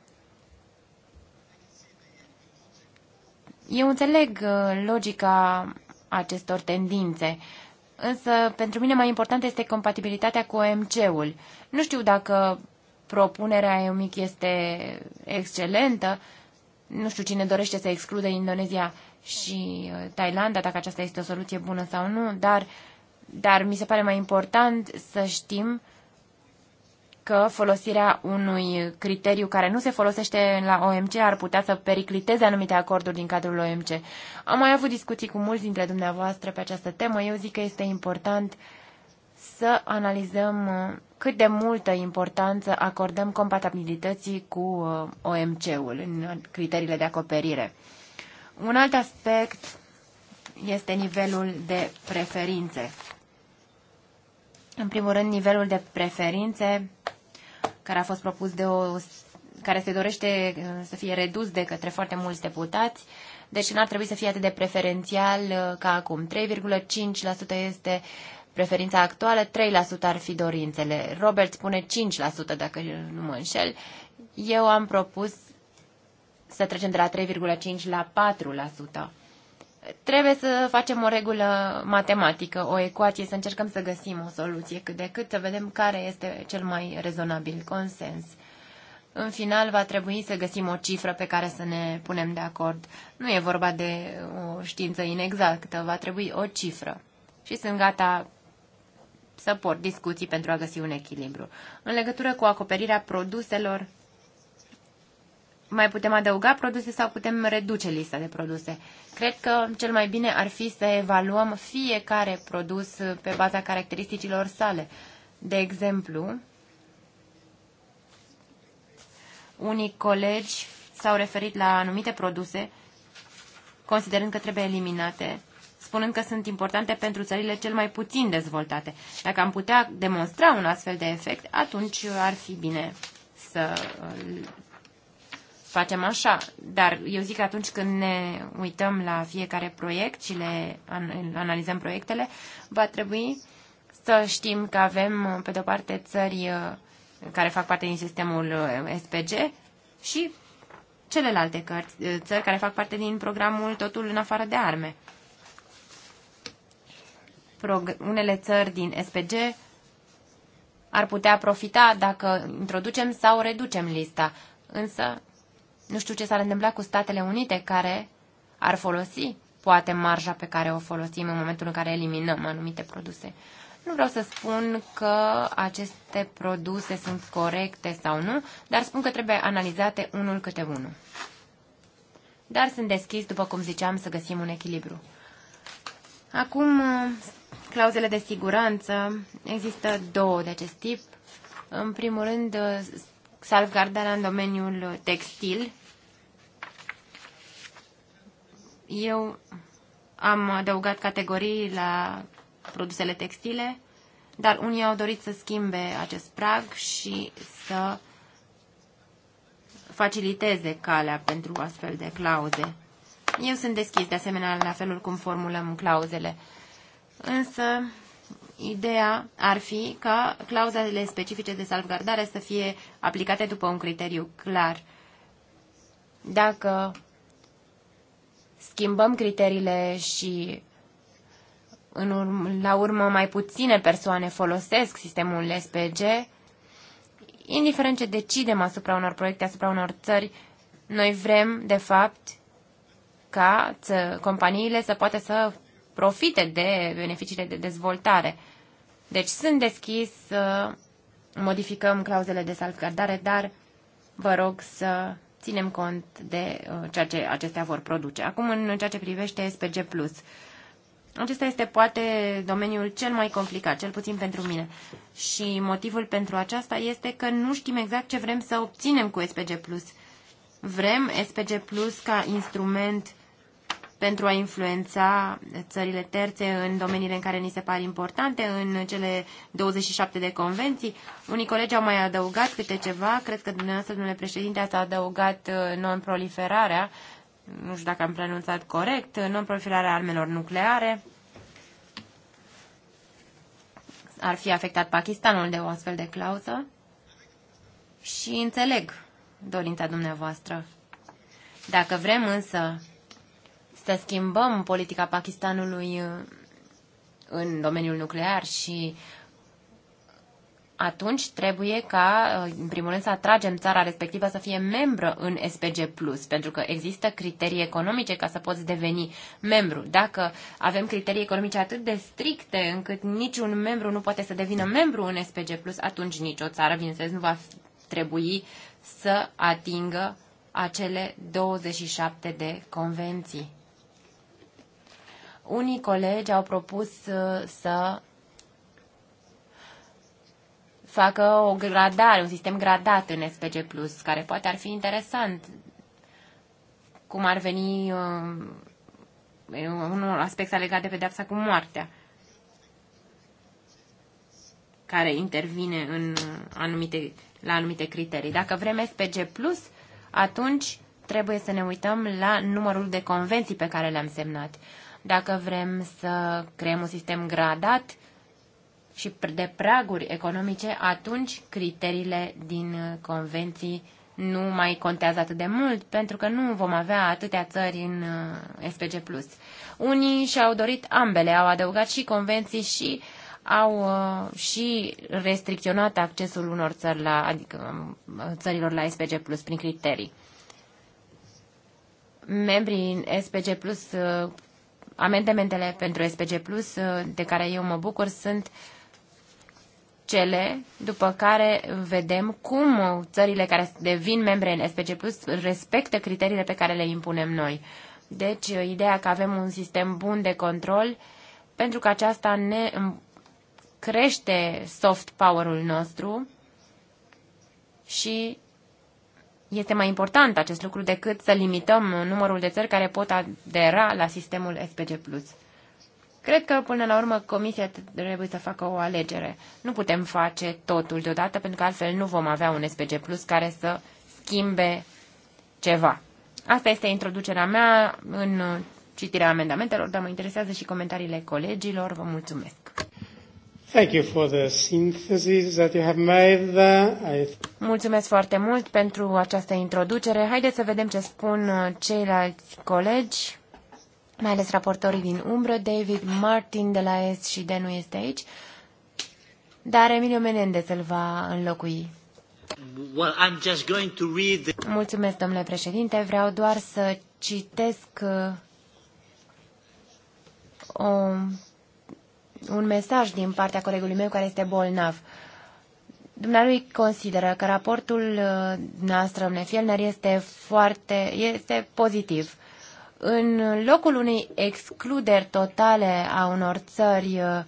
eu înțeleg uh, logica acestor tendințe, însă pentru mine mai important este compatibilitatea cu OMC-ul. Nu știu dacă propunerea EUMIC este excelentă, nu știu cine dorește să exclude Indonezia și uh, Thailanda, dacă aceasta este o soluție bună sau nu, dar, dar mi se pare mai important să știm că folosirea unui criteriu care nu se folosește la OMC ar putea să pericliteze anumite acorduri din cadrul OMC. Am mai avut discuții cu mulți dintre dumneavoastră pe această temă. Eu zic că este important să analizăm uh, cât de multă importanță acordăm compatibilității cu uh, OMC-ul în criteriile de acoperire. Un alt aspect este nivelul de preferințe. În primul rând, nivelul de preferințe care a fost propus de o care se dorește uh, să fie redus de către foarte mulți deputați, deci n-ar trebui să fie atât de preferențial uh, ca acum. 3,5% este uh, preferința actuală, 3% ar fi dorințele. Robert spune 5% dacă nu mă înșel. Eu am propus să trecem de la 3,5 la 4%. Trebuie să facem o regulă matematică, o ecuație, să încercăm să găsim o soluție cât de cât, să vedem care este cel mai rezonabil consens. În final va trebui să găsim o cifră pe care să ne punem de acord. Nu e vorba de o știință inexactă, va trebui o cifră. Și sunt gata să port discuții pentru a găsi un echilibru. În legătură cu acoperirea produselor, mai putem adăuga produse sau putem reduce lista de produse. Cred că cel mai bine ar fi să evaluăm fiecare produs pe baza caracteristicilor sale. De exemplu, unii colegi s-au referit la anumite produse, considerând că trebuie eliminate spunând că sunt importante pentru țările cel mai puțin dezvoltate. Dacă am putea demonstra un astfel de efect, atunci ar fi bine să facem așa. Dar eu zic că atunci când ne uităm la fiecare proiect și le analizăm proiectele, va trebui să știm că avem, pe de-o parte, țări uh, care fac parte din sistemul uh, SPG și celelalte cărți, uh, țări care fac parte din programul Totul în afară de arme unele țări din SPG ar putea profita dacă introducem sau reducem lista. Însă, nu știu ce s-ar întâmpla cu Statele Unite, care ar folosi, poate, marja pe care o folosim în momentul în care eliminăm anumite produse. Nu vreau să spun că aceste produse sunt corecte sau nu, dar spun că trebuie analizate unul câte unul. Dar sunt deschis, după cum ziceam, să găsim un echilibru. Acum, Clauzele de siguranță, există două de acest tip. În primul rând, uh, salvgardarea în domeniul textil. Eu am adăugat categorii la produsele textile, dar unii au dorit să schimbe acest prag și să faciliteze calea pentru astfel de clauze. Eu sunt deschis de asemenea la felul cum formulăm clauzele însă ideea ar fi ca clauzele specifice de salvgardare să fie aplicate după un criteriu clar. Dacă schimbăm criteriile și în urm, la urmă mai puține persoane folosesc sistemul SPG, indiferent ce decidem asupra unor proiecte, asupra unor țări, noi vrem, de fapt, ca companiile să poată să profite de beneficiile de dezvoltare. Deci sunt deschis să modificăm clauzele de salvgardare, dar vă rog să ținem cont de uh, ceea ce acestea vor produce. Acum, în ceea ce privește SPG+, acesta este poate domeniul cel mai complicat, cel puțin pentru mine. Și motivul pentru aceasta este că nu știm exact ce vrem să obținem cu SPG+. Vrem SPG Plus ca instrument pentru a influența țările terțe în domeniile în care ni se par importante, în cele 27 de convenții. Unii colegi au mai adăugat câte ceva. Cred că dumneavoastră, domnule președinte, ați adăugat uh, non-proliferarea, nu știu dacă am pronunțat corect, uh, non-proliferarea armelor nucleare. Ar fi afectat Pakistanul de o astfel de clauză. Și înțeleg dorința dumneavoastră. Dacă vrem însă să schimbăm politica Pakistanului uh, în domeniul nuclear și atunci trebuie ca, uh, în primul rând, să atragem țara respectivă să fie membră în SPG+, pentru că există criterii economice ca să poți deveni membru. Dacă avem criterii economice atât de stricte încât niciun membru nu poate să devină membru în SPG+, atunci nicio țară, bineînțeles, nu va trebui să atingă acele 27 de convenții. Unii colegi au propus uh, să facă o gradare, un sistem gradat în SPG+, care poate ar fi interesant, cum ar veni um, un aspect legat de pedeapsa cu moartea care intervine în anumite, la anumite criterii. Dacă vrem SPG+, atunci trebuie să ne uităm la numărul de convenții pe care le-am semnat dacă vrem să creăm un sistem gradat și de praguri economice, atunci criteriile din convenții nu mai contează atât de mult, pentru că nu vom avea atâtea țări în uh, SPG+. Unii și-au dorit ambele, au adăugat și convenții și au uh, și restricționat accesul unor țări la, adică uh, țărilor la SPG Plus prin criterii. Membrii în SPG Plus uh, Amendamentele pentru SPG Plus, uh, de care eu mă bucur, sunt cele după care vedem cum țările care devin membre în SPG Plus respectă criteriile pe care le impunem noi. Deci, uh, ideea că avem un sistem bun de control, pentru că aceasta ne crește soft power-ul nostru și este mai important acest lucru decât să limităm numărul de țări care pot adera la sistemul SPG+. Cred că, până la urmă, Comisia trebuie să facă o alegere. Nu putem face totul deodată, pentru că altfel nu vom avea un SPG Plus care să schimbe ceva. Asta este introducerea mea în citirea amendamentelor, dar mă interesează și comentariile colegilor. Vă mulțumesc! Thank you for the synthesis that you have made. I... Mulțumesc foarte mult pentru această introducere. Haideți să vedem ce spun uh, ceilalți colegi, mai ales raportorii din umbră, David Martin de la S și de nu este aici, dar Emilio Menendez îl va înlocui. Well, I'm just going to read the... Mulțumesc, domnule președinte. Vreau doar să citesc uh, o un mesaj din partea colegului meu care este bolnav. Dumnealui consideră că raportul uh, noastră, Nefielner, este foarte este pozitiv. În locul unei excluderi totale a unor țări, uh,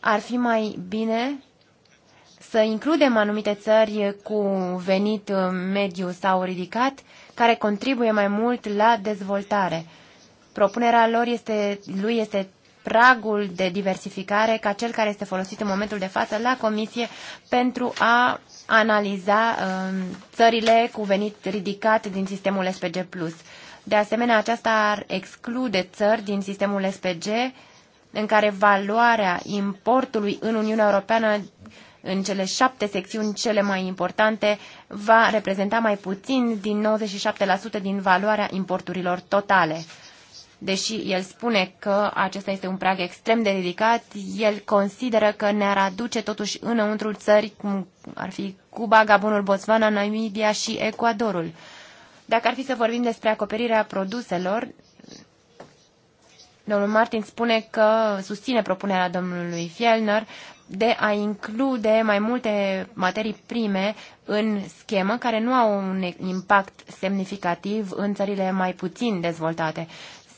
ar fi mai bine să includem anumite țări cu venit uh, mediu sau ridicat, care contribuie mai mult la dezvoltare. Propunerea lor este, lui este pragul de diversificare ca cel care este folosit în momentul de față la Comisie pentru a analiza um, țările cu venit ridicat din sistemul SPG+. De asemenea, aceasta ar exclude țări din sistemul SPG în care valoarea importului în Uniunea Europeană în cele șapte secțiuni cele mai importante va reprezenta mai puțin din 97% din valoarea importurilor totale deși el spune că acesta este un prag extrem de ridicat, el consideră că ne-ar aduce totuși înăuntrul țări, cum ar fi Cuba, Gabonul, Botswana, Namibia și Ecuadorul. Dacă ar fi să vorbim despre acoperirea produselor, domnul Martin spune că susține propunerea domnului Fielner de a include mai multe materii prime în schemă care nu au un impact semnificativ în țările mai puțin dezvoltate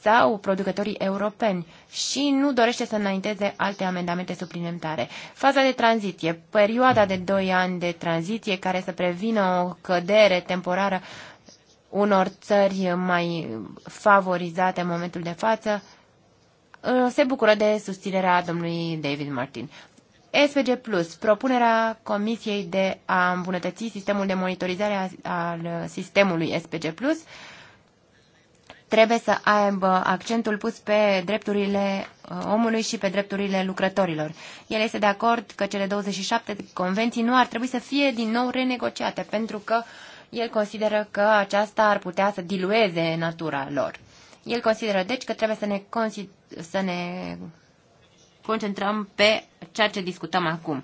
sau producătorii europeni și nu dorește să înainteze alte amendamente suplimentare. Faza de tranziție, perioada de 2 ani de tranziție care să prevină o cădere temporară unor țări mai favorizate în momentul de față, ă, se bucură de susținerea domnului David Martin. SPG Plus, propunerea Comisiei de a îmbunătăți sistemul de monitorizare al sistemului SPG Plus, trebuie să aibă accentul pus pe drepturile uh, omului și pe drepturile lucrătorilor. El este de acord că cele 27 convenții nu ar trebui să fie din nou renegociate, pentru că el consideră că aceasta ar putea să dilueze natura lor. El consideră, deci, că trebuie să ne, să ne concentrăm pe ceea ce discutăm acum.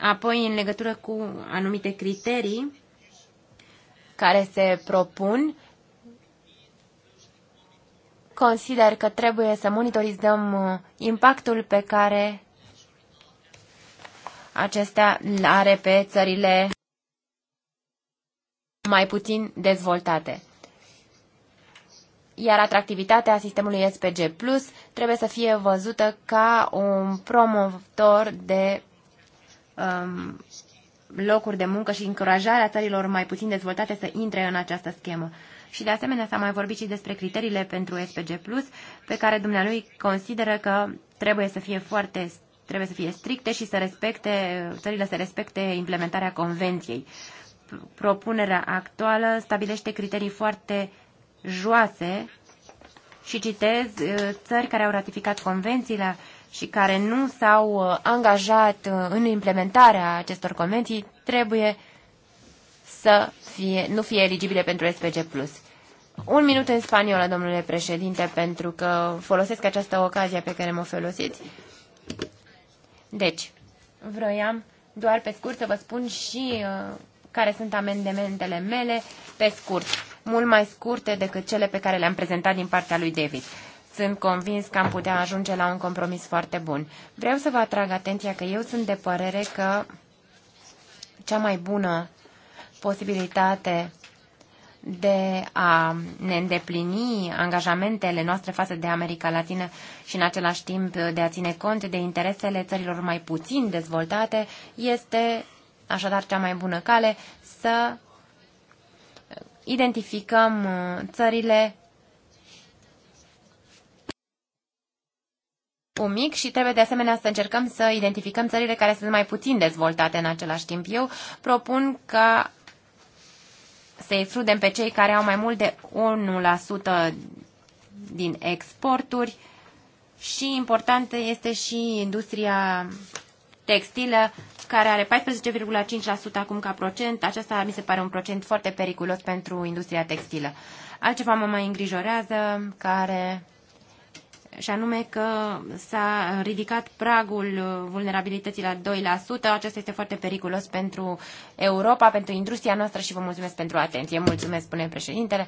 Apoi, în legătură cu anumite criterii care se propun, Consider că trebuie să monitorizăm uh, impactul pe care acestea are pe țările mai puțin dezvoltate. Iar atractivitatea sistemului SPG Plus trebuie să fie văzută ca un promotor de um, locuri de muncă și încurajarea țărilor mai puțin dezvoltate să intre în această schemă și de asemenea s-a mai vorbit și despre criteriile pentru SPG+, pe care dumnealui consideră că trebuie să fie foarte trebuie să fie stricte și să respecte, țările să respecte implementarea convenției. Propunerea actuală stabilește criterii foarte joase și citez ă, țări care au ratificat convențiile și care nu s-au ă, angajat ă, în implementarea acestor convenții trebuie să fie, nu fie eligibile pentru SPG+. Un minut în spaniolă, domnule președinte, pentru că folosesc această ocazie pe care mă folosiți. Deci, vroiam doar pe scurt să vă spun și uh, care sunt amendamentele mele, pe scurt, mult mai scurte decât cele pe care le-am prezentat din partea lui David. Sunt convins că am putea ajunge la un compromis foarte bun. Vreau să vă atrag atenția că eu sunt de părere că cea mai bună posibilitate de a ne îndeplini angajamentele noastre față de America Latină și în același timp de a ține cont de interesele țărilor mai puțin dezvoltate, este așadar cea mai bună cale să identificăm țările un mic și trebuie de asemenea să încercăm să identificăm țările care sunt mai puțin dezvoltate în același timp. Eu propun ca să excludem pe cei care au mai mult de 1% din exporturi și importantă este și industria textilă care are 14,5% acum ca procent. Aceasta mi se pare un procent foarte periculos pentru industria textilă. Altceva mă mai îngrijorează, care și anume că s-a ridicat pragul vulnerabilității la 2%. Acesta este foarte periculos pentru Europa, pentru industria noastră și vă mulțumesc pentru atenție. Mulțumesc, spune președintele.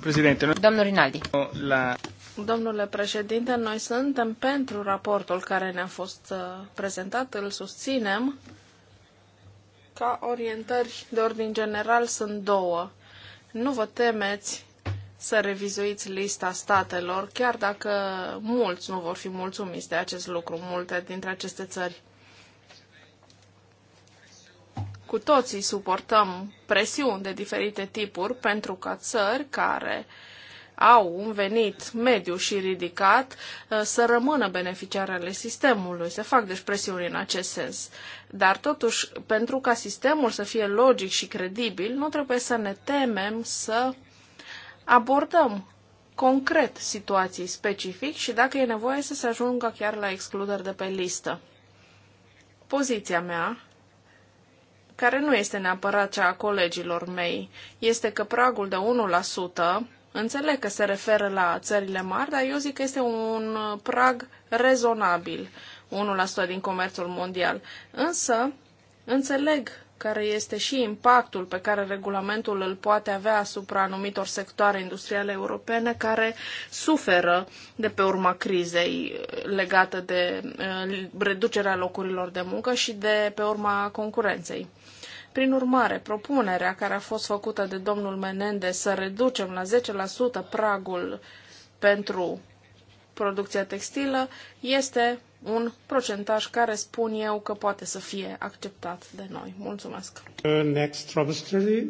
Președinte, Domnul Rinaldi. La... Domnule președinte, noi suntem pentru raportul care ne-a fost uh, prezentat, îl susținem. Ca orientări de ordin general sunt două. Nu vă temeți să revizuiți lista statelor, chiar dacă mulți nu vor fi mulțumiți de acest lucru, multe dintre aceste țări. Cu toții suportăm presiuni de diferite tipuri pentru ca țări care au un venit mediu și ridicat uh, să rămână beneficiare ale sistemului. Se fac deci presiuni în acest sens. Dar totuși, pentru ca sistemul să fie logic și credibil, nu trebuie să ne temem să abordăm concret situații specific și dacă e nevoie să se ajungă chiar la excluderi de pe listă. Poziția mea, care nu este neapărat cea a colegilor mei, este că pragul de 1% Înțeleg că se referă la țările mari, dar eu zic că este un prag rezonabil, 1% din comerțul mondial. Însă, înțeleg care este și impactul pe care regulamentul îl poate avea asupra anumitor sectoare industriale europene care suferă de pe urma crizei eh, legată de eh, reducerea locurilor de muncă și de pe urma concurenței. Prin urmare, propunerea care a fost făcută de domnul Menende să reducem la 10% pragul pentru producția textilă este un procentaj care spun eu că poate să fie acceptat de noi. Mulțumesc. Uh, next, Robert Sturdy.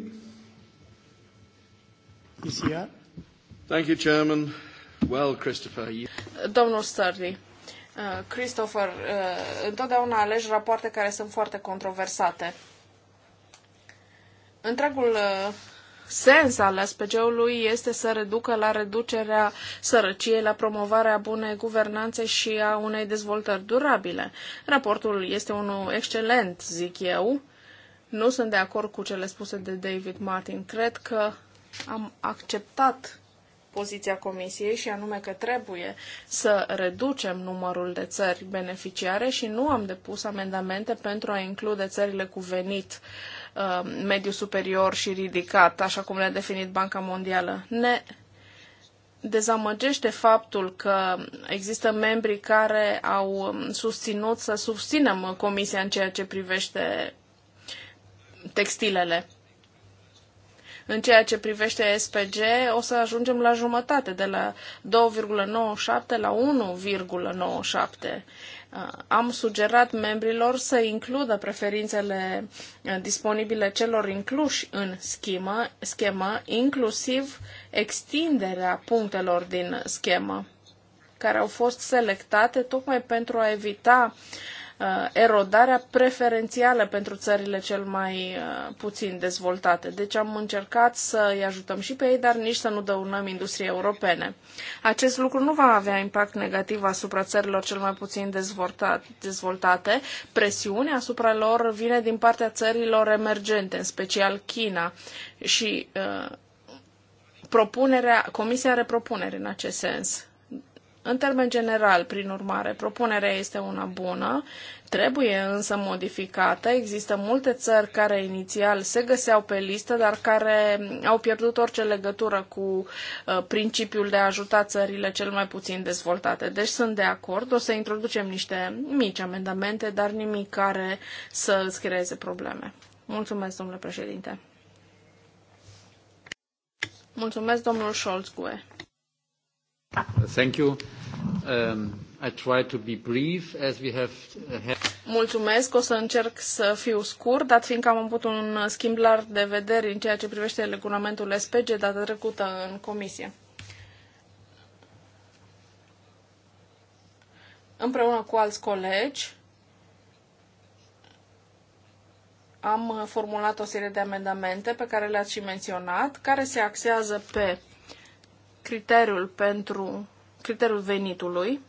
ECR. Thank you, Chairman. Well, Christopher, you... Domnul Sturdy, uh, Christopher, uh, întotdeauna alegi rapoarte care sunt foarte controversate. Întregul uh, sens al SPG-ului este să reducă la reducerea sărăciei, la promovarea bunei guvernanțe și a unei dezvoltări durabile. Raportul este unul excelent, zic eu. Nu sunt de acord cu cele spuse de David Martin. Cred că am acceptat poziția Comisiei și anume că trebuie să reducem numărul de țări beneficiare și nu am depus amendamente pentru a include țările cu venit uh, Um, mediu superior și ridicat, așa cum le-a definit Banca Mondială. Ne dezamăgește faptul că există membri care au um, susținut să susținem Comisia în ceea ce privește textilele. În ceea ce privește SPG, o să ajungem la jumătate, de la 2,97 la 1,97. Uh, am sugerat membrilor să includă preferințele uh, disponibile celor incluși în schemă, schemă inclusiv extinderea punctelor din schemă care au fost selectate tocmai pentru a evita Uh, erodarea preferențială pentru țările cel mai uh, puțin dezvoltate. Deci am încercat să îi ajutăm și pe ei, dar nici să nu dăunăm industriei europene. Acest lucru nu va avea impact negativ asupra țărilor cel mai puțin dezvoltate. Presiunea asupra lor vine din partea țărilor emergente, în special China. Și uh, propunerea, Comisia are propuneri în acest sens în termen general, prin urmare, propunerea este una bună, trebuie însă modificată. Există multe țări care inițial se găseau pe listă, dar care au pierdut orice legătură cu uh, principiul de a ajuta țările cel mai puțin dezvoltate. Deci sunt de acord, o să introducem niște mici amendamente, dar nimic care să îți creeze probleme. Mulțumesc, domnule președinte. Mulțumesc, domnul Scholz-Gue. Mulțumesc, o să încerc să fiu scurt, dat fiindcă am avut un schimb larg de vederi în ceea ce privește regulamentul SPG data trecută în comisie. Împreună cu alți colegi, am formulat o serie de amendamente pe care le-ați și menționat, care se axează pe criteriul pentru criteriul venitului,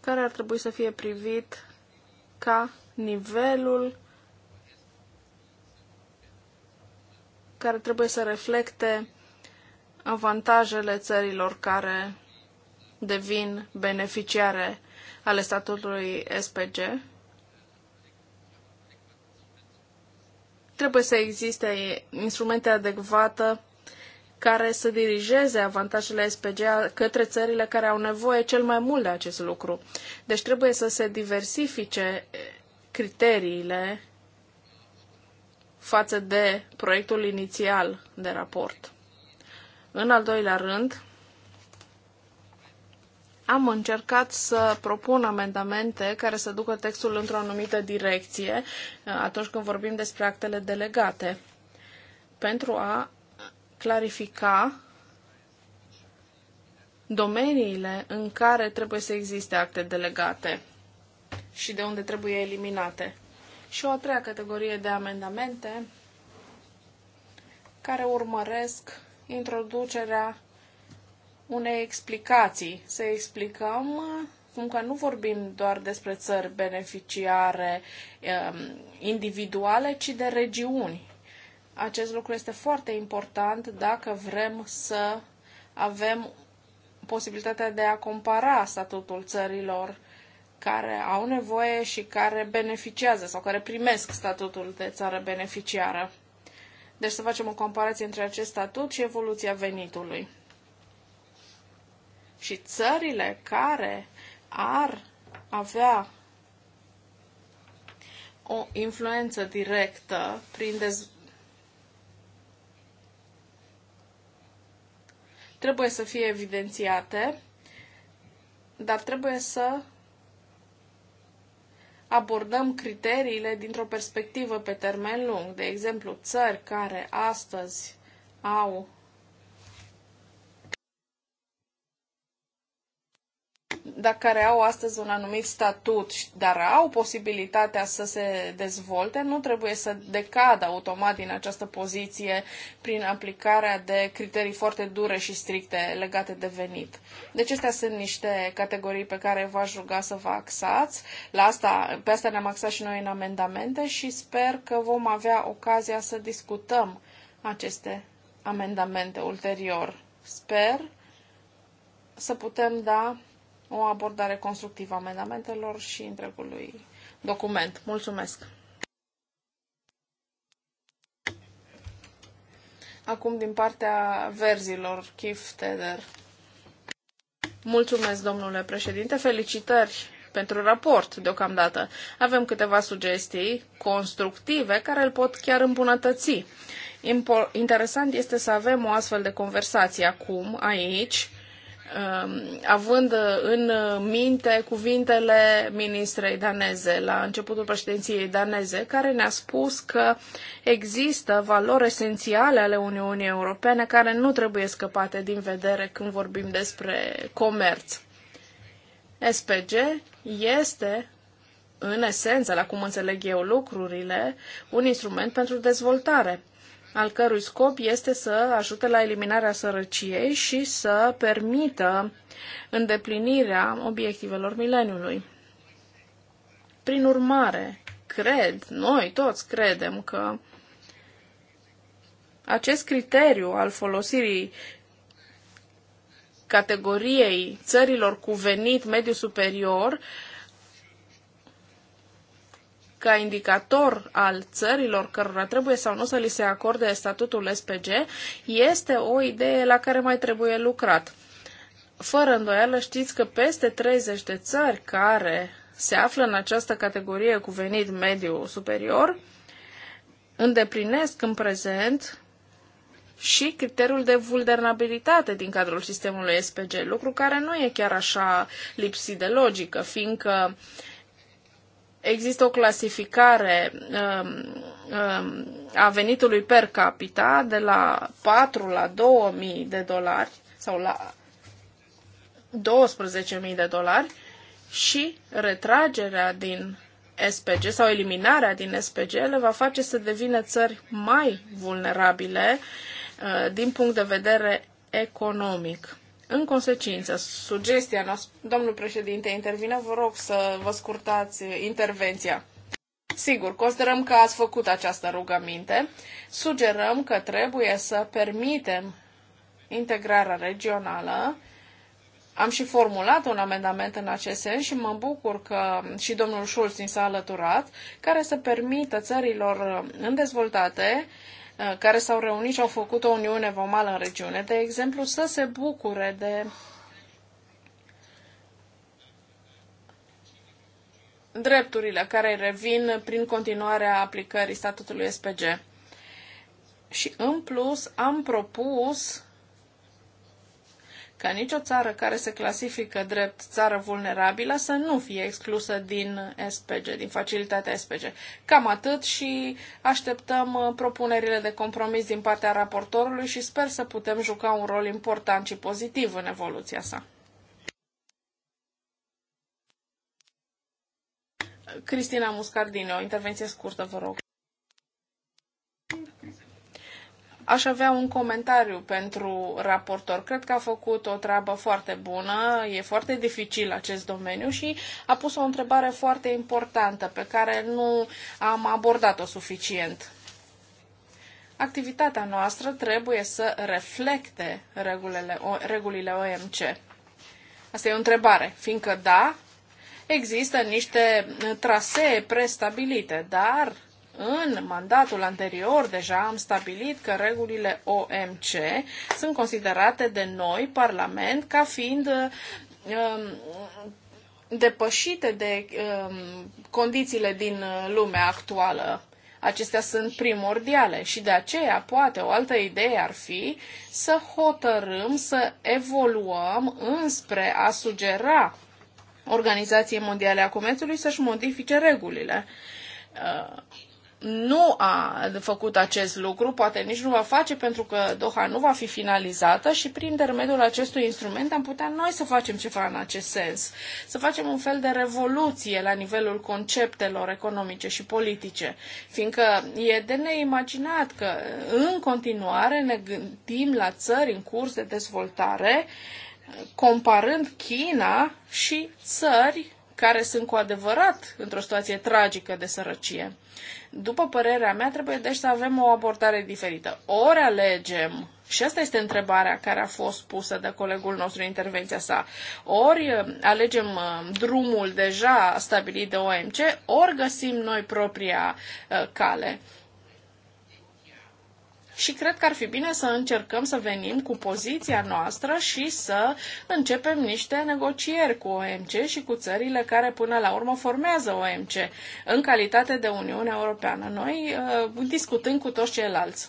care ar trebui să fie privit ca nivelul care trebuie să reflecte avantajele țărilor care devin beneficiare ale statutului SPG. Trebuie să existe instrumente adecvate care să dirigeze avantajele SPG către țările care au nevoie cel mai mult de acest lucru. Deci trebuie să se diversifice eh, criteriile față de proiectul inițial de raport. În al doilea rând, am încercat să propun amendamente care să ducă textul într-o anumită direcție eh, atunci când vorbim despre actele delegate, pentru a clarifica domeniile în care trebuie să existe acte delegate și de unde trebuie eliminate. Și o a treia categorie de amendamente care urmăresc introducerea unei explicații. Să explicăm cum că nu vorbim doar despre țări beneficiare um, individuale, ci de regiuni acest lucru este foarte important dacă vrem să avem posibilitatea de a compara statutul țărilor care au nevoie și care beneficiază sau care primesc statutul de țară beneficiară. Deci să facem o comparație între acest statut și evoluția venitului. Și țările care ar avea o influență directă prin dez- trebuie să fie evidențiate, dar trebuie să abordăm criteriile dintr-o perspectivă pe termen lung. De exemplu, țări care astăzi au dar care au astăzi un anumit statut, dar au posibilitatea să se dezvolte, nu trebuie să decadă automat din această poziție prin aplicarea de criterii foarte dure și stricte legate de venit. Deci acestea sunt niște categorii pe care v-aș ruga să vă axați. La asta, pe asta ne-am axat și noi în amendamente și sper că vom avea ocazia să discutăm aceste amendamente ulterior. Sper să putem da o abordare constructivă a amendamentelor și întregului document. Mulțumesc! Acum din partea verzilor, Kif Teder. Mulțumesc, domnule președinte, felicitări pentru raport deocamdată. Avem câteva sugestii constructive care îl pot chiar îmbunătăți. Interesant este să avem o astfel de conversație acum, aici, Um, având uh, în uh, minte cuvintele ministrei daneze la începutul președinției daneze, care ne-a spus că există valori esențiale ale Uniunii Europene care nu trebuie scăpate din vedere când vorbim despre comerț. SPG este în esență, la cum înțeleg eu lucrurile, un instrument pentru dezvoltare al cărui scop este să ajute la eliminarea sărăciei și să permită îndeplinirea obiectivelor mileniului. Prin urmare, cred, noi toți credem că acest criteriu al folosirii categoriei țărilor cu venit mediu superior ca indicator al țărilor cărora trebuie sau nu să li se acorde statutul SPG este o idee la care mai trebuie lucrat. Fără îndoială știți că peste 30 de țări care se află în această categorie cu venit mediu superior îndeplinesc în prezent și criteriul de vulnerabilitate din cadrul sistemului SPG, lucru care nu e chiar așa lipsit de logică, fiindcă există o clasificare um, um, a venitului per capita de la 4 la 2000 de dolari sau la 12.000 de dolari și retragerea din SPG sau eliminarea din SPG le va face să devină țări mai vulnerabile uh, din punct de vedere economic. În consecință, sugestia noastră, domnul președinte, intervine, vă rog să vă scurtați intervenția. Sigur, considerăm că ați făcut această rugăminte. Sugerăm că trebuie să permitem integrarea regională. Am și formulat un amendament în acest sens și mă bucur că și domnul Schulz ni s-a alăturat, care să permită țărilor îndezvoltate Uh, care s-au reunit și au făcut o uniune vomală în regiune, de exemplu, să se bucure de drepturile care revin prin continuarea aplicării statutului SPG. Și în plus am propus ca nicio țară care se clasifică drept țară vulnerabilă să nu fie exclusă din SPG, din facilitatea SPG. Cam atât și așteptăm uh, propunerile de compromis din partea raportorului și sper să putem juca un rol important și pozitiv în evoluția sa. Cristina Muscardino, o intervenție scurtă, vă rog. Aș avea un comentariu pentru raportor. Cred că a făcut o treabă foarte bună, e foarte dificil acest domeniu și a pus o întrebare foarte importantă pe care nu am abordat-o suficient. Activitatea noastră trebuie să reflecte regulile, regulile OMC. Asta e o întrebare, fiindcă da, există niște trasee prestabilite, dar în mandatul anterior deja am stabilit că regulile OMC sunt considerate de noi, Parlament, ca fiind um, depășite de um, condițiile din lumea actuală. Acestea sunt primordiale și de aceea poate o altă idee ar fi să hotărâm să evoluăm înspre a sugera Organizației Mondiale a Comerțului să-și modifice regulile. Uh, nu a făcut acest lucru, poate nici nu va face pentru că Doha nu va fi finalizată și prin intermediul acestui instrument am putea noi să facem ceva în acest sens, să facem un fel de revoluție la nivelul conceptelor economice și politice, fiindcă e de neimaginat că în continuare ne gândim la țări în curs de dezvoltare, comparând China și țări care sunt cu adevărat într-o situație tragică de sărăcie. După părerea mea, trebuie deci să avem o abordare diferită. Ori alegem, și asta este întrebarea care a fost pusă de colegul nostru în intervenția sa, ori uh, alegem uh, drumul deja stabilit de OMC, ori găsim noi propria uh, cale și cred că ar fi bine să încercăm să venim cu poziția noastră și să începem niște negocieri cu OMC și cu țările care până la urmă formează OMC în calitate de Uniune Europeană. Noi uh, discutând cu toți ceilalți.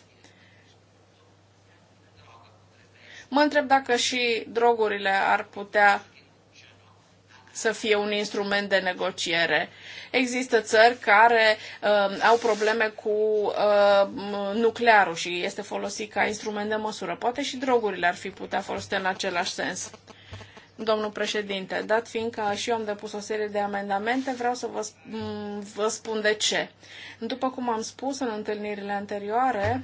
Mă întreb dacă și drogurile ar putea să fie un instrument de negociere. Există țări care uh, au probleme cu uh, nuclearul și este folosit ca instrument de măsură. Poate și drogurile ar fi putea folosite în același sens. Domnul președinte, dat fiindcă și eu am depus o serie de amendamente, vreau să vă, vă spun de ce. După cum am spus în întâlnirile anterioare,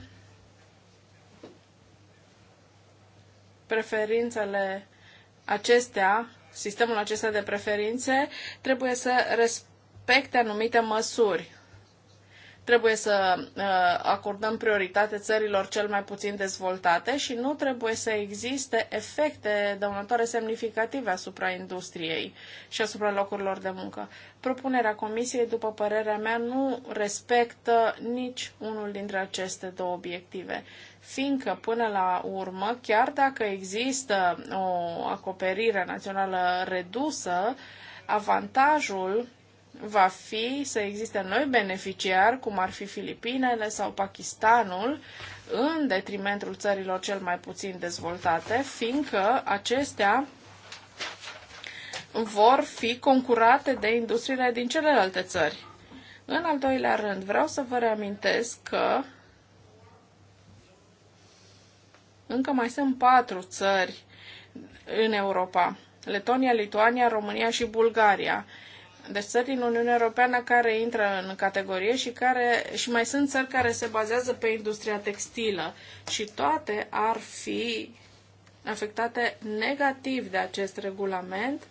preferințele acestea sistemul acesta de preferințe trebuie să respecte anumite măsuri. Trebuie să uh, acordăm prioritate țărilor cel mai puțin dezvoltate și nu trebuie să existe efecte dăunătoare semnificative asupra industriei și asupra locurilor de muncă. Propunerea Comisiei, după părerea mea, nu respectă nici unul dintre aceste două obiective fiindcă până la urmă, chiar dacă există o acoperire națională redusă, avantajul va fi să existe noi beneficiari, cum ar fi Filipinele sau Pakistanul, în detrimentul țărilor cel mai puțin dezvoltate, fiindcă acestea vor fi concurate de industriile din celelalte țări. În al doilea rând, vreau să vă reamintesc că Încă mai sunt patru țări în Europa. Letonia, Lituania, România și Bulgaria. Deci țări din Uniunea Europeană care intră în categorie și, care, și mai sunt țări care se bazează pe industria textilă și toate ar fi afectate negativ de acest regulament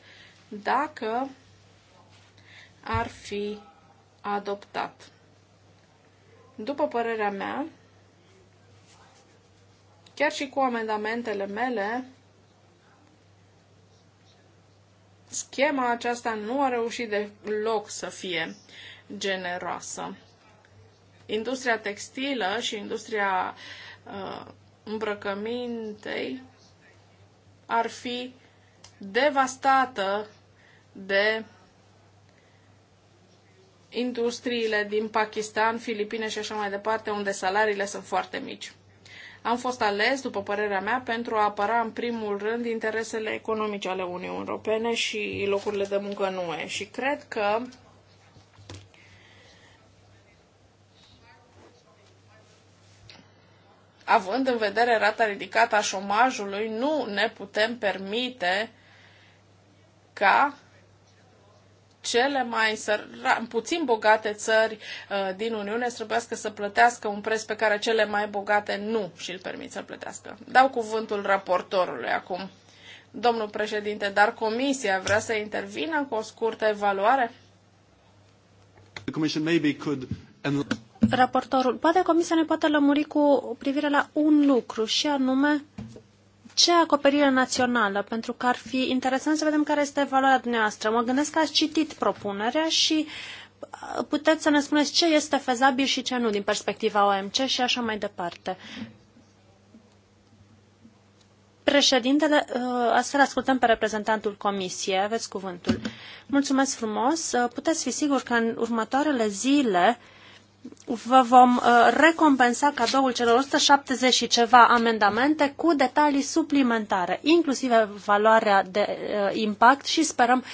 dacă ar fi adoptat. După părerea mea, Chiar și cu amendamentele mele, schema aceasta nu a reușit deloc să fie generoasă. Industria textilă și industria uh, îmbrăcămintei ar fi devastată de industriile din Pakistan, Filipine și așa mai departe, unde salariile sunt foarte mici. Am fost ales, după părerea mea, pentru a apăra în primul rând interesele economice ale Uniunii Europene și locurile de muncă în UE. Și cred că având în vedere rata ridicată a șomajului, nu ne putem permite ca cele mai săra, puțin bogate țări uh, din Uniune să trebuiască să plătească un preț pe care cele mai bogate nu și îl permit să plătească. Dau cuvântul raportorului acum. Domnul președinte, dar comisia vrea să intervină cu o scurtă evaluare? Raportorul, poate comisia ne poate lămuri cu privire la un lucru și anume ce acoperire națională, pentru că ar fi interesant să vedem care este valoarea dumneavoastră. Mă gândesc că ați citit propunerea și uh, puteți să ne spuneți ce este fezabil și ce nu din perspectiva OMC și așa mai departe. Președintele, uh, astfel ascultăm pe reprezentantul Comisiei. Aveți cuvântul. Mulțumesc frumos. Uh, puteți fi sigur că în următoarele zile vă vom uh, recompensa cadoul celor 170 și ceva amendamente cu detalii suplimentare, inclusiv valoarea de uh, impact și sperăm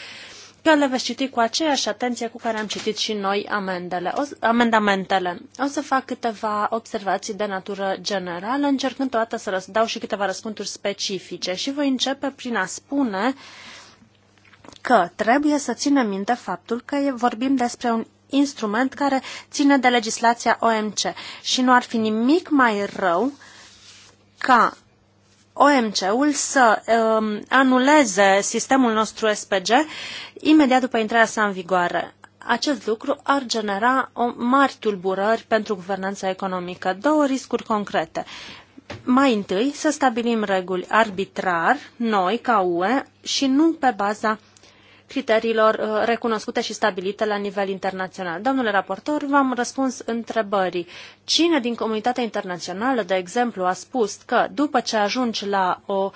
că le veți citi cu aceeași atenție cu care am citit și noi amendele, o, amendamentele. O să fac câteva observații de natură generală, încercând toată să dau și câteva răspunsuri specifice și voi începe prin a spune că trebuie să ținem minte faptul că vorbim despre un instrument care ține de legislația OMC și nu ar fi nimic mai rău ca OMC-ul să um, anuleze sistemul nostru SPG imediat după intrarea sa în vigoare. Acest lucru ar genera o mari tulburări pentru guvernanța economică. Două riscuri concrete. Mai întâi, să stabilim reguli arbitrar, noi, ca UE, și nu pe baza criteriilor uh, recunoscute și stabilite la nivel internațional. Domnule raportor, v-am răspuns întrebării. Cine din comunitatea internațională, de exemplu, a spus că după ce ajungi la o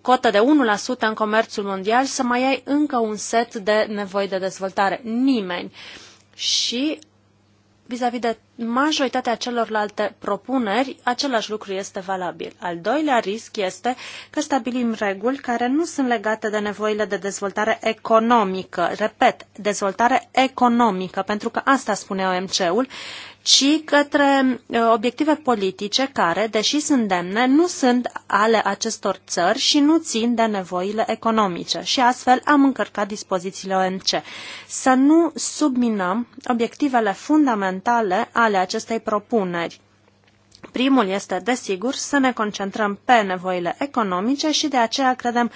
cotă de 1% în comerțul mondial, să mai ai încă un set de nevoi de dezvoltare? Nimeni. Și vis-a-vis de majoritatea celorlalte propuneri, același lucru este valabil. Al doilea risc este că stabilim reguli care nu sunt legate de nevoile de dezvoltare economică. Repet, dezvoltare economică, pentru că asta spune OMC-ul ci către uh, obiective politice care, deși sunt demne, nu sunt ale acestor țări și nu țin de nevoile economice. Și astfel am încărcat dispozițiile OMC. Să nu subminăm obiectivele fundamentale ale acestei propuneri Primul este, desigur, să ne concentrăm pe nevoile economice și de aceea credem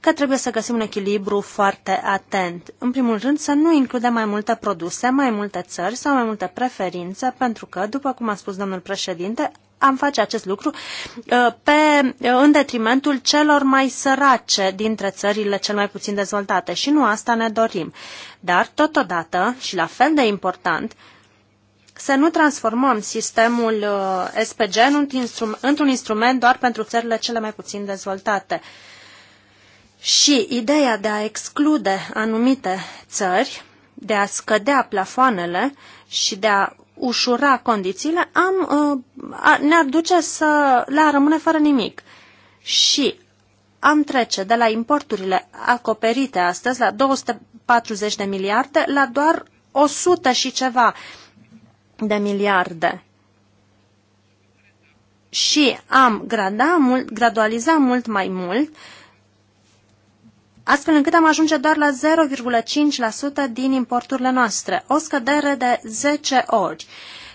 că trebuie să găsim un echilibru foarte atent. În primul rând, să nu includem mai multe produse, mai multe țări sau mai multe preferințe, pentru că, după cum a spus domnul președinte, am face acest lucru uh, pe, uh, în detrimentul celor mai sărace dintre țările cel mai puțin dezvoltate și nu asta ne dorim. Dar, totodată, și la fel de important, să nu transformăm sistemul uh, SPG într-un instrument doar pentru țările cele mai puțin dezvoltate. Și ideea de a exclude anumite țări, de a scădea plafoanele și de a ușura condițiile, am, uh, ne-ar duce să le rămâne fără nimic. Și am trece de la importurile acoperite astăzi la 240 de miliarde la doar 100 și ceva de miliarde. Și am grada mult, gradualizat mult mai mult, astfel încât am ajunge doar la 0,5% din importurile noastre, o scădere de 10 ori.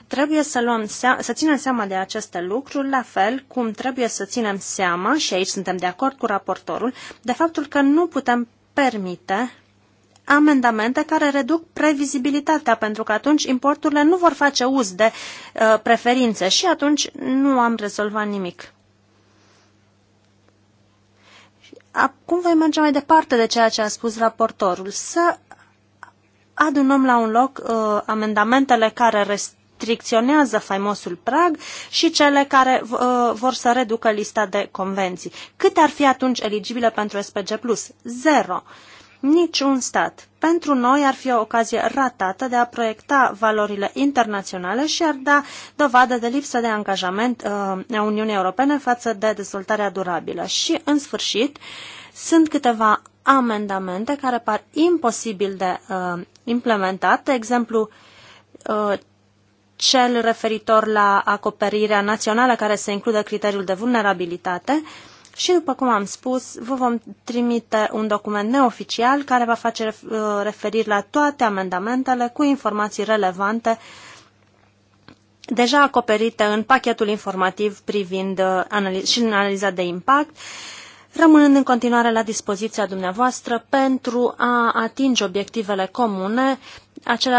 Trebuie să, luăm seama, să ținem seama de aceste lucruri, la fel cum trebuie să ținem seama, și aici suntem de acord cu raportorul, de faptul că nu putem permite amendamente care reduc previzibilitatea, pentru că atunci importurile nu vor face uz de uh, preferințe și atunci nu am rezolvat nimic. Acum voi merge mai departe de ceea ce a spus raportorul, să adunăm la un loc uh, amendamentele care restricționează faimosul prag și cele care uh, vor să reducă lista de convenții. Câte ar fi atunci eligibile pentru SPG+? Zero. Uh, Niciun stat. Pentru noi ar fi o ocazie ratată de a proiecta valorile internaționale și ar da dovadă de lipsă de angajament uh, a Uniunii Europene față de dezvoltarea durabilă. Și, în sfârșit, sunt câteva amendamente care par imposibil de uh, implementat, de exemplu, uh, cel referitor la acoperirea națională care să includă criteriul de vulnerabilitate, uh, și, după cum am spus, vă vom trimite un document neoficial care va face uh, referiri la toate amendamentele cu informații relevante deja acoperite în pachetul informativ privind uh, și în analiza de impact, rămânând în continuare la dispoziția dumneavoastră pentru a atinge obiectivele comune,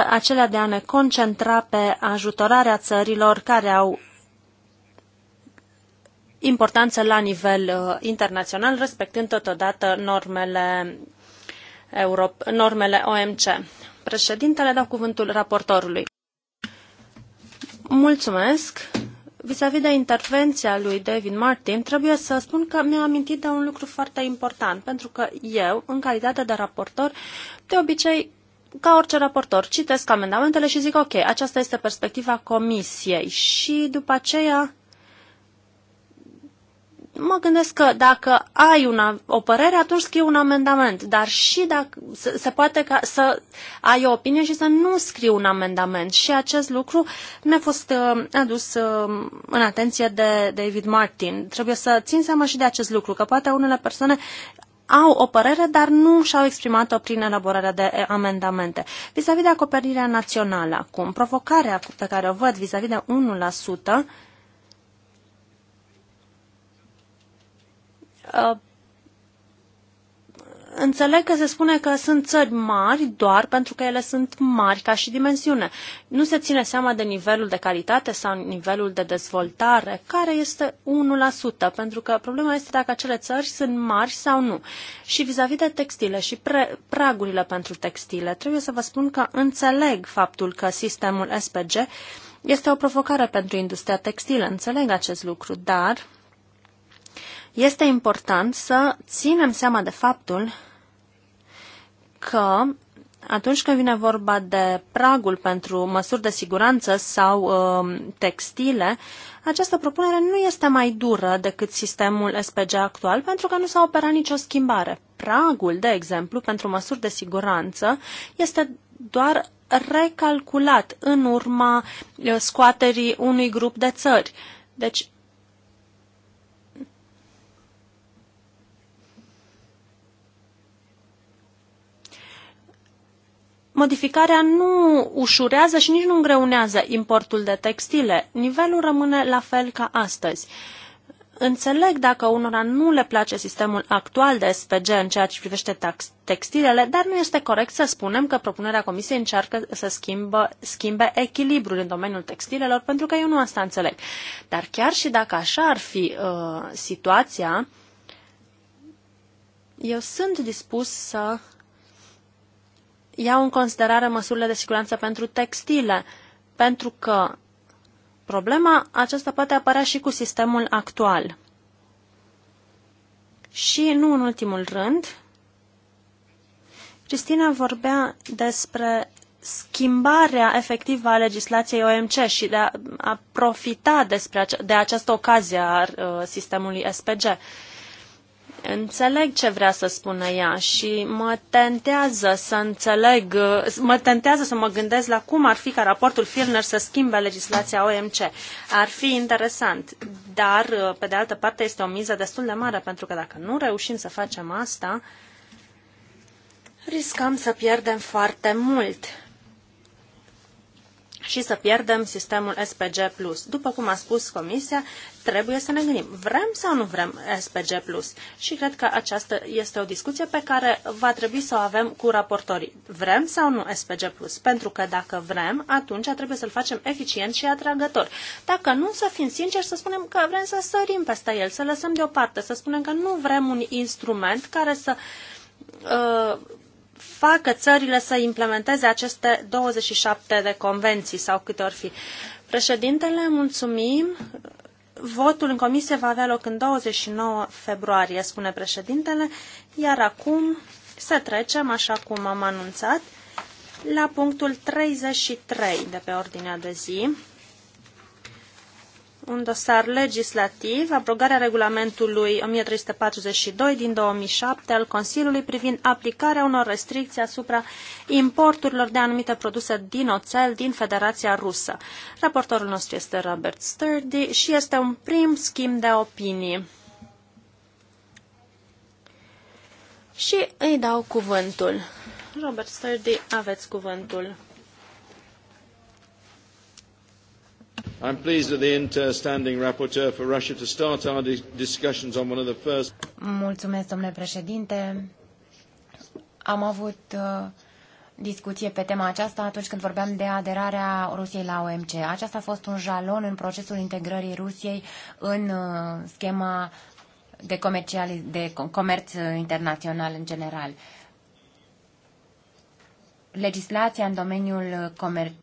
acelea de a ne concentra pe ajutorarea țărilor care au importanță la nivel uh, internațional, respectând totodată normele, Euro- normele OMC. Președintele dau cuvântul raportorului. Mulțumesc. vis a -vis de intervenția lui David Martin, trebuie să spun că mi-am amintit de un lucru foarte important, pentru că eu, în calitate de raportor, de obicei, ca orice raportor, citesc amendamentele și zic, ok, aceasta este perspectiva comisiei și după aceea mă gândesc că dacă ai una, o părere, atunci scrii un amendament, dar și dacă se, se poate ca să ai o opinie și să nu scrii un amendament. Și acest lucru mi-a fost uh, adus uh, în atenție de David Martin. Trebuie să țin seama și de acest lucru, că poate unele persoane au o părere, dar nu și-au exprimat-o prin elaborarea de amendamente. Vis-a-vis -vis de acoperirea națională acum, provocarea pe care o văd vis-a-vis -vis de 1%, Uh, înțeleg că se spune că sunt țări mari doar pentru că ele sunt mari ca și dimensiune. Nu se ține seama de nivelul de calitate sau nivelul de dezvoltare, care este 1%, pentru că problema este dacă acele țări sunt mari sau nu. Și vis-a-vis -vis de textile și pre- pragurile pentru textile, trebuie să vă spun că înțeleg faptul că sistemul SPG este o provocare pentru industria textilă, înțeleg acest lucru, dar este important să ținem seama de faptul că atunci când vine vorba de pragul pentru măsuri de siguranță sau uh, textile, această propunere nu este mai dură decât sistemul SPG actual pentru că nu s-a operat nicio schimbare. Pragul, de exemplu, pentru măsuri de siguranță este doar recalculat în urma uh, scoaterii unui grup de țări. Deci, modificarea nu ușurează și nici nu îngreunează importul de textile. Nivelul rămâne la fel ca astăzi. Înțeleg dacă unora nu le place sistemul actual de SPG în ceea ce privește textilele, dar nu este corect să spunem că propunerea Comisiei încearcă să schimbă, schimbe echilibrul în domeniul textilelor, pentru că eu nu asta înțeleg. Dar chiar și dacă așa ar fi uh, situația, eu sunt dispus să iau în considerare măsurile de siguranță pentru textile, pentru că problema aceasta poate apărea și cu sistemul actual. Și nu în ultimul rând, Cristina vorbea despre schimbarea efectivă a legislației OMC și de a, a profita despre ace- de această ocazie a, a uh, sistemului SPG. Uh, Înțeleg ce vrea să spună ea și mă tentează să înțeleg, mă tentează să mă gândesc la cum ar fi ca raportul Firner să schimbe legislația OMC. Ar fi interesant, dar pe de altă parte este o miză destul de mare pentru că dacă nu reușim să facem asta, riscăm să pierdem foarte mult și să pierdem sistemul SPG+. După cum a spus Comisia, trebuie să ne gândim, vrem sau nu vrem SPG+. Și cred că aceasta este o discuție pe care va trebui să o avem cu raportorii. Vrem sau nu SPG+? Pentru că dacă vrem, atunci trebuie să-l facem eficient și atragător. Dacă nu, să fim sinceri, să spunem că vrem să sărim peste el, să lăsăm deoparte, să spunem că nu vrem un instrument care să uh, facă țările să implementeze aceste 27 de convenții sau câte ori fi. Președintele, mulțumim. Votul în comisie va avea loc în 29 februarie, spune președintele, iar acum să trecem, așa cum am anunțat, la punctul 33 de pe ordinea de zi, un dosar legislativ, abrogarea regulamentului 1342 din 2007 al Consiliului privind aplicarea unor restricții asupra importurilor de anumite produse din oțel din Federația Rusă. Raportorul nostru este Robert Sturdy și este un prim schimb de opinii. Și îi dau cuvântul. Robert Sturdy, aveți cuvântul. I'm pleased that the inter-standing rapporteur for Russia to start our discussions on one of the first. Mulțumesc, domnule președinte. Am avut uh, discuție pe tema aceasta atunci când vorbeam de aderarea Rusiei la OMC. Aceasta a fost un jalon în procesul integrării Rusiei în uh, schema de, de comerț internațional în general legislația în domeniul comer-